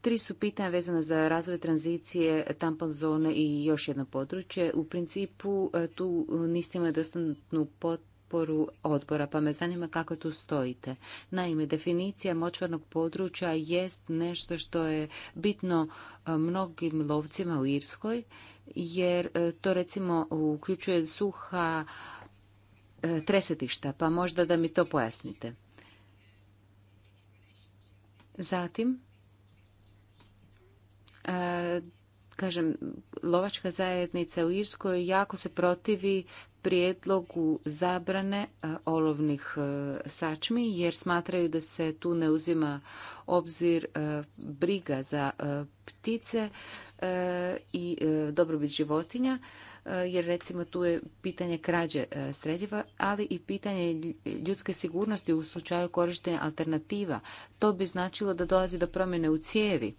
Tri su pitanja vezana za razvoj tranzicije, tampon zone i još jedno područje. U principu tu niste imali dostatnu potrebu potporu odbora, pa me zanima kako tu stojite. Naime, definicija močvarnog područja jest nešto što je bitno e, mnogim lovcima u Irskoj, jer e, to recimo uključuje suha e, tresetišta, pa možda da mi to pojasnite. Zatim, kažem, lovačka zajednica u Irskoj jako se protivi prijedlogu zabrane olovnih e, sačmi jer smatraju da se tu ne uzima obzir e, briga za e, ptice i dobrobit životinja jer recimo tu je pitanje krađe streljiva, ali i pitanje ljudske sigurnosti u slučaju korištenja alternativa. To bi značilo da dolazi do promjene u cijevi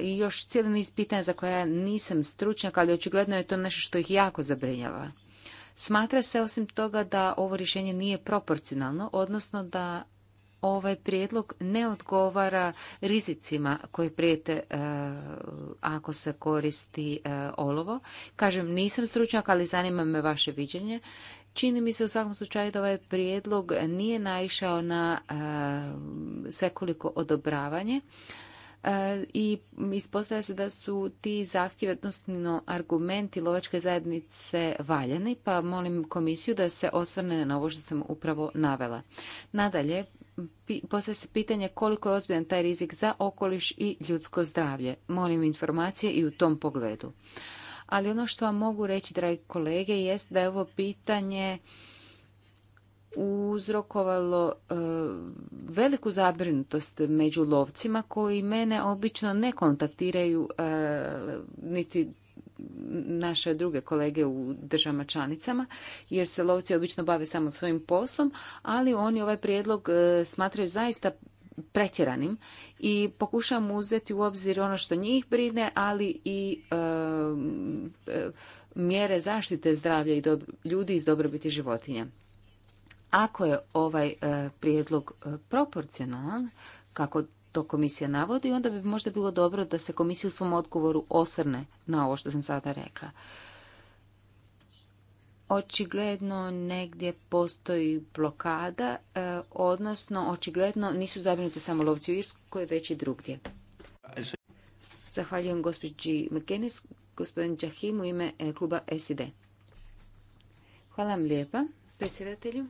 i još cijeli niz pitanja za koja nisam stručnjak, ali očigledno je to nešto što ih jako zabrinjava. Smatra se osim toga da ovo rješenje nije proporcionalno, odnosno da ovaj prijedlog ne odgovara rizicima koje prijete e, ako se koristi e, olovo. Kažem, nisam stručnjak, ali zanima me vaše viđenje. Čini mi se u svakom slučaju da ovaj prijedlog nije naišao na e, svekoliko odobravanje. E, i ispostavlja se da su ti zahtjevi, odnosno argumenti lovačke zajednice valjani, pa molim komisiju da se osvrne na ovo što sam upravo navela. Nadalje, postavlja se pitanje koliko je ozbiljan taj rizik za okoliš i ljudsko zdravlje. Molim informacije i u tom pogledu. Ali ono što vam mogu reći, dragi kolege, jest da je ovo pitanje uzrokovalo e, veliku zabrinutost među lovcima koji mene obično ne kontaktiraju e, niti naše druge kolege u državama članicama, jer se lovci obično bave samo svojim poslom, ali oni ovaj prijedlog e, smatraju zaista pretjeranim i pokušavam uzeti u obzir ono što njih brine, ali i e, mjere zaštite zdravlja i ljudi iz dobrobiti životinja. Ako je ovaj e, prijedlog e, proporcionalan, kako to komisija navodi, onda bi možda bilo dobro da se komisija u svom odgovoru osrne na ovo što sam sada rekla. Očigledno negdje postoji blokada, e, odnosno očigledno nisu zabrinuti samo lovci u Irskoj, već i drugdje. Zahvaljujem gospođi McKenis, gospodin Jahim u ime kluba SID. Hvala vam lijepa, predsjedatelju.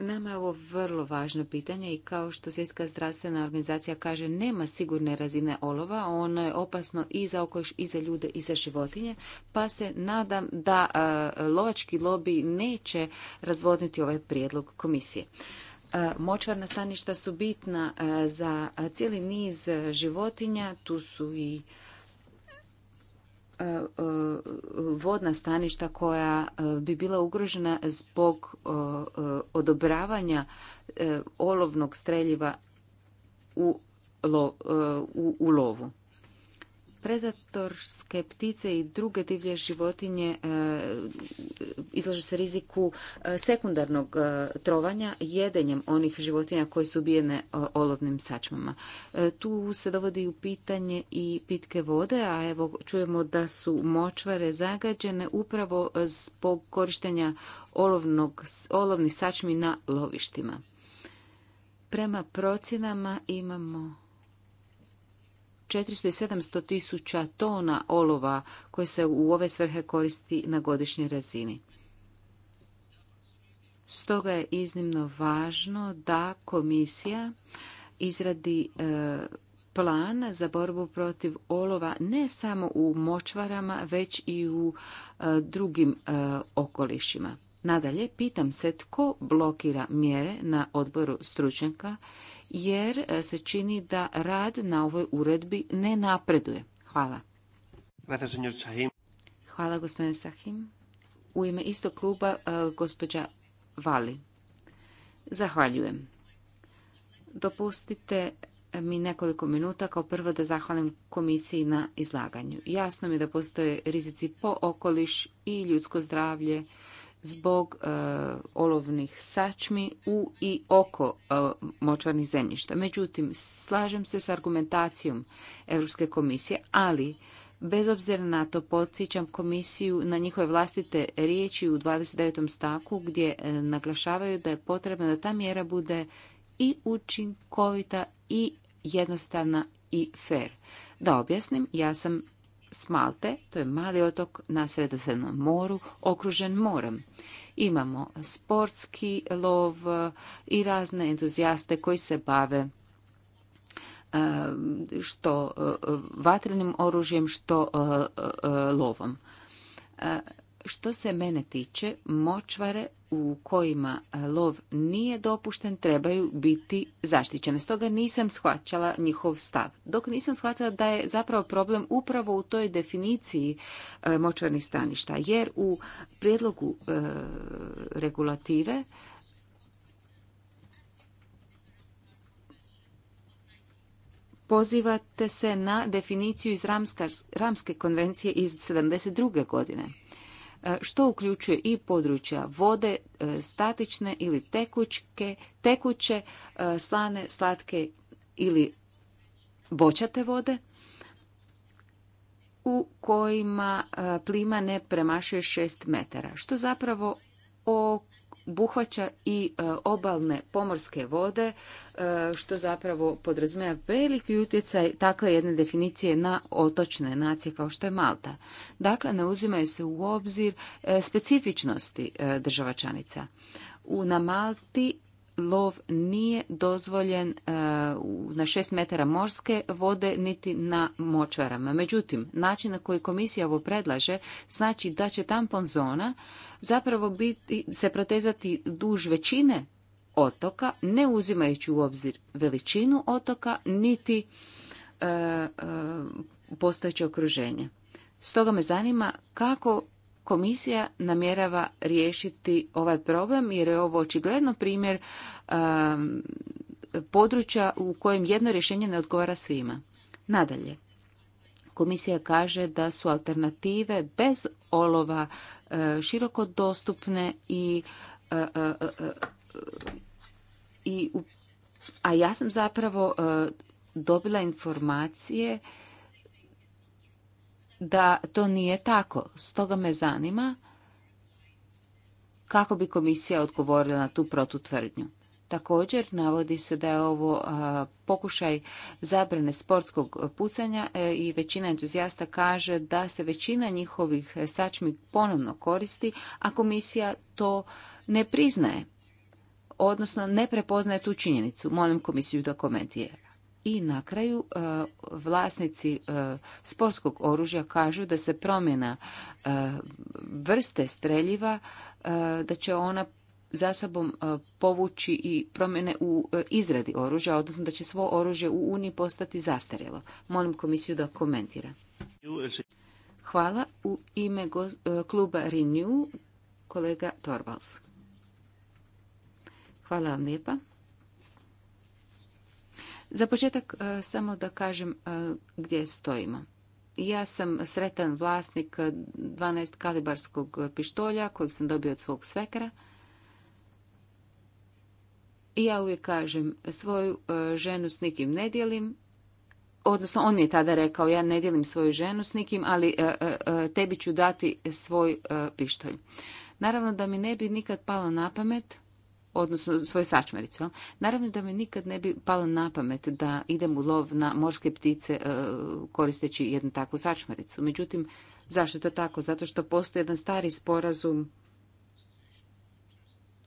Nama je ovo vrlo važno pitanje i kao što Svjetska zdravstvena organizacija kaže, nema sigurne razine olova, ono je opasno i za okoliš, i za ljude, i za životinje, pa se nadam da e, lovački lobby neće razvodniti ovaj prijedlog komisije. E, močvarna staništa su bitna e, za cijeli niz životinja, tu su i E, e, vodna staništa koja e, bi bila ugrožena zbog odobravanja olovnog streljiva u lovu. Predatorske ptice i druge divlje životinje e, izlažu se riziku e, sekundarnog e, trovanja jedenjem onih životinja koje su ubijene olovnim sačmama. Tu se dovodi u pitanje i pitke vode, a evo čujemo da su močvare zagađene upravo zbog korištenja olovnih sačmi na lovištima. Prema procjenama imamo 400 i tisuća tona olova koje se u ove svrhe koristi na godišnjoj razini. Stoga je iznimno važno da komisija izradi e, plan za borbu protiv olova ne samo u močvarama, već i u e, drugim e, okolišima. Nadalje, pitam se tko blokira mjere na odboru stručnjaka jer e, se čini da rad na ovoj uredbi ne napreduje. Hvala. Hvala gospodine Sahim. U ime istog kluba e, gospođa Vali. Zahvaljujem. Dopustite mi nekoliko minuta kao prvo da zahvalim komisiji na izlaganju. Jasno mi je da postoje rizici po okoliš i ljudsko zdravlje zbog e, olovnih sačmi u i oko e, močvarnih zemljišta. Međutim, slažem se s argumentacijom Europske komisije, ali bez obzira na to podsjećam komisiju na njihove vlastite riječi u 29. stavku gdje e, naglašavaju da je potrebno da ta mjera bude i učinkovita i jednostavna i fair. Da objasnim, ja sam Smalte, to je mali otok na sredozemnom moru, okružen morem. Imamo sportski lov i razne entuzijaste koji se bave e, što e, vatrenim oružjem, što e, lovom. Što se mene tiče, močvare u kojima e, lov nije dopušten trebaju biti zaštićene. Stoga nisam shvaćala njihov stav. Dok nisam shvatila da je zapravo problem upravo u toj definiciji e, močvarnih staništa. Jer u prijedlogu e, regulative pozivate se na definiciju iz Ramske konvencije iz 72. godine što uključuje i područja vode, e, statične ili tekućke, tekuće, e, slane, slatke ili bočate vode u kojima e, plima ne premašuje 6 metara, što zapravo buhvaća i e, obalne pomorske vode, e, što zapravo podrazumijeva veliki utjecaj takve jedne definicije na otočne nacije kao što je Malta. Dakle, ne uzimaju se u obzir e, specifičnosti država članica. U, na Malti lov nije dozvoljen e, na šest metara morske vode niti na močvarama. Međutim, način na koji komisija ovo predlaže znači da će tampon zona zapravo biti, se protezati duž većine otoka, ne uzimajući u obzir veličinu otoka niti e, e, postojeće okruženje. Stoga me zanima kako komisija namjerava riješiti ovaj problem jer je ovo očigledno primjer um, područja u kojem jedno rješenje ne odgovara svima. Nadalje, komisija kaže da su alternative bez olova uh, široko dostupne i uh, uh, a ja sam zapravo dobila informacije da to nije tako. Stoga me zanima kako bi komisija odgovorila na tu protutvrdnju. Također navodi se da je ovo pokušaj zabrane sportskog pucanja e, i većina entuzijasta kaže da se većina njihovih e, sačmi ponovno koristi, a komisija to ne priznaje, odnosno ne prepoznaje tu činjenicu. Molim komisiju da komentira. I na kraju e, vlasnici e, sportskog oružja kažu da se promjena e, vrste streljiva, da će ona za sobom povući i promjene u izradi oružja, odnosno da će svo oružje u Uniji postati zastarjelo. Molim komisiju da komentira. Hvala. U ime kluba Renew, kolega Torvalds. Hvala vam lijepa. Za početak e, samo da kažem e, gdje stojimo. Ja sam sretan vlasnik 12 e, kalibarskog pištolja kojeg sam dobio od svog svekara. I ja uvijek kažem, svoju ženu s nikim ne dijelim, odnosno on mi je tada rekao, ja ne dijelim svoju ženu s nikim, ali tebi ću dati svoj pištolj. Naravno da mi ne bi nikad palo na pamet odnosno svoju sačmaricu. Naravno da mi nikad ne bi palo na pamet da idem u lov na morske ptice e, koristeći jednu takvu sačmaricu. Međutim, zašto je to tako? Zato što postoji jedan stari sporazum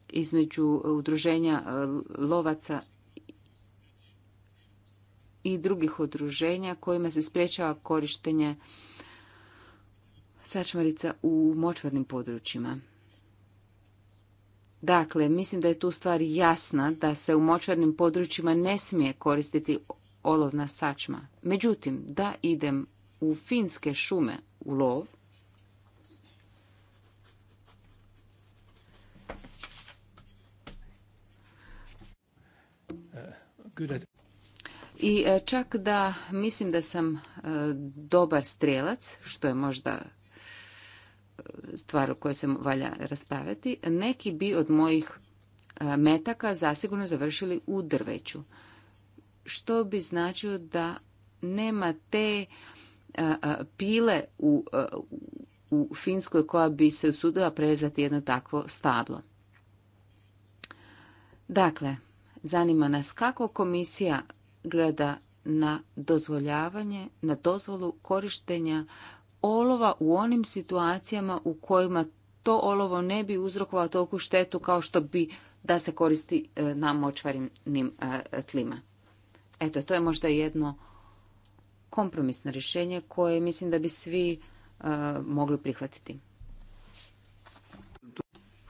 između udruženja e, lovaca i drugih udruženja kojima se sprječava korištenje sačmarica u močvarnim područjima. Dakle, mislim da je tu stvar jasna da se u močvarnim područjima ne smije koristiti olovna sačma. Međutim, da idem u finske šume u lov, I e, čak da mislim da sam e, dobar strelac, što je možda stvar o kojoj se valja raspravljati, neki bi od mojih e, metaka zasigurno završili u drveću. Što bi značio da nema te e, e, pile u, u Finskoj koja bi se usudila prezati jedno takvo stablo. Dakle, zanima nas kako komisija gleda na dozvoljavanje, na dozvolu korištenja olova u onim situacijama u kojima to olovo ne bi uzrokovalo toliku štetu kao što bi da se koristi e, na močvarnim e, tlima. Eto, to je možda jedno kompromisno rješenje koje mislim da bi svi e, mogli prihvatiti.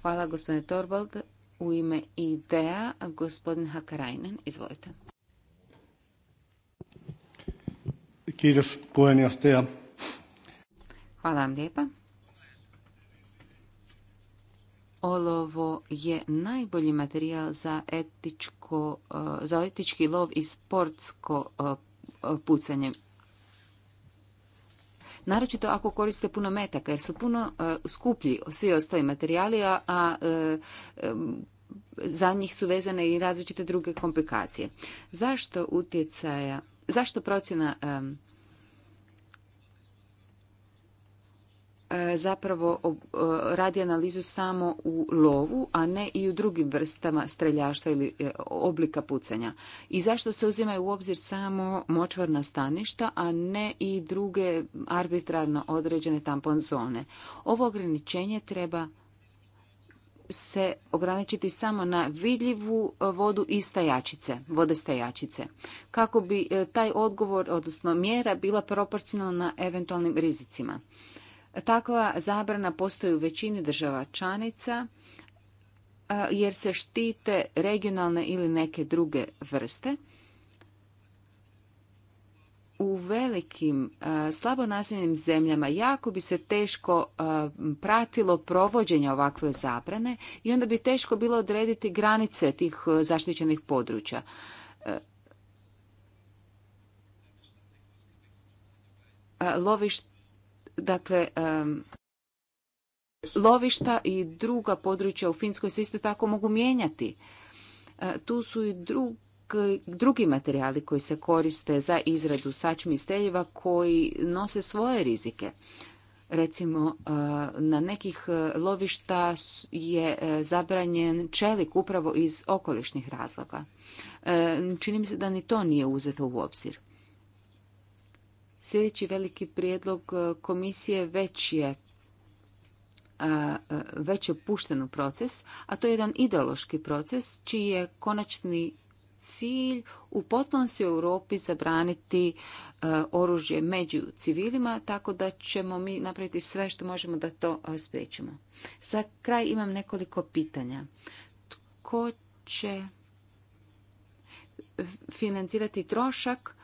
Hvala gospodine Torvald. U ime IDEA gospodin Hakarajnen. Izvolite. Kiitos puheenjohtaja. Hvala vam lijepa. Olovo je najbolji materijal za, etičko, e, za etički lov i sportsko e, pucanje. Naročito ako koriste puno metaka, jer su puno e, skuplji svi ostali materijali, a za njih su vezane i različite druge komplikacije. Zašto utjecaja, zašto procjena E, zapravo e, radi analizu samo u lovu, a ne i u drugim vrstama streljaštva ili e, oblika pucanja. I zašto se uzimaju u obzir samo močvarna staništa, a ne i druge arbitrarno određene tampon zone. Ovo ograničenje treba se ograničiti samo na vidljivu vodu i stajačice, vode stajačice, kako bi taj odgovor, odnosno mjera, bila proporcionalna eventualnim rizicima. Takva zabrana postoji u većini država članica e, jer se štite regionalne ili neke druge vrste. U velikim, e, slabo naseljenim zemljama jako bi se teško e, pratilo provođenje ovakve zabrane i onda bi teško bilo odrediti granice tih zaštićenih područja. Lovište Dakle, lovišta i druga područja u Finskoj se isto tako mogu mijenjati. E, tu su i drugi drugi materijali koji se koriste za izradu sačmi i steljeva koji nose svoje rizike. Recimo, e, na nekih e, lovišta je zabranjen čelik upravo iz okolišnih razloga. Čini mi se da ni to nije uzeto u obzir. Sljedeći veliki prijedlog e, komisije već je e, već je pušten u proces, a to je jedan ideološki proces čiji je konačni cilj u potpunosti u Europi zabraniti e, oružje među civilima, tako da ćemo mi napraviti sve što možemo da to spriječimo. Za kraj imam nekoliko pitanja. Tko će financirati trošak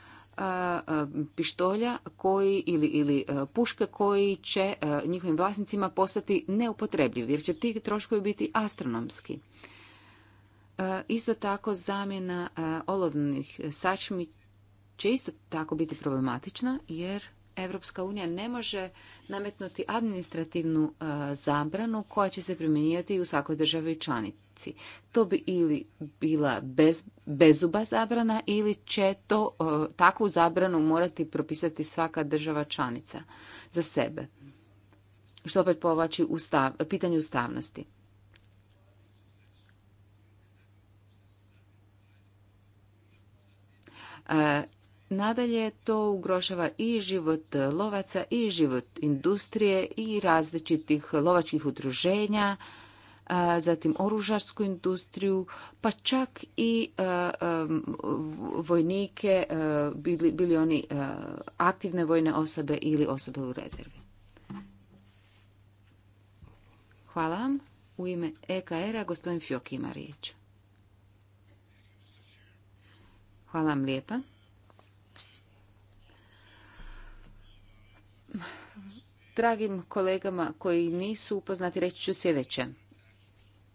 pištolja koji ili, ili puške koji će njihovim vlasnicima postati neupotrebljivi jer će ti troškovi biti astronomski. Isto tako zamjena olovnih sačmi će isto tako biti problematična jer Evropska unija ne može nametnuti administrativnu e, zabranu koja će se primjenjivati u svakoj državi članici. To bi ili bila bez, bezuba zabrana ili će to e, takvu zabranu morati propisati svaka država članica za sebe. Što opet povlači pitanje ustavnosti. E, Nadalje to ugrošava i život lovaca i život industrije i različitih lovačkih udruženja, zatim oružarsku industriju, pa čak i vojnike, bili, bili oni aktivne vojne osobe ili osobe u rezervi. Hvala vam. U ime EKR-a gospodin Fjoki ima riječ. Hvala vam lijepa. Dragim kolegama koji nisu upoznati reći ću sljedeće.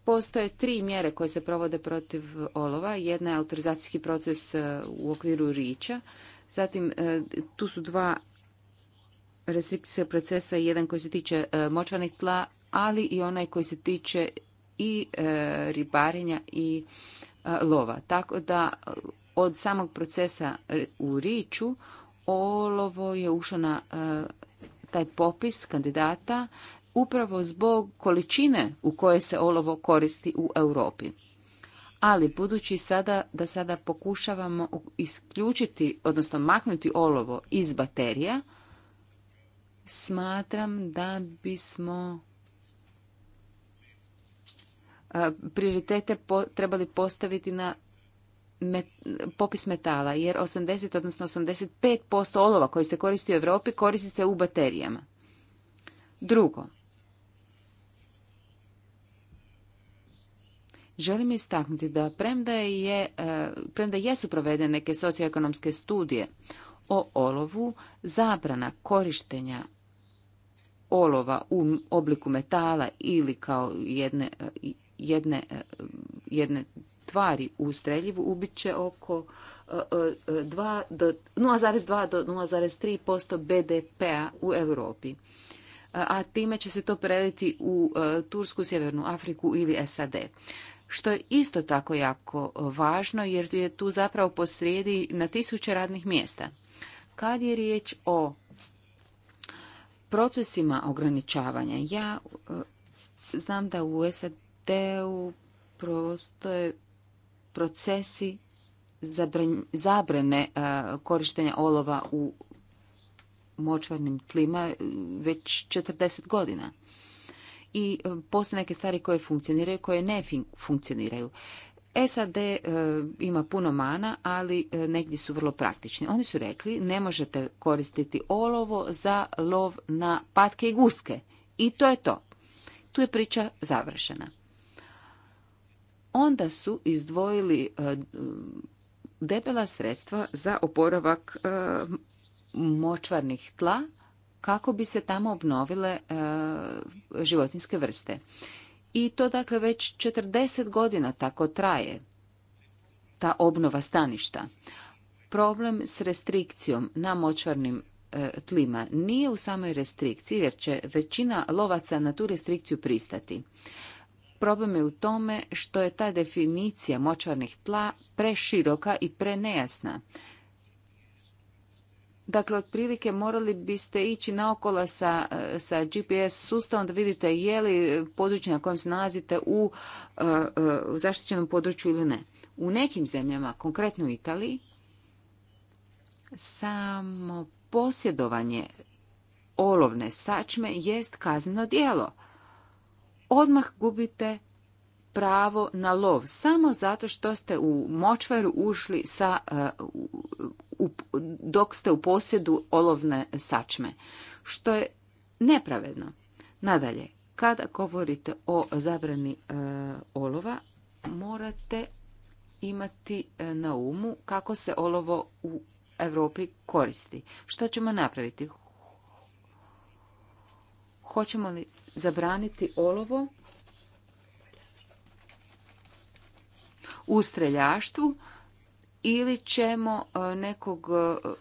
Postoje tri mjere koje se provode protiv olova. Jedna je autorizacijski proces e, u okviru rića. Zatim e, tu su dva restrikcija procesa, jedan koji se tiče e, močvanih tla, ali i onaj koji se tiče i ribarenja i lova. Tako da od samog procesa u riču olovo je ušao na taj popis kandidata upravo zbog količine u kojoj se olovo koristi u Europi. Ali budući sada da sada pokušavamo isključiti, odnosno maknuti olovo iz baterija, smatram da bismo prioritete trebali postaviti na popis metala, jer 80, odnosno 85% olova koji se koristi u Europi koristi se u baterijama. Drugo, želim istaknuti da premda, je, e, premda jesu provedene neke socioekonomske studije o olovu, zabrana korištenja olova u obliku metala ili kao jedne, e, jedne, e, jedne tvari u streljivu ubit će oko e, e, e, do, 0,2 do 0,3% BDP-a u Europi. A time će se to prediti u Tursku, Sjevernu Afriku ili SAD što je isto tako jako važno jer je tu zapravo posrijedi na tisuće radnih mjesta. Kad je riječ o procesima ograničavanja, ja znam da u SAD-u je procesi zabrane e, korištenja olova u močvarnim tlima e, već 40 godina. I e, postoje neke stvari koje funkcioniraju, koje ne funkcioniraju. SAD ima puno mana, ali negdje su vrlo praktični. Oni su rekli ne možete koristiti olovo za lov na patke i guske. I to je to. Tu je priča završena onda su izdvojili e, debela sredstva za oporavak e, močvarnih tla kako bi se tamo obnovile e, životinske vrste. I to dakle već 40 godina tako traje ta obnova staništa. Problem s restrikcijom na močvarnim tlima nije u samoj restrikciji jer će većina lovaca na tu restrikciju pristati. Problem je u tome što je ta definicija močvarnih tla preširoka i prenejasna. Dakle, otprilike morali biste ići naokola sa, sa GPS sustavom da vidite je li područje na kojem se nalazite u e, e, zaštićenom području ili ne. U nekim zemljama, konkretno u Italiji, samo posjedovanje olovne sačme jest kazneno djelo odmah gubite pravo na lov samo zato što ste u močvaru ušli sa eh, dok ste u posjedu olovne sačme što je nepravedno nadalje kada govorite o zabrani eh, olova morate imati eh, na umu kako se olovo u Europi koristi što ćemo napraviti Hoćemo li zabraniti olovo u streljaštvu ili ćemo e, nekog e,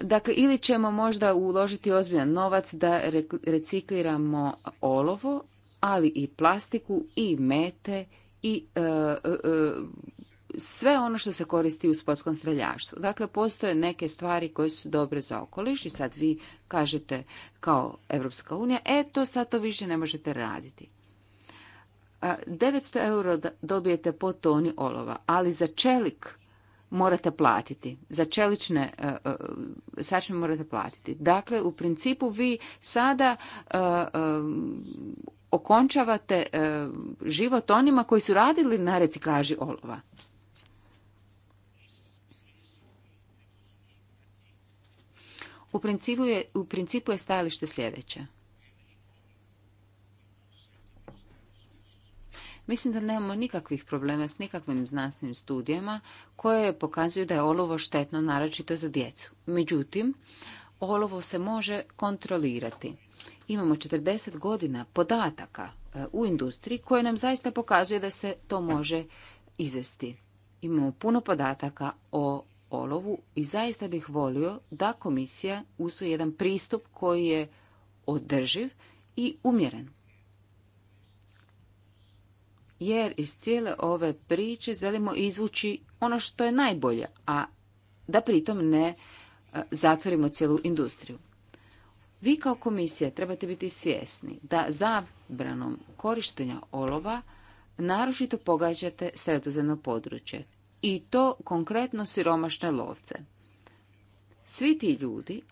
Dakle, ili ćemo možda uložiti ozbiljan novac da recikliramo olovo, ali i plastiku i mete i e, sve ono što se koristi u sportskom streljaštvu. Dakle, postoje neke stvari koje su dobre za okoliš i sad vi kažete kao Evropska unija, e to sad to više ne možete raditi. 900 euro dobijete po toni olova, ali za čelik morate platiti. Za čelične e, e, sačme morate platiti. Dakle, u principu vi sada e, okončavate život onima koji su radili na reciklaži olova. U principu je, u principu je stajalište sljedeće. Mislim da nemamo nikakvih problema s nikakvim znanstvenim studijama koje pokazuju da je olovo štetno naročito za djecu. Međutim, olovo se može kontrolirati. Imamo 40 godina podataka e, u industriji koje nam zaista pokazuje da se to može izvesti. Imamo puno podataka o olovu i zaista bih volio da komisija usvoji jedan pristup koji je održiv i umjeren. Jer iz cijele ove priče želimo izvući ono što je najbolje, a da pritom ne e, zatvorimo cijelu industriju. Vi kao komisija trebate biti svjesni da zabranom korištenja olova naročito pogađate sredozemno područje i to konkretno siromašne lovce. Svi ti ljudi,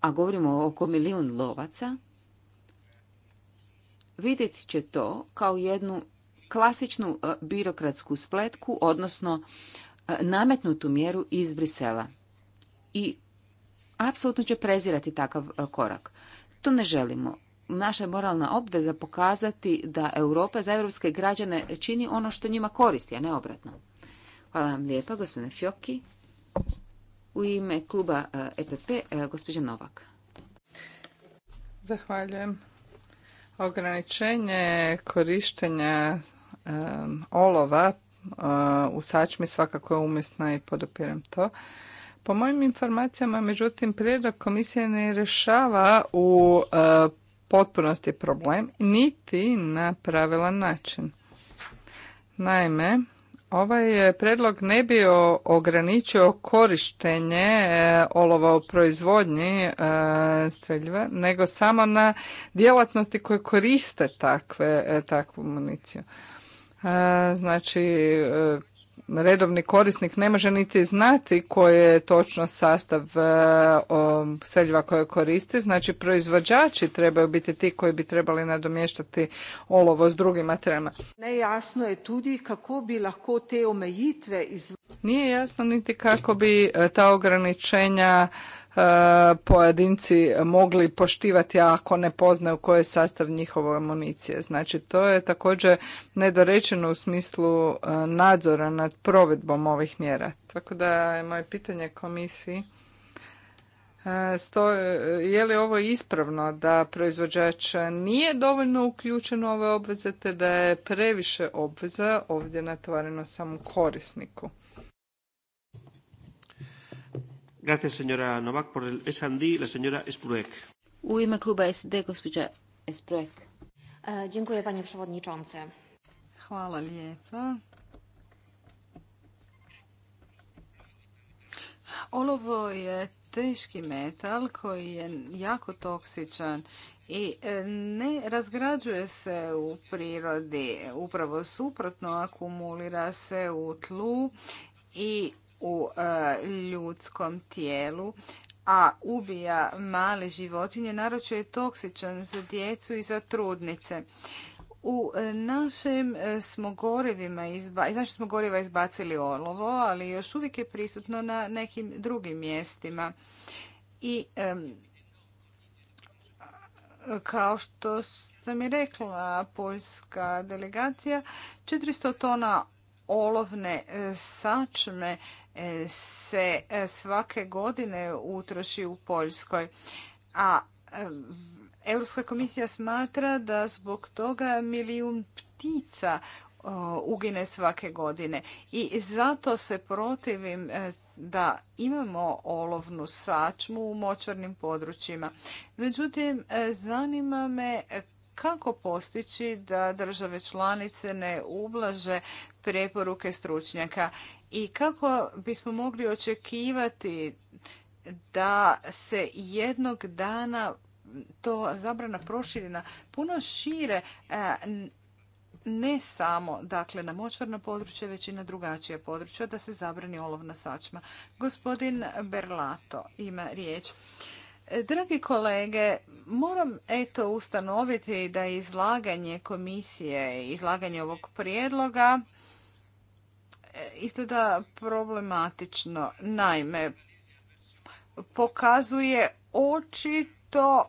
a govorimo oko milijun lovaca, vidjet će to kao jednu klasičnu e, birokratsku spletku, odnosno e, nametnutu mjeru iz Brisela. I apsolutno će prezirati takav e, korak. To ne želimo. Naša je moralna obveza pokazati da Europa za europske građane čini ono što njima koristi, a ne obratno. Hvala vam lijepa, gospodine Fjoki. U ime kluba EPP, eh, e eh, gospođa Novak. Zahvaljujem. Ograničenje korištenja olova eh, u sačmi svakako je umjesna i podopiram to. Po mojim informacijama, međutim, prijedlog komisije ne rješava u potpunosti problem, niti na pravilan način. Naime, Ovaj e, predlog ne bi ograničio korištenje e, olova u proizvodnji e, streljiva, nego samo na djelatnosti koje koriste takve, takvu municiju. Znači, redovni korisnik ne može niti znati koji je točno sastav e, streljiva koje koristi. Znači proizvođači trebaju biti ti koji bi trebali nadomještati olovo s drugim materijalima. Nejasno je tudi kako bi lahko te omejitve iz... Nije jasno niti kako bi e, ta ograničenja E, pojedinci mogli poštivati ako ne poznaju koji je sastav njihove municije. Znači to je također nedorečeno u smislu e, nadzora nad provedbom ovih mjera. Tako da je moje pitanje komisiji e, Sto, je li ovo ispravno da proizvođač nije dovoljno uključen u ove obveze te da je previše obveza ovdje natvoreno samo korisniku? Gracias, señora Novak. Por el S&D, la señora Spruek. U ime kluba SD, gospođa Spruek. E, dziękuję, panie przewodniczący. Hvala lijepa. Olovo je teški metal koji je jako toksičan i e, ne razgrađuje se u prirodi. Upravo suprotno akumulira se u tlu i u e, ljudskom tijelu, a ubija male životinje, naroče je toksičan za djecu i za trudnice. U e, našem e, smo gorivima, izba, znači smo goriva izbacili olovo, ali još uvijek je prisutno na nekim drugim mjestima. I kao što sam i rekla poljska delegacija, 400 tona olovne sačme E, se e, svake godine utroši u Poljskoj. A e, Europska komisija smatra da zbog toga milijun ptica ugine svake godine. I zato se protivim da imamo olovnu sačmu u močvarnim područjima. Međutim, zanima me kako postići da države članice ne ublaže preporuke stručnjaka i kako bismo mogli očekivati da se jednog dana to zabrana proširi na puno šire e, ne samo dakle, na močvarno područje, već i na drugačije područje, da se zabrani olovna sačma. Gospodin Berlato ima riječ. E, dragi kolege, moram eto ustanoviti da je izlaganje komisije, izlaganje ovog prijedloga izgleda problematično. Naime, pokazuje očito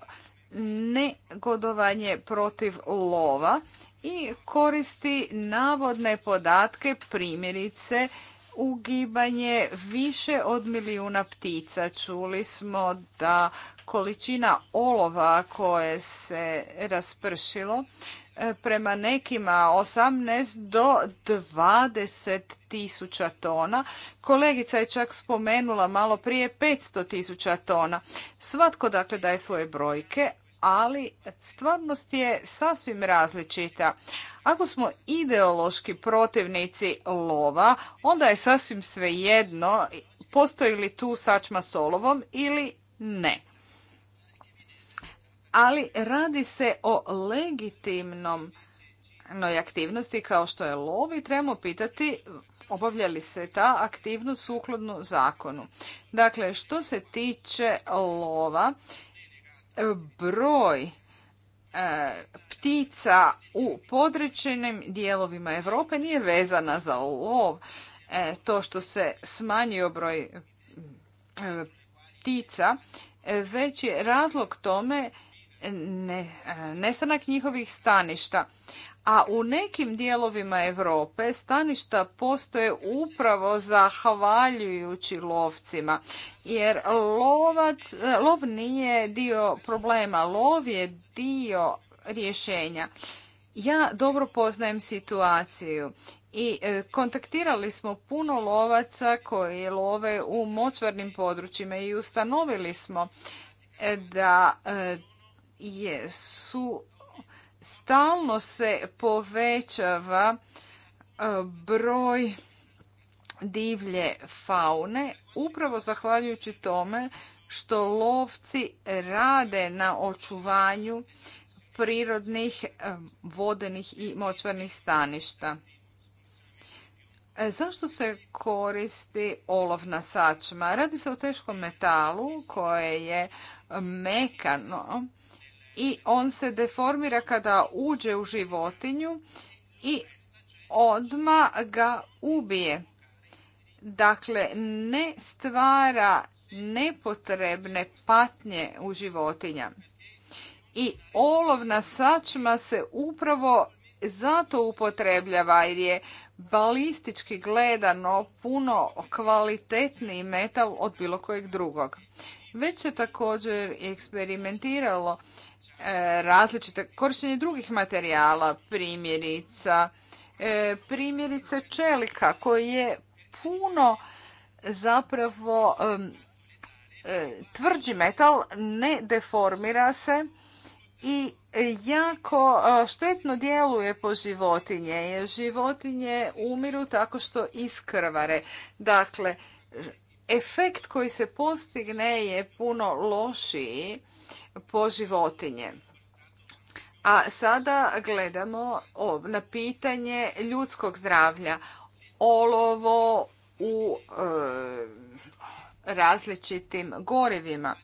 negodovanje protiv lova i koristi navodne podatke primjerice ugibanje više od milijuna ptica. Čuli smo da količina olova koje se raspršilo prema nekima 18 do 20 tisuća tona. Kolegica je čak spomenula malo prije 500 tisuća tona. Svatko dakle daje svoje brojke, ali stvarnost je sasvim različita. Ako smo ideološki protivnici lova, onda je sasvim svejedno postoji li tu sačma s olovom ili ne ali radi se o legitimnom noj aktivnosti kao što je lov i trebamo pitati obavlja li se ta aktivnost sukladno zakonu. Dakle, što se tiče lova, broj e, ptica u podrečenim dijelovima Europe nije vezana za lov. E, to što se smanjio broj e, ptica, već je razlog tome ne, e, nestanak njihovih staništa. A u nekim dijelovima Europe staništa postoje upravo zahvaljujući lovcima. Jer e, lov nije dio problema, lov je dio rješenja. Ja dobro poznajem situaciju i e, kontaktirali smo puno lovaca koji love u močvarnim područjima i ustanovili smo da su stalno se povećava e, broj divlje faune upravo zahvaljujući tome što lovci rade na očuvanju prirodnih e, vodenih i močvarnih staništa. E, zašto se koristi olovna sačma? Radi se o teškom metalu koje je mekano i on se deformira kada uđe u životinju i odma ga ubije. Dakle, ne stvara nepotrebne patnje u životinja. I olovna sačma se upravo zato upotrebljava jer je balistički gledano puno kvalitetniji metal od bilo kojeg drugog. Već se također eksperimentiralo E, različite korištenje drugih materijala, primjerica, e, primjerice čelika koji je puno zapravo e, tvrđi metal, ne deformira se i jako štetno djeluje po životinje. Životinje umiru tako što iskrvare. Dakle, efekt koji se postigne je puno lošiji po životinje. A sada gledamo na pitanje ljudskog zdravlja. Olovo u e, različitim gorivima.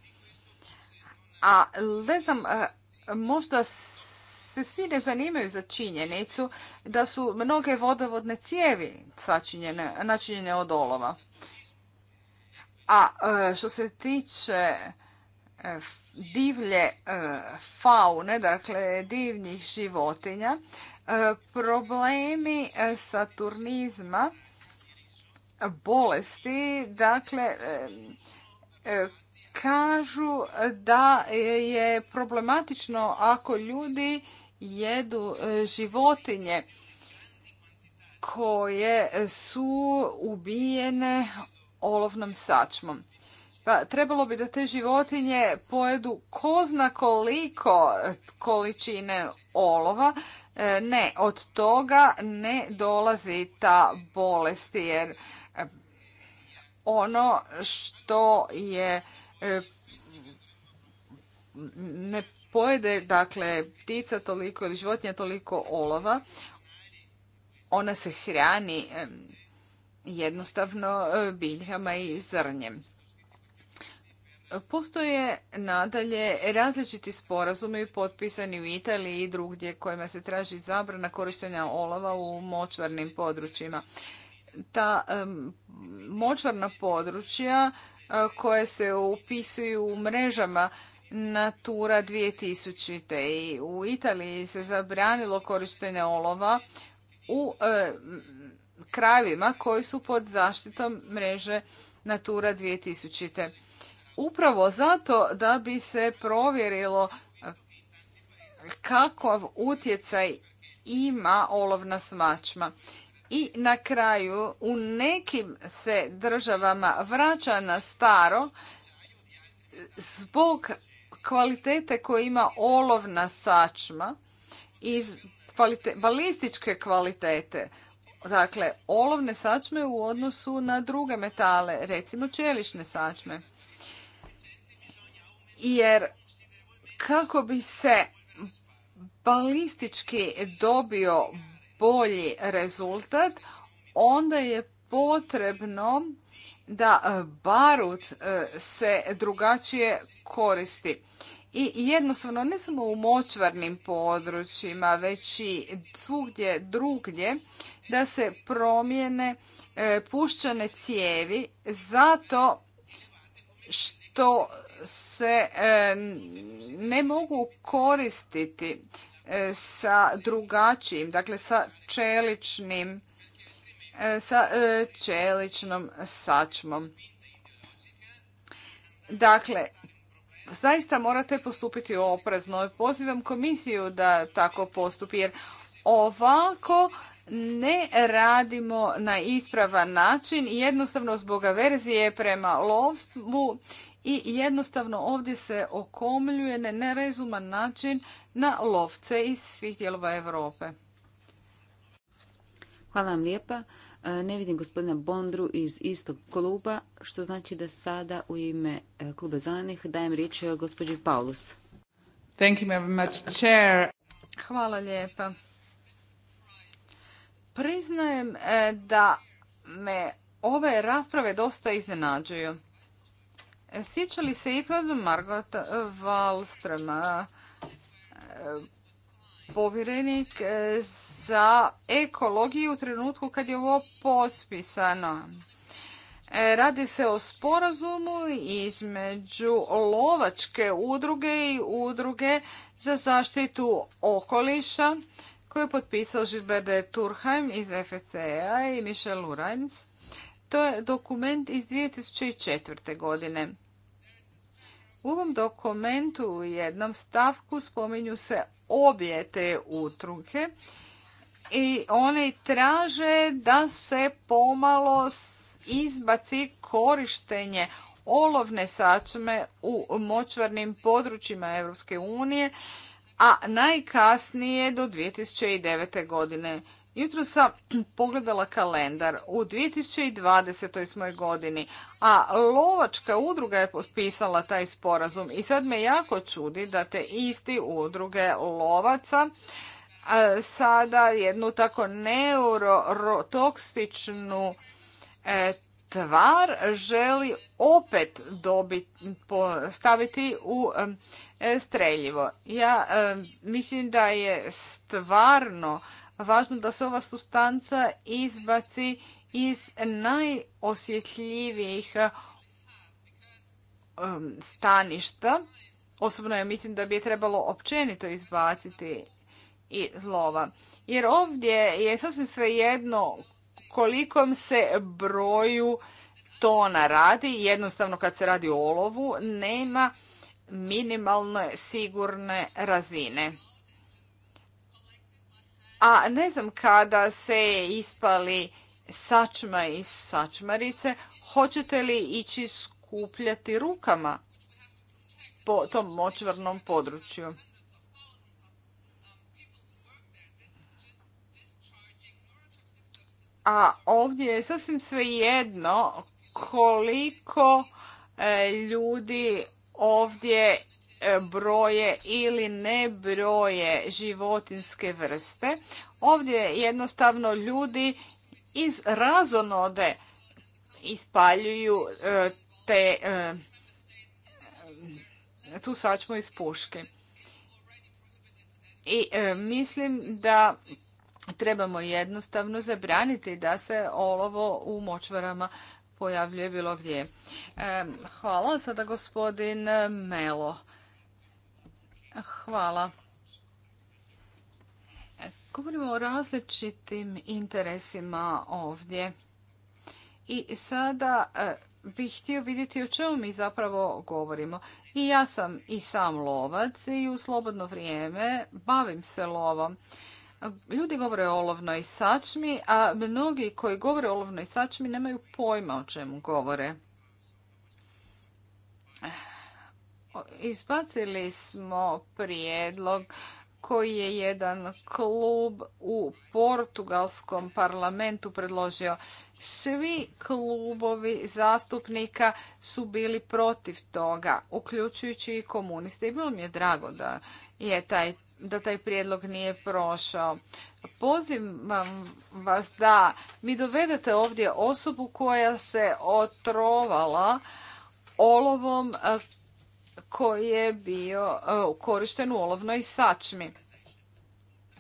A ne znam, e, možda se svi ne zanimaju za činjenicu da su mnoge vodovodne cijevi načinjene od olova. A e, što se tiče e, divlje e, faune, dakle divnih životinja, problemi saturnizma, bolesti, dakle, kažu da je problematično ako ljudi jedu životinje koje su ubijene olovnom sačmom. Pa trebalo bi da te životinje pojedu ko zna koliko e, količine olova. E, ne, od toga ne dolazi ta bolest jer e, ono što je ne pojede dakle ptica toliko ili životinja toliko olova ona se hrani jednostavno e, biljkama i zrnjem. Postoje nadalje različiti sporazumi potpisani u Italiji i drugdje kojima se traži zabrana korištenja olova u močvarnim područjima. Ta močvarna područja e, koje se upisuju u mrežama Natura 2000. I u Italiji se zabranilo korištenje olova u e, krajevima koji su pod zaštitom mreže Natura 2000. Upravo zato da bi se provjerilo eh, kakav utjecaj ima olovna smačma. I na kraju u nekim se državama vraća na staro zbog kvalitete koje ima olovna sačma iz balističke kvalitete dakle, olovne sačme u odnosu na druge metale, recimo čelišne sačme. Jer kako bi se balistički dobio bolji rezultat, onda je potrebno da barut e, se drugačije koristi i jednostavno ne samo u močvarnim područjima, već i svugdje drugdje da se promijene e, puščane cijevi zato što se e, ne mogu koristiti e, sa drugačijim, dakle sa čeličnim sa čeličnom sačmom. Dakle, zaista morate postupiti oprezno. Pozivam komisiju da tako postupi jer ovako ne radimo na ispravan način jednostavno zbog averzije prema lovstvu i jednostavno ovdje se okomljuje na nerezuman način na lovce iz svih dijelova Europe. Hvala vam lijepa. E, ne vidim gospodina Bondru iz istog kluba, što znači da sada u ime e, kluba zelenih dajem riječ e, gospođi Paulus. Hvala lijepa. Priznajem da me ove rasprave dosta iznenađuju. li se i kod Margot Wallström, povjerenik s za ekologiju u trenutku kad je ovo pospisano. E, radi se o sporazumu između lovačke udruge i udruge za zaštitu okoliša koju je potpisao Žilber de Turheim iz FCA i Michel Urajms. To je dokument iz 2004. godine. U ovom dokumentu u jednom stavku spominju se obje te udruge i oni traže da se pomalo izbaci korištenje olovne sačme u močvarnim područjima Europske unije, a najkasnije do 2009. godine. Jutro sam [CLEARS THROAT] pogledala kalendar u 2020. godini, a Lovačka udruga je potpisala taj sporazum i sad me jako čudi da te isti udruge lovaca sada jednu tako neurotoksičnu e, tvar želi opet dobit, staviti u e, streljivo. Ja mislim da je stvarno važno da se ova substanca izbaci iz najosjetljivijih e, staništa. Osobno ja mislim da bi je trebalo općenito izbaciti i lova. Jer ovdje je sasvim svejedno kolikom se broju tona radi. Jednostavno kad se radi o olovu nema minimalne sigurne razine. A ne znam kada se ispali sačma i sačmarice, hoćete li ići skupljati rukama po tom močvarnom području? a ovdje je sasvim svejedno koliko e, ljudi ovdje e, broje ili ne broje životinske vrste. Ovdje jednostavno ljudi iz razonode ispaljuju e, te tu sačmu iz puške. I mislim da trebamo jednostavno zabraniti da se olovo u močvarama pojavljuje bilo gdje. Hvala. Sada gospodin Melo. Hvala. Govorimo o različitim interesima ovdje. I sada e, bih htio vidjeti o čemu mi zapravo govorimo. I ja sam i sam lovac i u slobodno vrijeme bavim se lovom. Ljudi govore o olovnoj sačmi, a mnogi koji govore o olovnoj sačmi nemaju pojma o čemu govore. Izbacili smo prijedlog koji je jedan klub u portugalskom parlamentu predložio. Svi klubovi zastupnika su bili protiv toga, uključujući i komuniste. I bilo mi je drago da je taj da taj prijedlog nije prošao. Pozivam vas da mi dovedete ovdje osobu koja se otrovala olovom koji je bio korišten u olovnoj sačmi.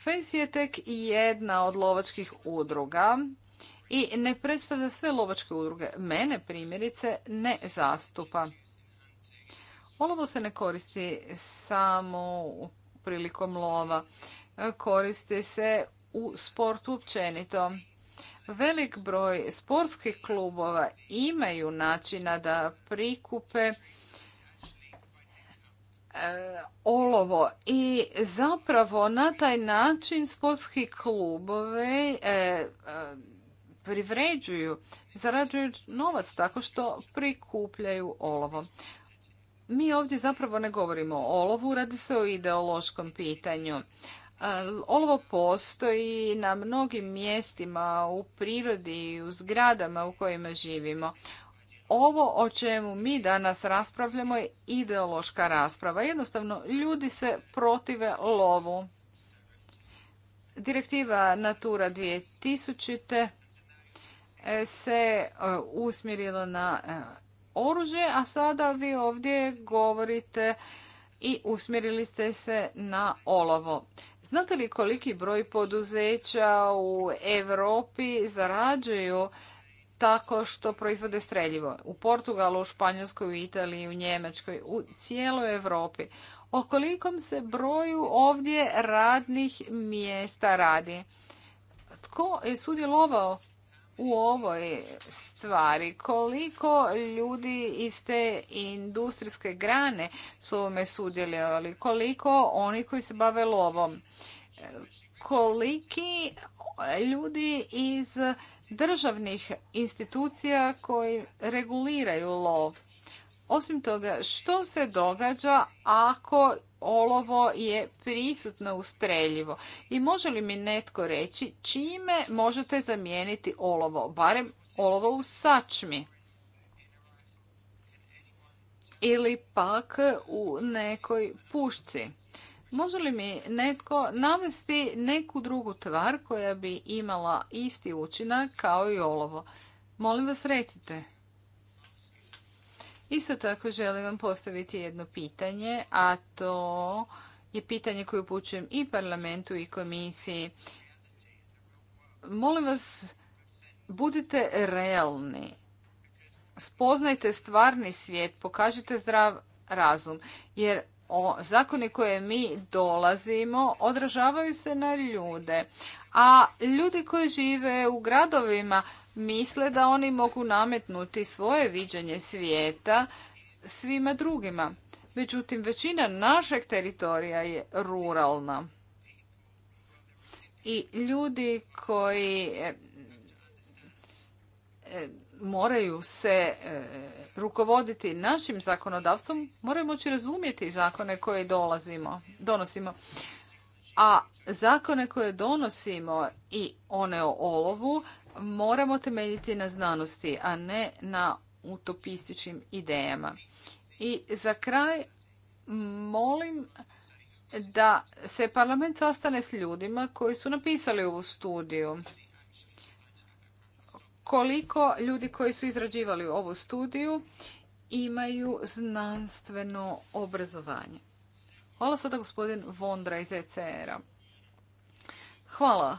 FES je tek jedna od lovačkih udruga i ne predstavlja sve lovačke udruge. Mene primjerice ne zastupa. Olovo se ne koristi samo prilikom lova. koriste se u sportu općenito. Velik broj sportskih klubova imaju načina da prikupe e, olovo i zapravo na taj način sportski klubove e, privređuju, zarađuju novac tako što prikupljaju olovo. Mi ovdje zapravo ne govorimo o olovu, radi se o ideološkom pitanju. E, olovo postoji na mnogim mjestima u prirodi, i u zgradama u kojima živimo. Ovo o čemu mi danas raspravljamo je ideološka rasprava. Jednostavno, ljudi se protive lovu. Direktiva Natura 2000 e, se e, usmjerila na oružje, a sada vi ovdje govorite i usmjerili ste se na olovo. Znate li koliki broj poduzeća u Europi zarađuju tako što proizvode streljivo? U Portugalu, u Španjolskoj, u Italiji, u Njemačkoj, u cijeloj Europi. O kolikom se broju ovdje radnih mjesta radi? Tko je sudjelovao u ovoj stvari. Koliko ljudi iz te industrijske grane su ovome sudjelovali? Koliko oni koji se bave lovom? Koliki ljudi iz državnih institucija koji reguliraju lov? Osim toga, što se događa ako olovo je prisutno u streljivo? I može li mi netko reći čime možete zamijeniti olovo, barem olovo u sačmi? Ili pak u nekoj pušci? Može li mi netko navesti neku drugu tvar koja bi imala isti učinak kao i olovo? Molim vas recite. Isto tako želim vam postaviti jedno pitanje, a to je pitanje koje upućujem i parlamentu i komisiji. Molim vas, budite realni. Spoznajte stvarni svijet, pokažite zdrav razum, jer o, zakoni koje mi dolazimo odražavaju se na ljude. A ljudi koji žive u gradovima misle da oni mogu nametnuti svoje viđenje svijeta svima drugima. Međutim, većina našeg teritorija je ruralna. I ljudi koji e, e, moraju se e, rukovoditi našim zakonodavstvom, moraju moći razumjeti zakone koje dolazimo, donosimo. A zakone koje donosimo i one o olovu moramo temeljiti na znanosti, a ne na utopističkim idejama. I za kraj molim da se parlament sastane s ljudima koji su napisali ovu studiju. Koliko ljudi koji su izrađivali ovu studiju imaju znanstveno obrazovanje. Hvala sada gospodin Vondra iz ECR-a. Hvala.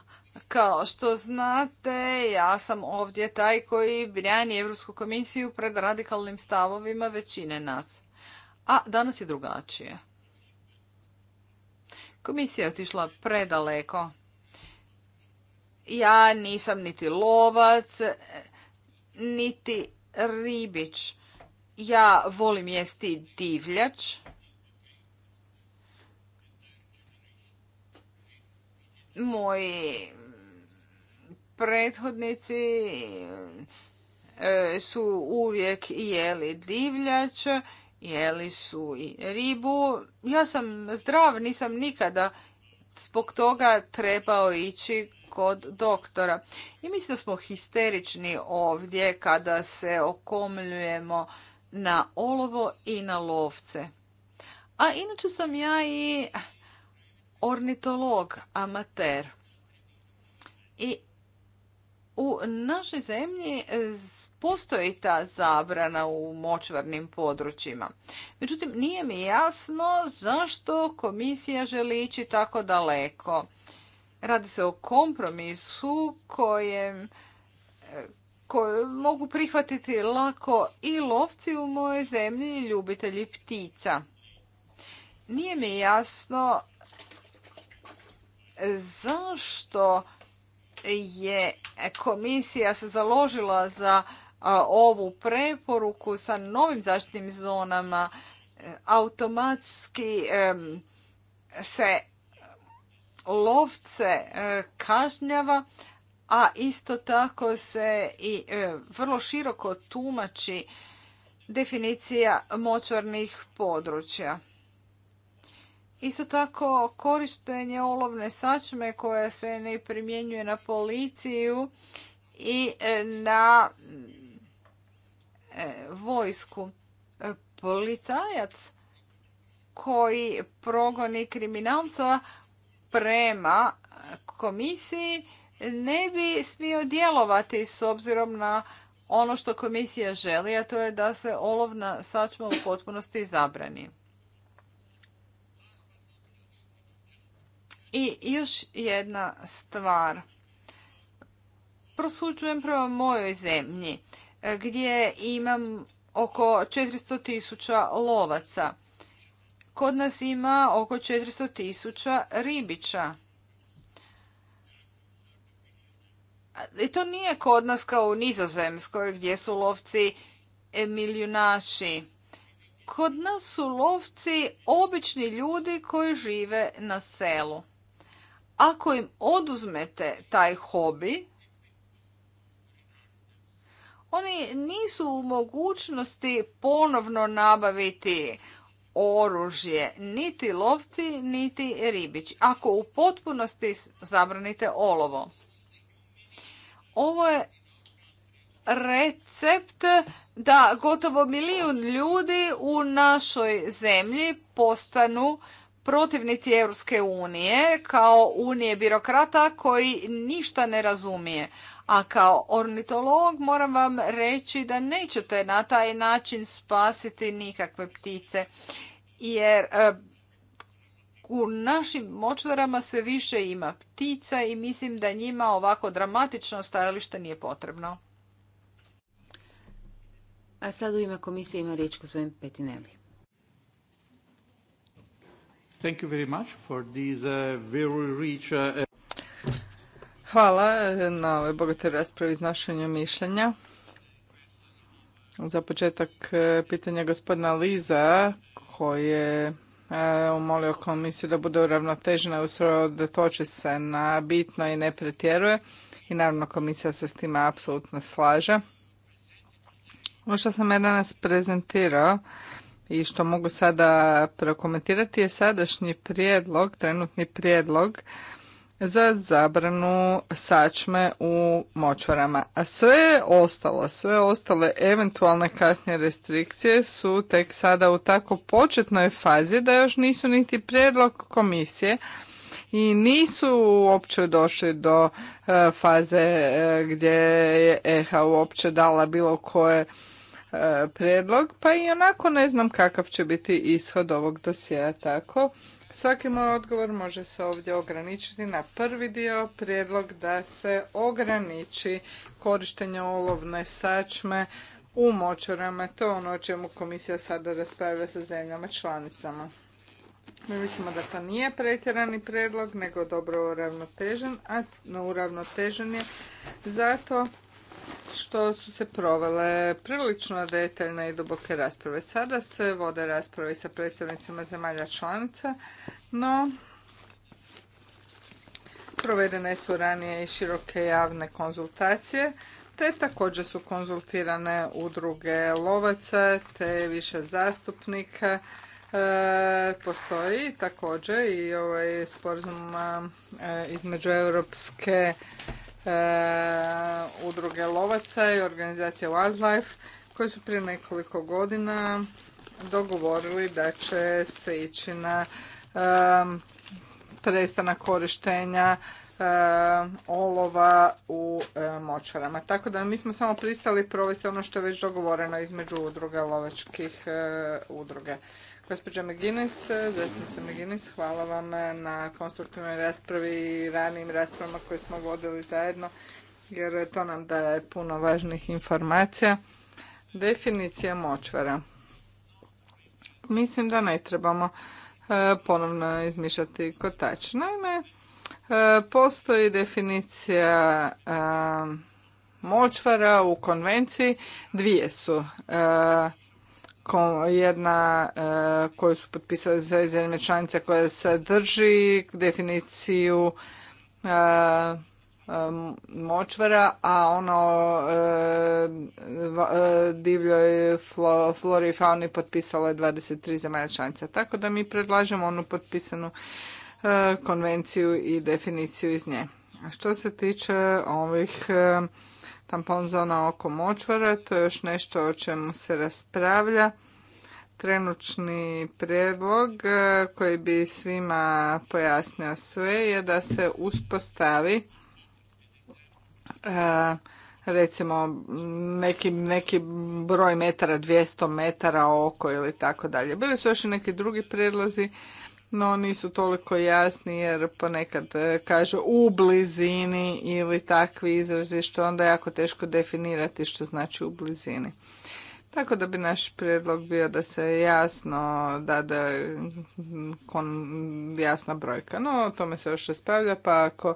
Kao što znate, ja sam ovdje taj koji brjani Europsku komisiju pred radikalnim stavovima većine nas. A danas je drugačije. Komisija je otišla predaleko. Ja nisam niti lovac, niti ribić. Ja volim jesti divljač. Moji prethodnici e, su uvijek jeli divljač, jeli su i ribu. Ja sam zdrav, nisam nikada zbog toga trebao ići kod doktora. I mislim da smo histerični ovdje kada se okomljujemo na olovo i na lovce. A inače sam ja i ornitolog, amater. I u našoj zemlji e, postoji ta zabrana u močvarnim područjima. Međutim, nije mi jasno zašto komisija želi ići tako daleko. Radi se o kompromisu kojem e, koje mogu prihvatiti lako i lovci u mojoj zemlji i ljubitelji ptica. Nije mi jasno zašto je komisija se založila za ovu preporuku sa novim zaštitnim zonama automatski se lovce e, kažnjava, a isto tako se i e, vrlo široko tumači definicija močvarnih područja. Isto tako korištenje olovne sačme koja se ne primjenjuje na policiju i e, na e, vojsku. Policajac koji progoni kriminalca prema komisiji ne bi smio djelovati s obzirom na ono što komisija želi, a to je da se olovna sačma u potpunosti zabrani. I još jedna stvar. Prosuđujem prema mojoj zemlji e, gdje imam oko 400 tisuća lovaca. Kod nas ima oko 400 tisuća ribića. I to nije kod nas kao u Nizozemskoj gdje su lovci e, milijunaši. Kod nas su lovci obični ljudi koji žive na selu. Ako im oduzmete taj hobi, oni nisu u mogućnosti ponovno nabaviti oružje, niti lovci, niti ribić, ako u potpunosti zabranite olovo. Ovo je recept da gotovo milijun ljudi u našoj zemlji postanu protivnici Europske unije kao unije birokrata koji ništa ne razumije. A kao ornitolog moram vam reći da nećete na taj način spasiti nikakve ptice. Jer e, u našim močvarama sve više ima ptica i mislim da njima ovako dramatično stajalište nije potrebno. A sad u ime komisije ima riječ gospodin Petinelli. Thank you uh, uh, Hvala eh, na ovoj bogatoj raspravi iznošenju mišljenja. Za početak eh, pitanja gospodina Liza koji je eh, umolio komisiju da bude uravnotežena i toči se na bitno i ne pretjeruje. I naravno komisija se s time apsolutno slaže. Ovo što sam ja danas prezentirao i što mogu sada prokomentirati je sadašnji prijedlog, trenutni prijedlog za zabranu sačme u močvarama. A sve ostalo, sve ostale eventualne kasnije restrikcije su tek sada u tako početnoj fazi da još nisu niti prijedlog komisije i nisu uopće došli do e, faze e, gdje je EHA uopće dala bilo koje E, predlog, pa i onako ne znam kakav će biti ishod ovog dosjeja tako. Svaki moj odgovor može se ovdje ograničiti na prvi dio, prijedlog da se ograniči korištenje olovne sačme u močorama. To je ono o čemu komisija sada raspravlja sa zemljama članicama. Mi mislimo da to nije pretjerani predlog, nego dobro uravnotežen, a uravnotežen je zato što su se provele prilično detaljne i duboke rasprave. Sada se vode rasprave sa predstavnicima zemalja članica, no provedene su ranije i široke javne konzultacije, te također su konzultirane udruge lovaca, te više zastupnika. E, postoji također i ovaj sporazum e, između Europske E, udruge lovaca i organizacija Wildlife koji su prije nekoliko godina dogovorili da će se ići na e, prestanak korištenja e, olova u močvarama. Tako da mi smo samo pristali provesti ono što je već dogovoreno između udruga lovačkih udruga. Gospođa McGinnis, zastupnica McGinnis, hvala vam na konstruktivnoj raspravi i ranijim raspravama koje smo vodili zajedno, jer to nam daje puno važnih informacija. Definicija močvara. Mislim da ne trebamo e, ponovno izmišljati kotač. Naime, e, postoji definicija e, močvara u konvenciji. Dvije su jedna e, koju su potpisale sve zemlje članice koja sadrži definiciju e, e, močvara, a ono divljoj flori fauni potpisalo je 23 zemalja članica. Tako da mi predlažemo onu potpisanu konvenciju i definiciju iz nje. A što se tiče ovih tampon zona oko močvara, to je još nešto o čemu se raspravlja. Trenučni prijedlog e, koji bi svima pojasnio sve je da se uspostavi e, recimo neki, neki broj metara, 200 metara oko ili tako dalje. Bili su još i neki drugi prijedlozi, no nisu toliko jasni jer ponekad e, kaže u blizini ili takvi izrazi što onda jako teško definirati što znači u blizini. Tako da bi naš prijedlog bio da se jasno dada kon, jasna brojka. No, o tome se još raspravlja, pa ako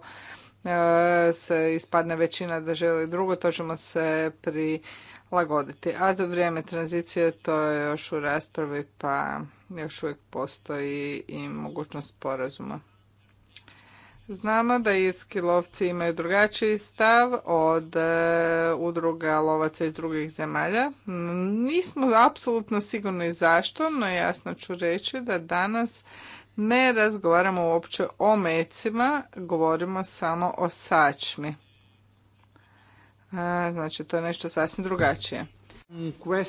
e, se ispadne većina da želi drugo, to ćemo se pri lagoditi. A do vrijeme tranzicije to je još u raspravi pa još uvijek postoji i mogućnost porazuma. Znamo da irski lovci imaju drugačiji stav od e, udruga lovaca iz drugih zemalja. Nismo apsolutno sigurni zašto, no jasno ću reći da danas ne razgovaramo uopće o mecima, govorimo samo o sačmi. Znači, to je nešto sasvim drugačije. Uh,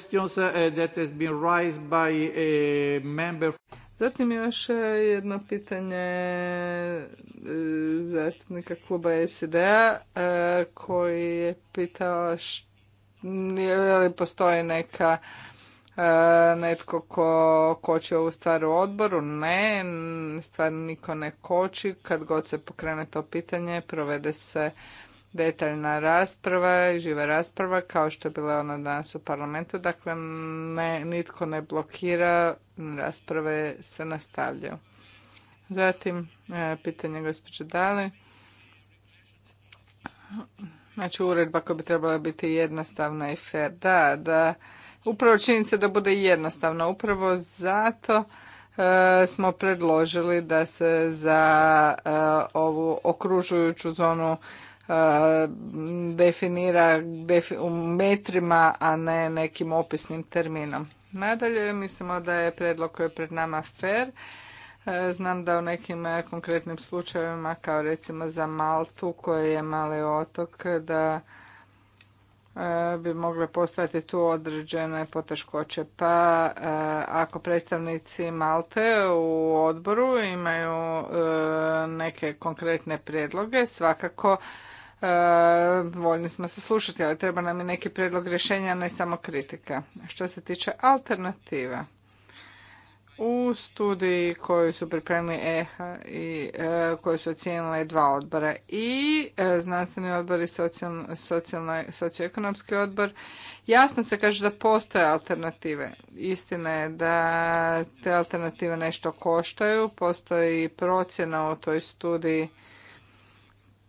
Zatim još e, jedno pitanje e, zastupnika kluba sed a e, koji je pitao je li postoji neka netko ko koči ovu stvar u odboru. Ne, stvarno niko ne koči. Kad god se pokrene to pitanje, provede se detaljna rasprava i živa rasprava kao što je bila ona danas u parlamentu. Dakle, ne, nitko ne blokira, rasprave se nastavljaju. Zatim, e, pitanje gospođe Dali. Znači, uredba koja bi trebala biti jednostavna i fair. Da, da, upravo činjenica da bude jednostavna. Upravo zato e, smo predložili da se za e, ovu okružujuću zonu E, definira u metrima, a ne nekim opisnim terminom. Nadalje, mislimo da je predlog koji je pred nama fair. E, znam da u nekim e, konkretnim slučajevima, kao recimo za Maltu, koji je mali otok, da bi mogle postaviti tu određene poteškoće. Pa ako predstavnici Malte u odboru imaju neke konkretne prijedloge, svakako E, voljni smo se slušati, ali treba nam i neki prijedlog rješenja, ne samo kritika. Što se tiče alternativa, u studiji koju su pripremili EHA i e, koju su ocijenile dva odbora i e, znanstveni odbor i socioekonomski odbor, jasno se kaže da postoje alternative. Istina je da te alternative nešto koštaju, postoji procjena u toj studiji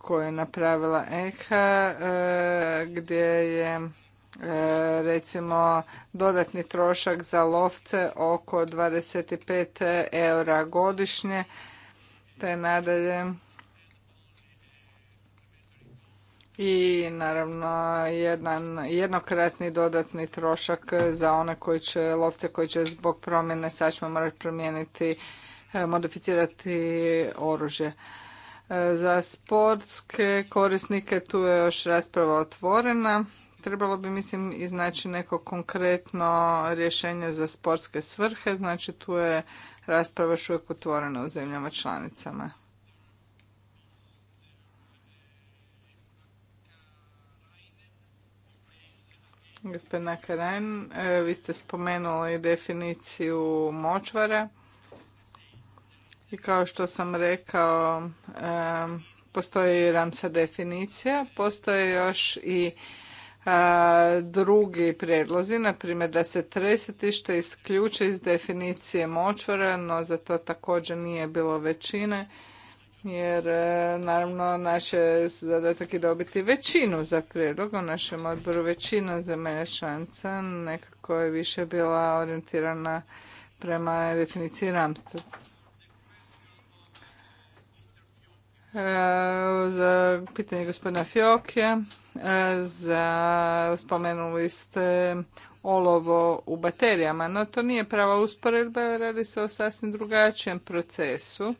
koje je napravila EHA e, gdje je e, recimo dodatni trošak za lovce oko 25 eura godišnje te nadalje i naravno jedan jednokratni dodatni trošak za one koji će lovce koji će zbog promjene sačma morati promijeniti e, modificirati oružje. Za sportske korisnike tu je još rasprava otvorena. Trebalo bi, mislim, iznaći neko konkretno rješenje za sportske svrhe, znači tu je rasprava još uvijek otvorena u zemljama članicama. Gospodina Karajn, e, vi ste spomenuli definiciju močvara. I kao što sam rekao, postoji ramsa definicija, postoje još i drugi prijedlozi, na primjer da se tresetište isključe iz definicije močvara, no za to također nije bilo većine, jer e, naravno naš je zadatak i dobiti većinu za prijedlog, u našem odboru većina mene članica nekako je više bila orijentirana prema definiciji ramstva. za pitanje gospodina Fiokija. E, za, spomenuli ste olovo u baterijama, no to nije prava usporedba, radi se o sasvim drugačijem procesu.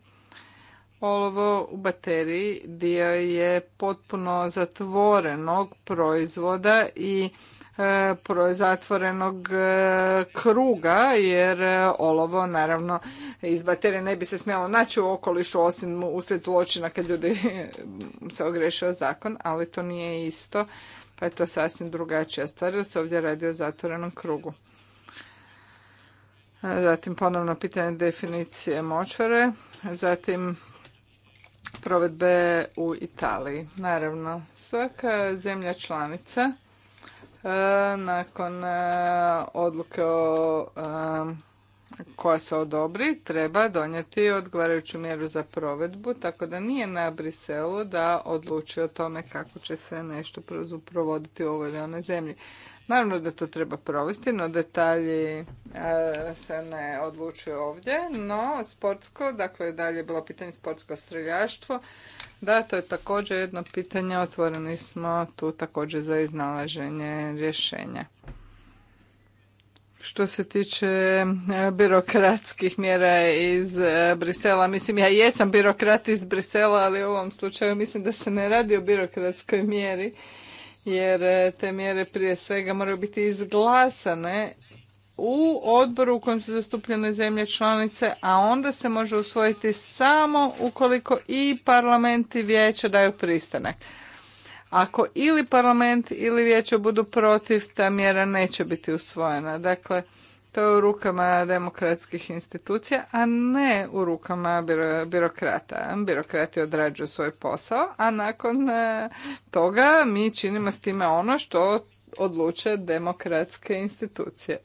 Olovo u bateriji dio je potpuno zatvorenog proizvoda i E, zatvorenog e, kruga jer e, olovo naravno iz baterije ne bi se smjelo naći u okolišu osim usred zločina kad ljudi [LAUGHS] se ogrešio zakon, ali to nije isto pa je to sasvim drugačija stvar da se ovdje radi o zatvorenom krugu. Zatim ponovno pitanje definicije močvare, zatim provedbe u Italiji. Naravno, svaka zemlja članica E, nakon e, odluke o, e, koja se odobri treba donijeti odgovarajuću mjeru za provedbu, tako da nije na Briselu da odluči o tome kako će se nešto provoditi u ovoj ili onoj zemlji. Naravno da to treba provesti, no detalji e, se ne odlučuju ovdje, no sportsko, dakle dalje je bilo pitanje sportsko streljaštvo, da to je također jedno pitanje, otvoreni smo tu također za iznalaženje rješenja. Što se tiče e, birokratskih mjera iz e, Brisela, mislim ja jesam birokrat iz Brisela, ali u ovom slučaju mislim da se ne radi o birokratskoj mjeri jer e, te mjere prije svega moraju biti izglasane u odboru u kojem su zastupljene zemlje članice, a onda se može usvojiti samo ukoliko i parlament i vijeće daju pristanak. Ako ili parlament ili vijeće budu protiv, ta mjera neće biti usvojena. Dakle, to je u rukama demokratskih institucija, a ne u rukama birokrata. Birokrati odrađuju svoj posao, a nakon e, toga mi činimo s time ono što odluče demokratske institucije.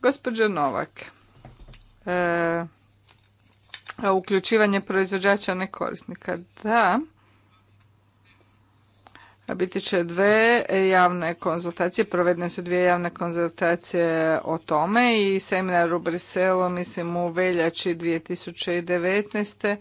Gospođa Novak, e, uključivanje proizvođača nekorisnika. Da, biti će dve javne konzultacije, provedene su dvije javne konzultacije o tome i seminar u Briselu, mislim u veljači 2019.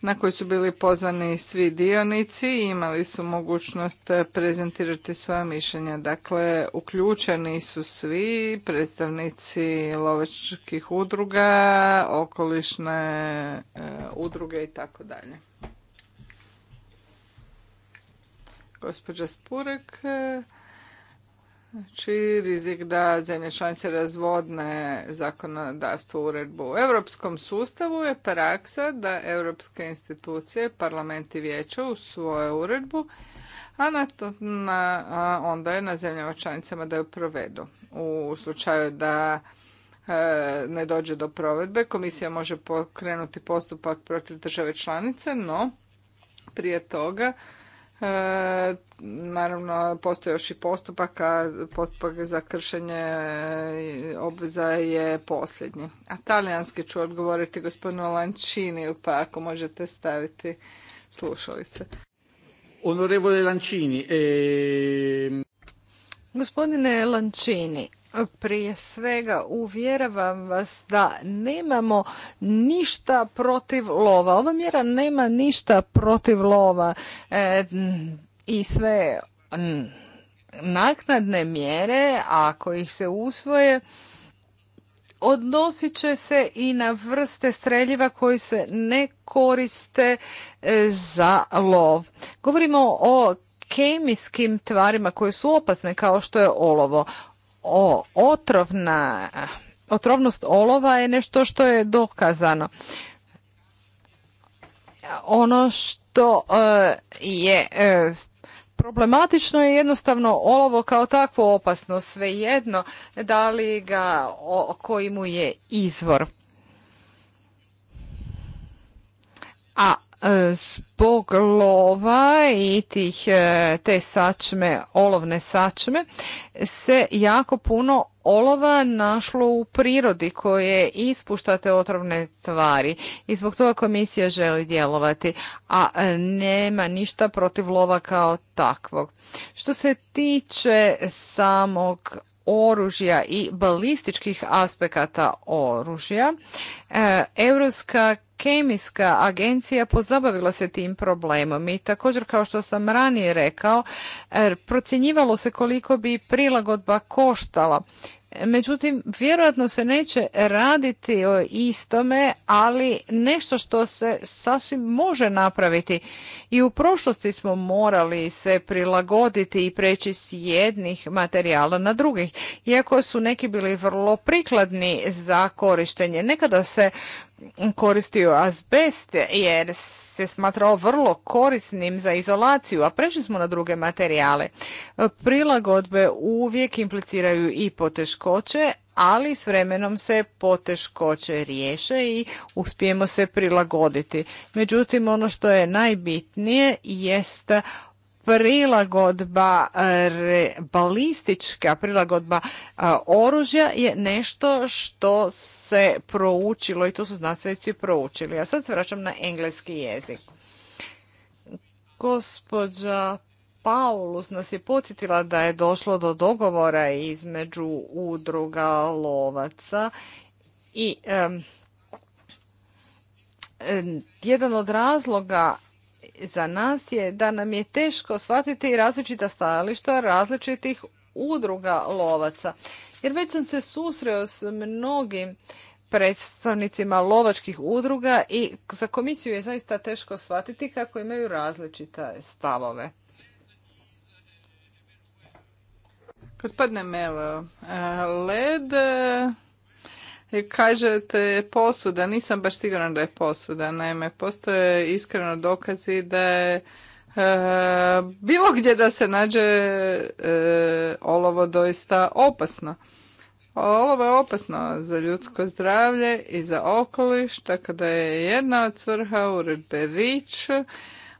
na koji su bili pozvani svi dionici i imali su mogućnost prezentirati svoje mišljenja. Dakle, uključeni su svi predstavnici lovačkih udruga, okolišne e, udruge i tako dalje gospođa Spurek. čiji znači, rizik da zemlje članice razvodne zakonodavstvo uredbu u europskom sustavu je praksa da europske institucije, parlament i vijeće u svoju uredbu, a, na onda je na zemljama članicama da ju provedu. U slučaju da e, ne dođe do provedbe, komisija može pokrenuti postupak protiv države članice, no prije toga E, naravno, postoje još i postupak, a postupak za kršenje e, obveza je posljednji. A talijanski ću odgovoriti gospodinu Lančini, pa ako možete staviti slušalice. Onorevole Lančini. E... Gospodine Lančini, prije svega uvjeravam vas da nemamo ništa protiv lova. Ova mjera nema ništa protiv lova e, i sve naknadne mjere, ako ih se usvoje, odnosit će se i na vrste streljiva koji se ne koriste e, za lov. Govorimo o kemijskim tvarima koje su opasne kao što je olovo o, otrovna, otrovnost olova je nešto što je dokazano. Ono što e, je e, problematično je jednostavno olovo kao takvo opasno, svejedno da li ga koji mu je izvor. A E, zbog lova i e, te sačme, olovne sačme, se jako puno olova našlo u prirodi koje ispuštate otrovne tvari i zbog toga komisija želi djelovati, a nema ništa protiv lova kao takvog. Što se tiče samog oružja i balističkih aspekata oružja. E, Europska kemijska agencija pozabavila se tim problemom i također kao što sam ranije rekao er, procjenjivalo se koliko bi prilagodba koštala Međutim, vjerojatno se neće raditi o istome, ali nešto što se sasvim može napraviti. I u prošlosti smo morali se prilagoditi i preći s jednih materijala na drugih, iako su neki bili vrlo prikladni za korištenje. Nekada se koristio azbest jer se smatrao vrlo korisnim za izolaciju, a prešli smo na druge materijale. Prilagodbe uvijek impliciraju i poteškoće, ali s vremenom se poteškoće riješe i uspijemo se prilagoditi. Međutim, ono što je najbitnije jeste prilagodba eh, balistička prilagodba eh, oružja je nešto što se proučilo i to su znanstvenici proučili. Ja sad se vraćam na engleski jezik. Gospođa Paulus nas je podsjetila da je došlo do dogovora između udruga lovaca i jedan od razloga za nas je da nam je teško shvatiti različita stajališta različitih udruga lovaca. Jer već sam se susreo s mnogim predstavnicima lovačkih udruga i za komisiju je zaista teško shvatiti kako imaju različite stavove. Gospodine Melo, led Kažete posuda, nisam baš sigurna da je posuda. Naime, postoje iskreno dokazi da je e, bilo gdje da se nađe e, olovo doista opasno. Olovo je opasno za ljudsko zdravlje i za okoliš, tako da je jedna od svrha uredbe rič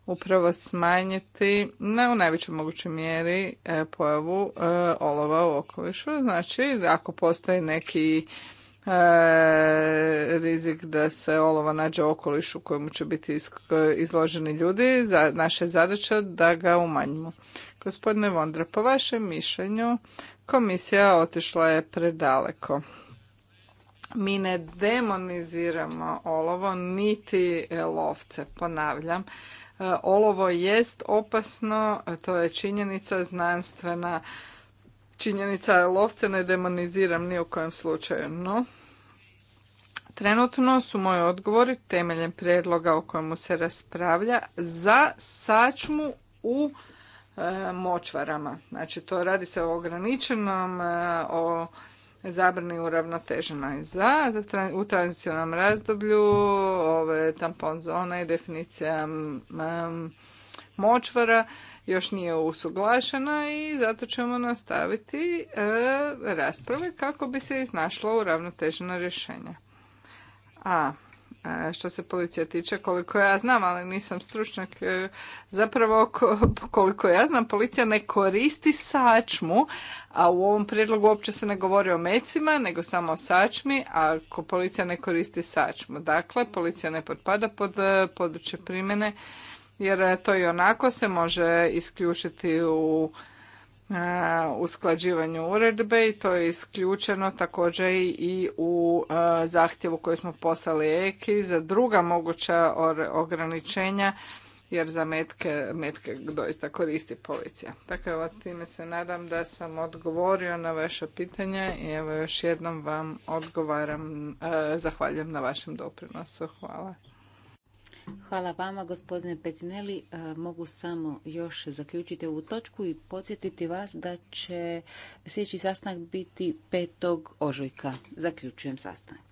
upravo smanjiti na, u najvećoj mogućoj mjeri e, pojavu olova u okolišu. Znači, ako postoji neki E, rizik da se olovo nađe okolišu u kojemu će biti e, izloženi ljudi. Za, naša je zadaća da ga umanjimo. Gospodine Vondra, po vašem mišljenju komisija otišla je predaleko. Mi ne demoniziramo olovo niti lovce, ponavljam. E, olovo jest opasno, to je činjenica znanstvena činjenica lovce ne demoniziram ni u kojem slučaju, no Trenutno su moji odgovori temeljem prijedloga o kojemu se raspravlja za sačmu u e, močvarama. Znači to radi se o ograničenom, e, o zabrani uravnoteženoj za u tranzicionom razdoblju, ove tampon zona i definicija e, močvara još nije usuglašena i zato ćemo nastaviti e, rasprave kako bi se iznašlo uravnoteženo rješenje. A e, što se policija tiče, koliko ja znam, ali nisam stručnjak, e, zapravo koliko ja znam, policija ne koristi sačmu, a u ovom prijedlogu uopće se ne govori o mecima, nego samo o sačmi, ako policija ne koristi sačmu. Dakle, policija ne potpada pod područje primjene jer e, to i onako se može isključiti u e, usklađivanju uredbe i to je isključeno također i u e, zahtjevu koji smo poslali EKI za druga moguća ograničenja jer za metke, metke doista koristi policija. Tako dakle, evo time se nadam da sam odgovorio na vaše pitanje i evo još jednom vam odgovaram, zahvaljujem na vašem doprinosu. Hvala. Hvala vama, gospodine Petinelli. E, mogu samo još zaključiti ovu točku i podsjetiti vas da će sljedeći sastanak biti 5. ožujka. Zaključujem sastanak.